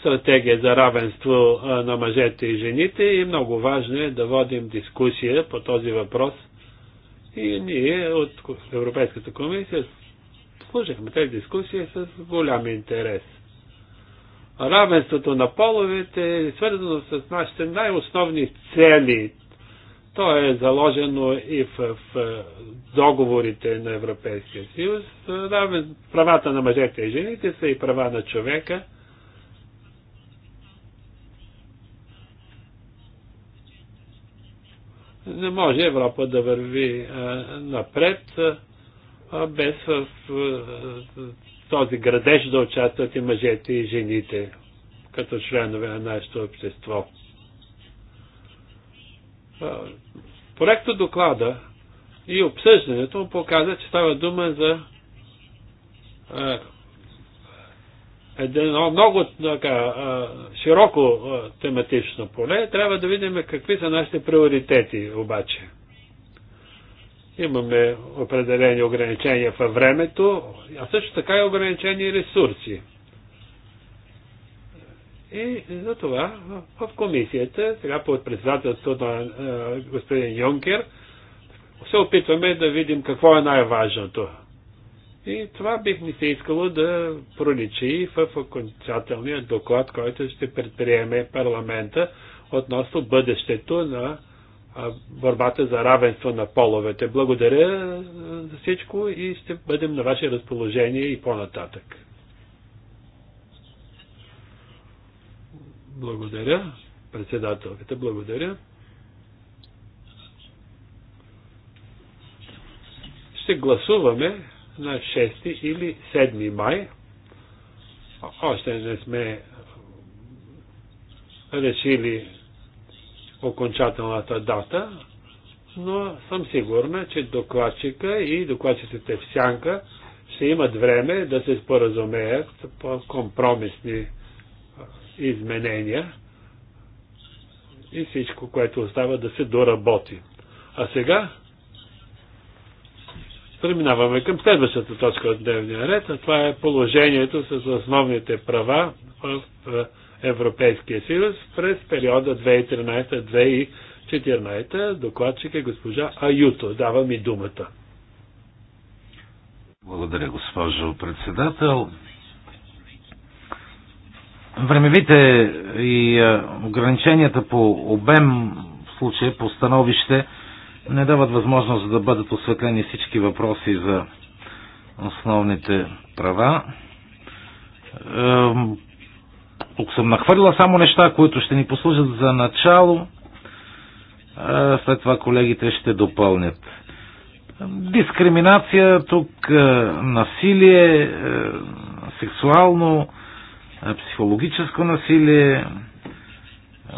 стратегия за равенство на мъжете и жените и много важно е да водим дискусия по този въпрос – и ние от Европейската комисия слушахме тези дискусии с голям интерес. Равенството на половете е свързано с нашите най-основни цели. То е заложено и в, в договорите на Европейския съюз. правата на мъжете и жените са и права на човека – не може Европа да върви напред без а, този градеж да участват и мъжете и жените като членове на нашето общество. Проекто доклада и обсъждането показа, че става дума за едно много така, широко тематично поле. Трябва да видим какви са нашите приоритети обаче. Имаме определени ограничения във времето, а също така и ограничени ресурси. И за това в комисията, сега под председателството на господин Юнкер, се опитваме да видим какво е най-важното. И това бих ми се искало да проличи в окончателния доклад, който ще предприеме парламента относно бъдещето на борбата за равенство на половете. Благодаря за всичко и ще бъдем на ваше разположение и по-нататък. Благодаря, председателката, благодаря. Ще гласуваме на 6 или 7 май. Още не сме решили окончателната дата, но съм сигурна, че докладчика и докладчиците в сянка ще имат време да се споразумеят по компромисни изменения и всичко, което остава да се доработи. А сега Преминаваме към следващата точка от дневния ред, а това е положението с основните права в Европейския съюз през периода 2013-2014. Докладчик е госпожа Аюто. Дава ми думата. Благодаря, госпожо председател. Времевите и ограниченията по обем, в случая по становище, не дават възможност да бъдат осветлени всички въпроси за основните права. Тук съм нахвърлила само неща, които ще ни послужат за начало. След това колегите ще допълнят. Дискриминация тук, е, насилие, е, сексуално, е, психологическо насилие,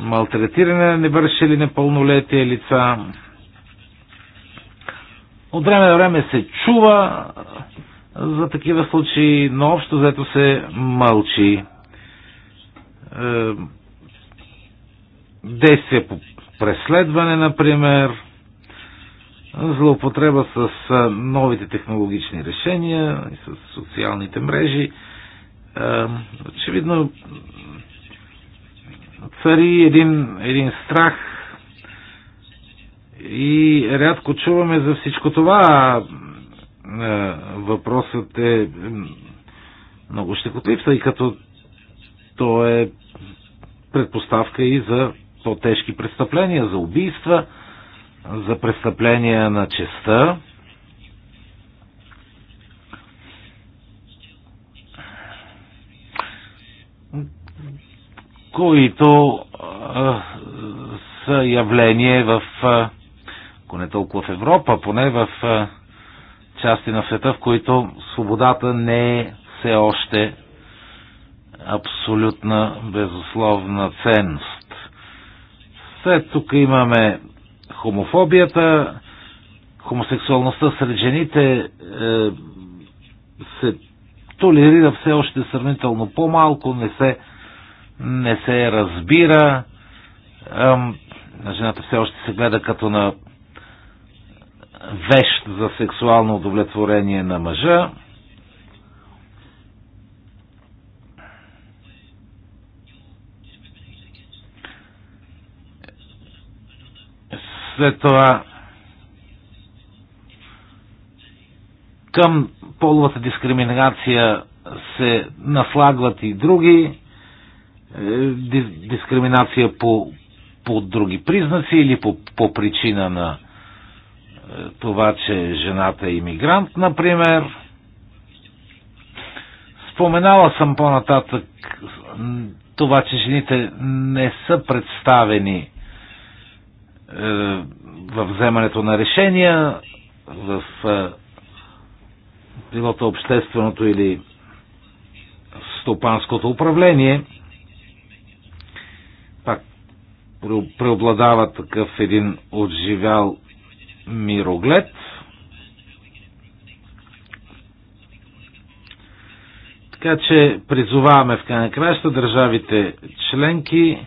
малтретиране на невършили непълнолетие лица, от време на време се чува за такива случаи, но общо взето се мълчи. Е, действия по преследване, например, злоупотреба с новите технологични решения и с социалните мрежи. Е, очевидно цари един, един страх и рядко чуваме за всичко това. Е, въпросът е много щекотлив, тъй като то е предпоставка и за по-тежки престъпления, за убийства, за престъпления на честа. които а, е, са явление в а, е, ако не толкова в Европа, поне в части на света, в които свободата не е все още абсолютна, безусловна ценност. След тук имаме хомофобията, хомосексуалността сред жените е, се толерира все още сравнително по-малко, не се, не се разбира. Е, жената все още се гледа като на вещ за сексуално удовлетворение на мъжа. След това към половата дискриминация се наслагват и други е, дискриминация по, по други признаци или по, по причина на това, че жената е иммигрант, например. Споменала съм по-нататък това, че жените не са представени във е, вземането на решения, в пилота е, общественото или стопанското управление. Пак преобладава такъв един отживял мироглед. Така че призоваваме в крайна краща държавите членки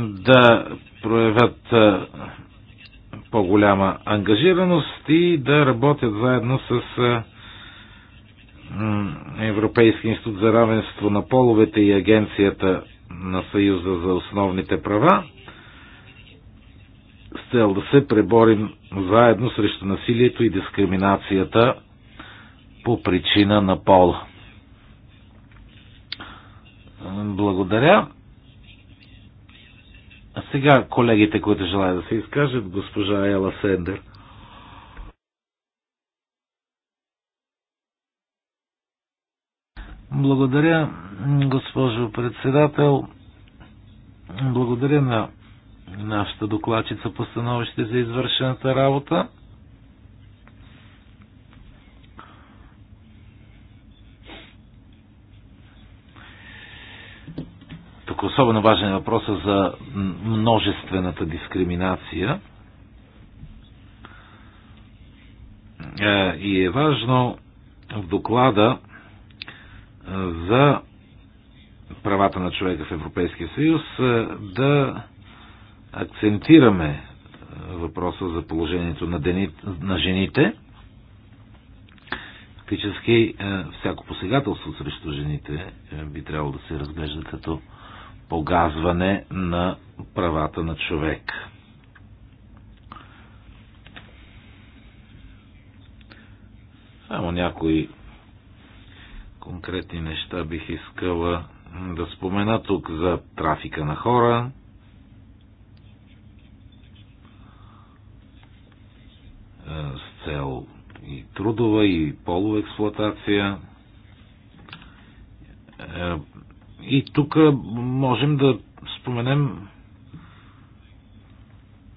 да проявят по-голяма ангажираност и да работят заедно с Европейски институт за равенство на половете и Агенцията на Съюза за основните права с цел да се преборим заедно срещу насилието и дискриминацията по причина на пола. Благодаря. А сега колегите, които желаят да се изкажат, госпожа Ела Сендер. Благодаря, госпожо председател. Благодаря на нашата докладчица по становище за извършената работа. Тук особено важен е въпросът за множествената дискриминация. Е, и е важно в доклада е, за правата на човека в Европейския съюз е, да акцентираме въпроса за положението на, дени, на жените. Фактически всяко посегателство срещу жените би трябвало да се разглежда като погазване на правата на човек. Само някои конкретни неща бих искала да спомена тук за трафика на хора, с цел и трудова, и полова експлуатация. И тук можем да споменем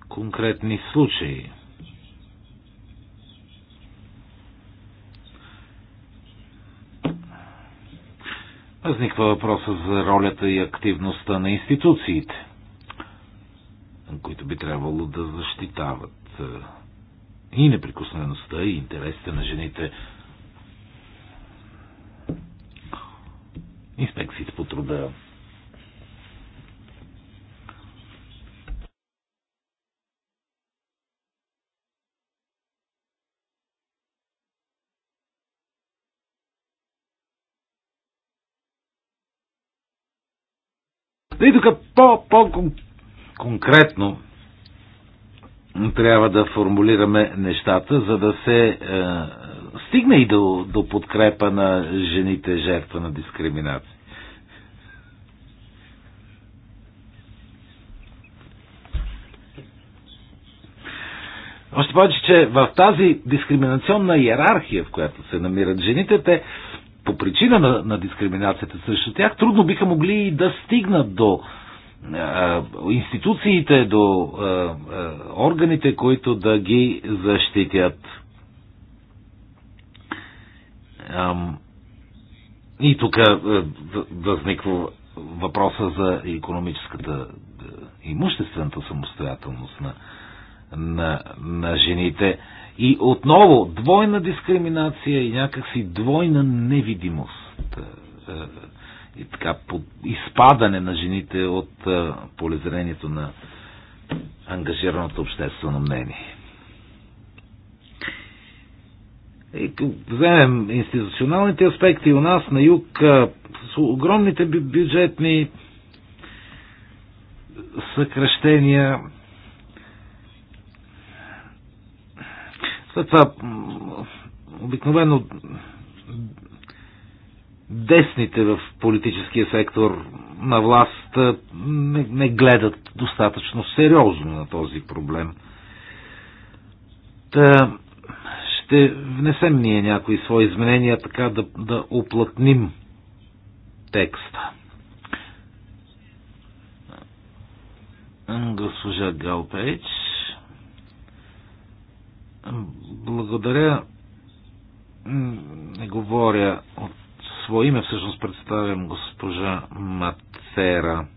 конкретни случаи. Възниква въпроса за ролята и активността на институциите, които би трябвало да защитават и неприкосновеността и интересите на жените. Инспекциите по труда. И тук по-конкретно по трябва да формулираме нещата, за да се е, стигне и до, до подкрепа на жените жертва на дискриминация. Още повече, че в тази дискриминационна иерархия, в която се намират жените, те по причина на, на дискриминацията срещу тях трудно биха могли и да стигнат до, институциите до органите, които да ги защитят. И тук възниква въпроса за економическата имуществената самостоятелност на, на, на жените. И отново двойна дискриминация и някакси двойна невидимост и така по изпадане на жените от полезрението на ангажираното обществено мнение. И като вземем институционалните аспекти у нас на юг, с огромните бюджетни съкръщения, след това обикновено десните в политическия сектор на власт не, не гледат достатъчно сериозно на този проблем. Та, ще внесем ние някои свои изменения, така да, да оплътним текста. Госпожа Галпейч. Благодаря по име всъщност представям госпожа Матера.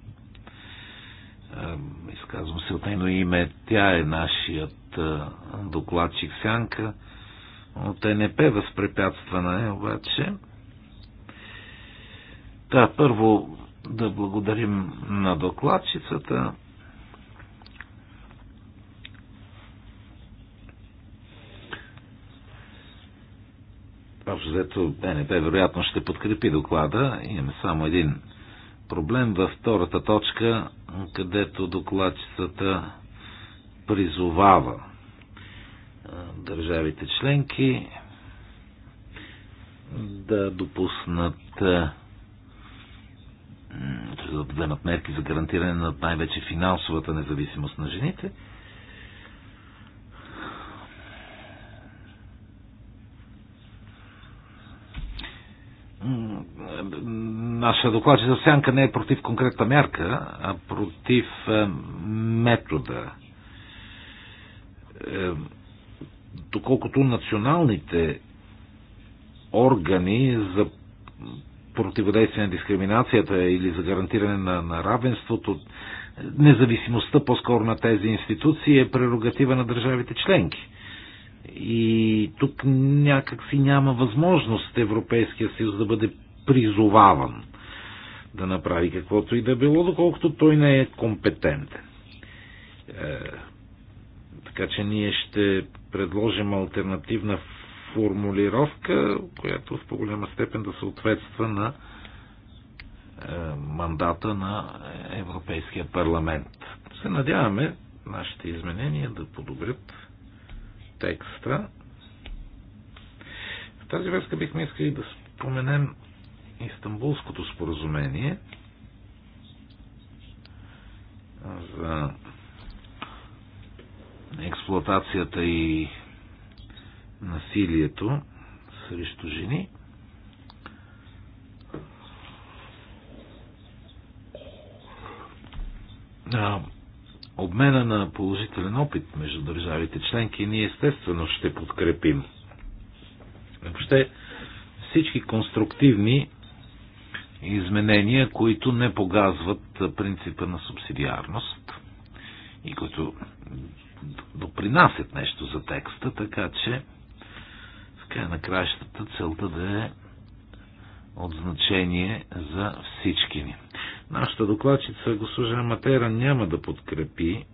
Изказвам се от нейно име. Тя е нашият е, докладчик Сянка. От НП възпрепятствана е обаче. Да, първо да благодарим на докладчицата общо взето БНП вероятно ще подкрепи доклада. Имаме само един проблем във втората точка, където докладчицата призовава държавите членки да допуснат да вземат мерки за гарантиране на най-вече финансовата независимост на жените – наша за Сянка не е против конкретна мярка, а против е, метода. Е, доколкото националните органи за противодействие на дискриминацията или за гарантиране на, на равенството, независимостта по-скоро на тези институции е прерогатива на държавите членки. И тук някакси няма възможност Европейския съюз да бъде призоваван да направи каквото и да било, доколкото той не е компетентен. Е, така че ние ще предложим альтернативна формулировка, която в по-голяма степен да съответства на е, мандата на Европейския парламент. Се надяваме нашите изменения да подобрят текста. В тази връзка бихме искали да споменем Истанбулското споразумение за експлуатацията и насилието срещу жени. А, обмена на положителен опит между държавите членки ние естествено ще подкрепим. Въобще всички конструктивни изменения, които не погазват принципа на субсидиарност и които допринасят нещо за текста, така че в края на краищата целта да е от значение за всички ни. Нашата докладчица госпожа Матера няма да подкрепи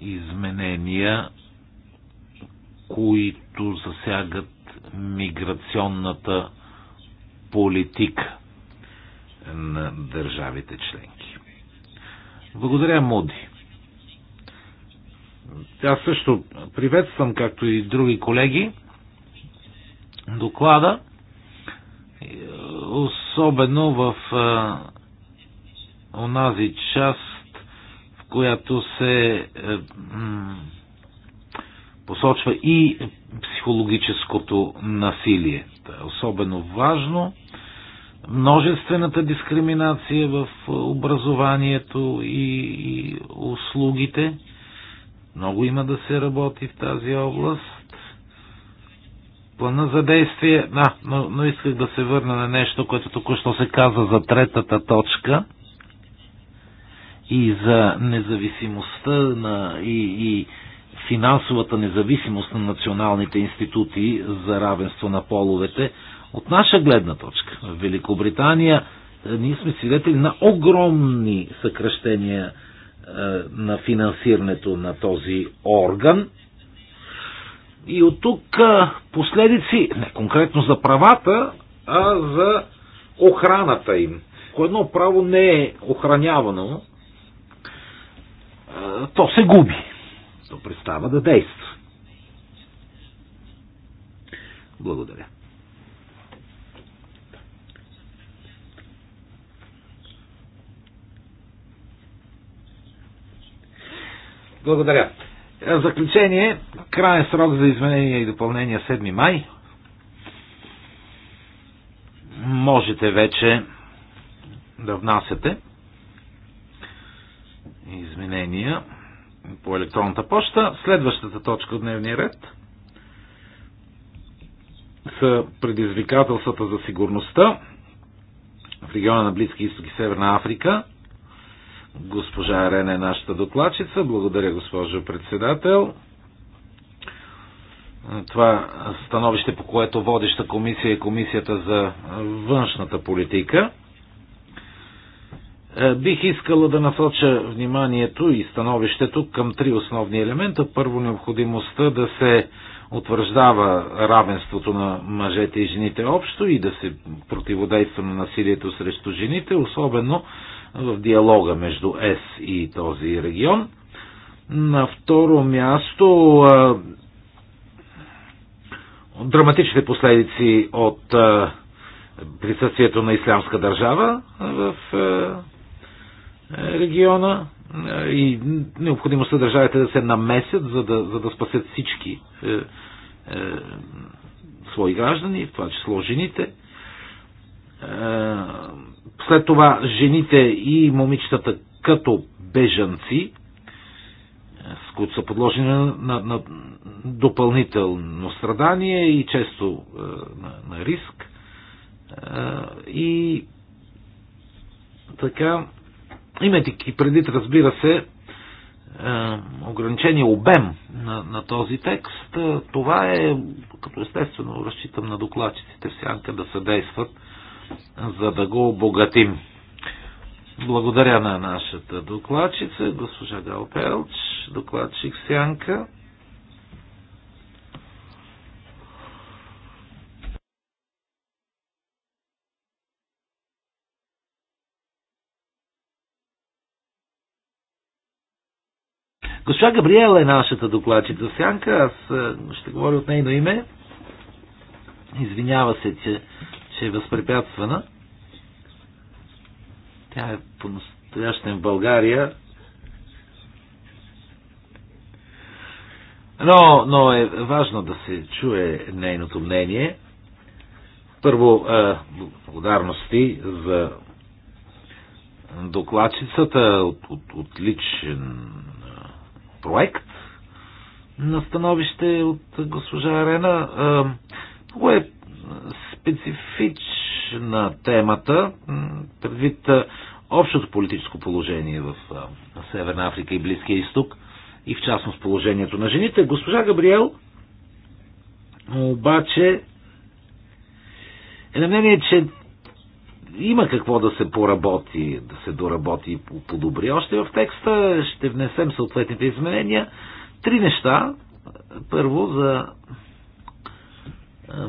изменения, които засягат миграционната политика на държавите членки. Благодаря, Моди. Аз също приветствам, както и други колеги, доклада, особено в онази част, в която се е, посочва и психологическото насилие. Това е особено важно множествената дискриминация в образованието и, и услугите. Много има да се работи в тази област. Плана за действие, да, но, но исках да се върна на нещо, което току-що се каза за третата точка и за независимостта на, и, и финансовата независимост на националните институти за равенство на половете. От наша гледна точка, в Великобритания е, ние сме свидетели на огромни съкръщения е, на финансирането на този орган. И от тук е, последици, не конкретно за правата, а за охраната им. Ако едно право не е охранявано, то се губи. То представа да действа. Благодаря. Благодаря. Е, в заключение, крайен срок за изменение и допълнение 7 май. Можете вече да внасяте изменения по електронната почта. Следващата точка от дневния ред са предизвикателствата за сигурността в региона на Близки изток и Северна Африка – Госпожа Арена е нашата докладчица. Благодаря, госпожо председател. Това становище, по което водеща комисия е комисията за външната политика. Е, бих искала да насоча вниманието и становището към три основни елемента. Първо, необходимостта да се утвърждава равенството на мъжете и жените общо и да се противодейства на насилието срещу жените, особено в диалога между ЕС и този регион. На второ място драматичните последици от присъствието на ислямска държава в региона и необходимостта държавите да се намесят, за да, за да спасят всички е, е, свои граждани, в това число жените е, след това жените и момичетата като бежанци, е, с които са подложени на, на, допълнително страдание и често е, на, на риск. и така, и предвид, разбира се, ограничения обем на, на този текст, това е, като естествено разчитам на докладчиците в сянка да съдействат, за да го обогатим. Благодаря на нашата докладчица, госпожа Галпелч, докладчик Сянка. Госпожа Габриела е нашата докладчица Сянка. Аз е, ще говоря от нейно име. Извинява се, че че е възпрепятствана. Тя е по-настоящен в България. Но, но е важно да се чуе нейното мнение. Първо, е, благодарности за докладчицата от, от, личен е, проект на становище от госпожа Арена. Е, много е специфична темата, предвид общото политическо положение в Северна Африка и Близкия изток и в частност положението на жените. Госпожа Габриел обаче е на мнение, че има какво да се поработи, да се доработи и подобри. Още в текста ще внесем съответните изменения. Три неща. Първо за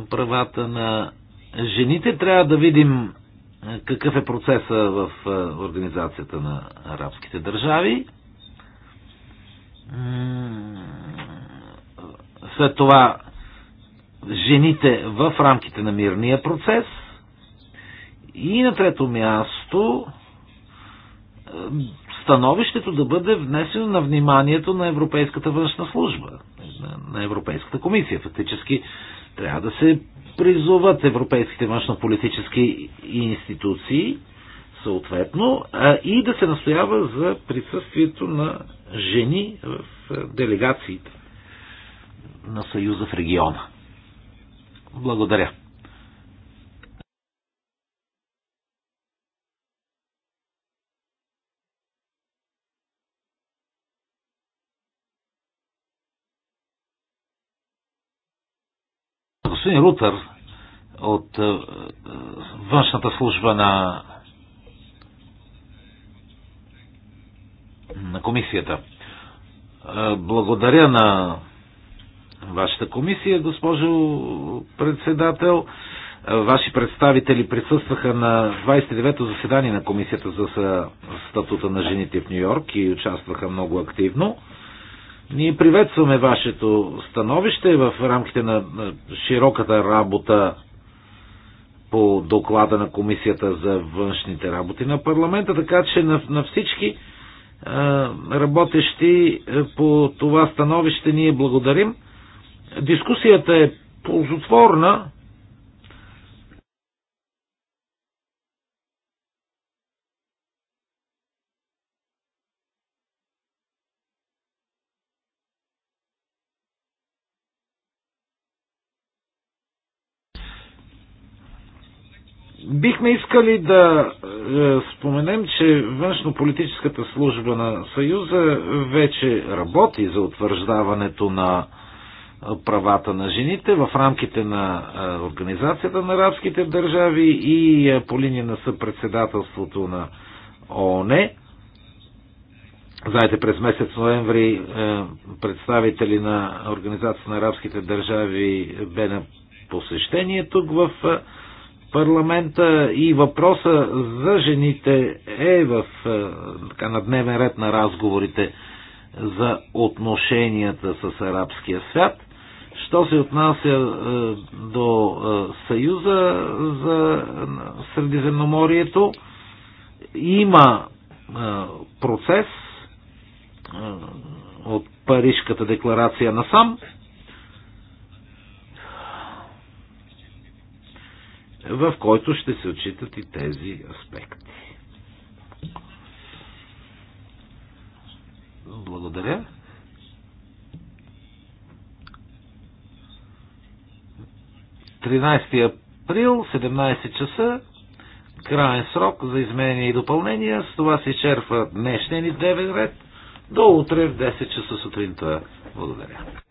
правата на жените трябва да видим какъв е процеса в организацията на арабските държави. След това жените в рамките на мирния процес. И на трето място становището да бъде внесено на вниманието на Европейската външна служба, на Европейската комисия. Фактически трябва да се призоват европейските външнополитически институции, съответно, и да се настоява за присъствието на жени в делегациите на Съюза в региона. Благодаря. Господин Рутър от е, е, външната служба на, на комисията. Е, благодаря на вашата комисия, госпожо председател. Ваши представители присъстваха на 29-то заседание на комисията за статута на жените в Нью-Йорк и участваха много активно. Ние приветстваме вашето становище в рамките на широката работа по доклада на Комисията за външните работи на парламента, така че на, на всички работещи по това становище ние благодарим. Дискусията е ползотворна, Бихме искали да е, споменем, че външно политическата служба на Съюза вече работи за утвърждаването на е, правата на жените в рамките на е, Организацията на арабските държави и по линия на съпредседателството на ООН. Знаете, през месец ноември представители на Организацията на арабските държави бе на посещение тук в парламента и въпроса за жените е в, е, така, на дневен ред на разговорите за отношенията с арабския свят. Що се отнася е, до е, Съюза за Средиземноморието, има процес от Парижката декларация насам, в който ще се отчитат и тези аспекти. Благодаря. Тринадесети април, 17 часа, крайен срок за изменение и допълнения. С това се изчерпва днешния ни дневен ред. До утре в 10 часа сутринта. Благодаря.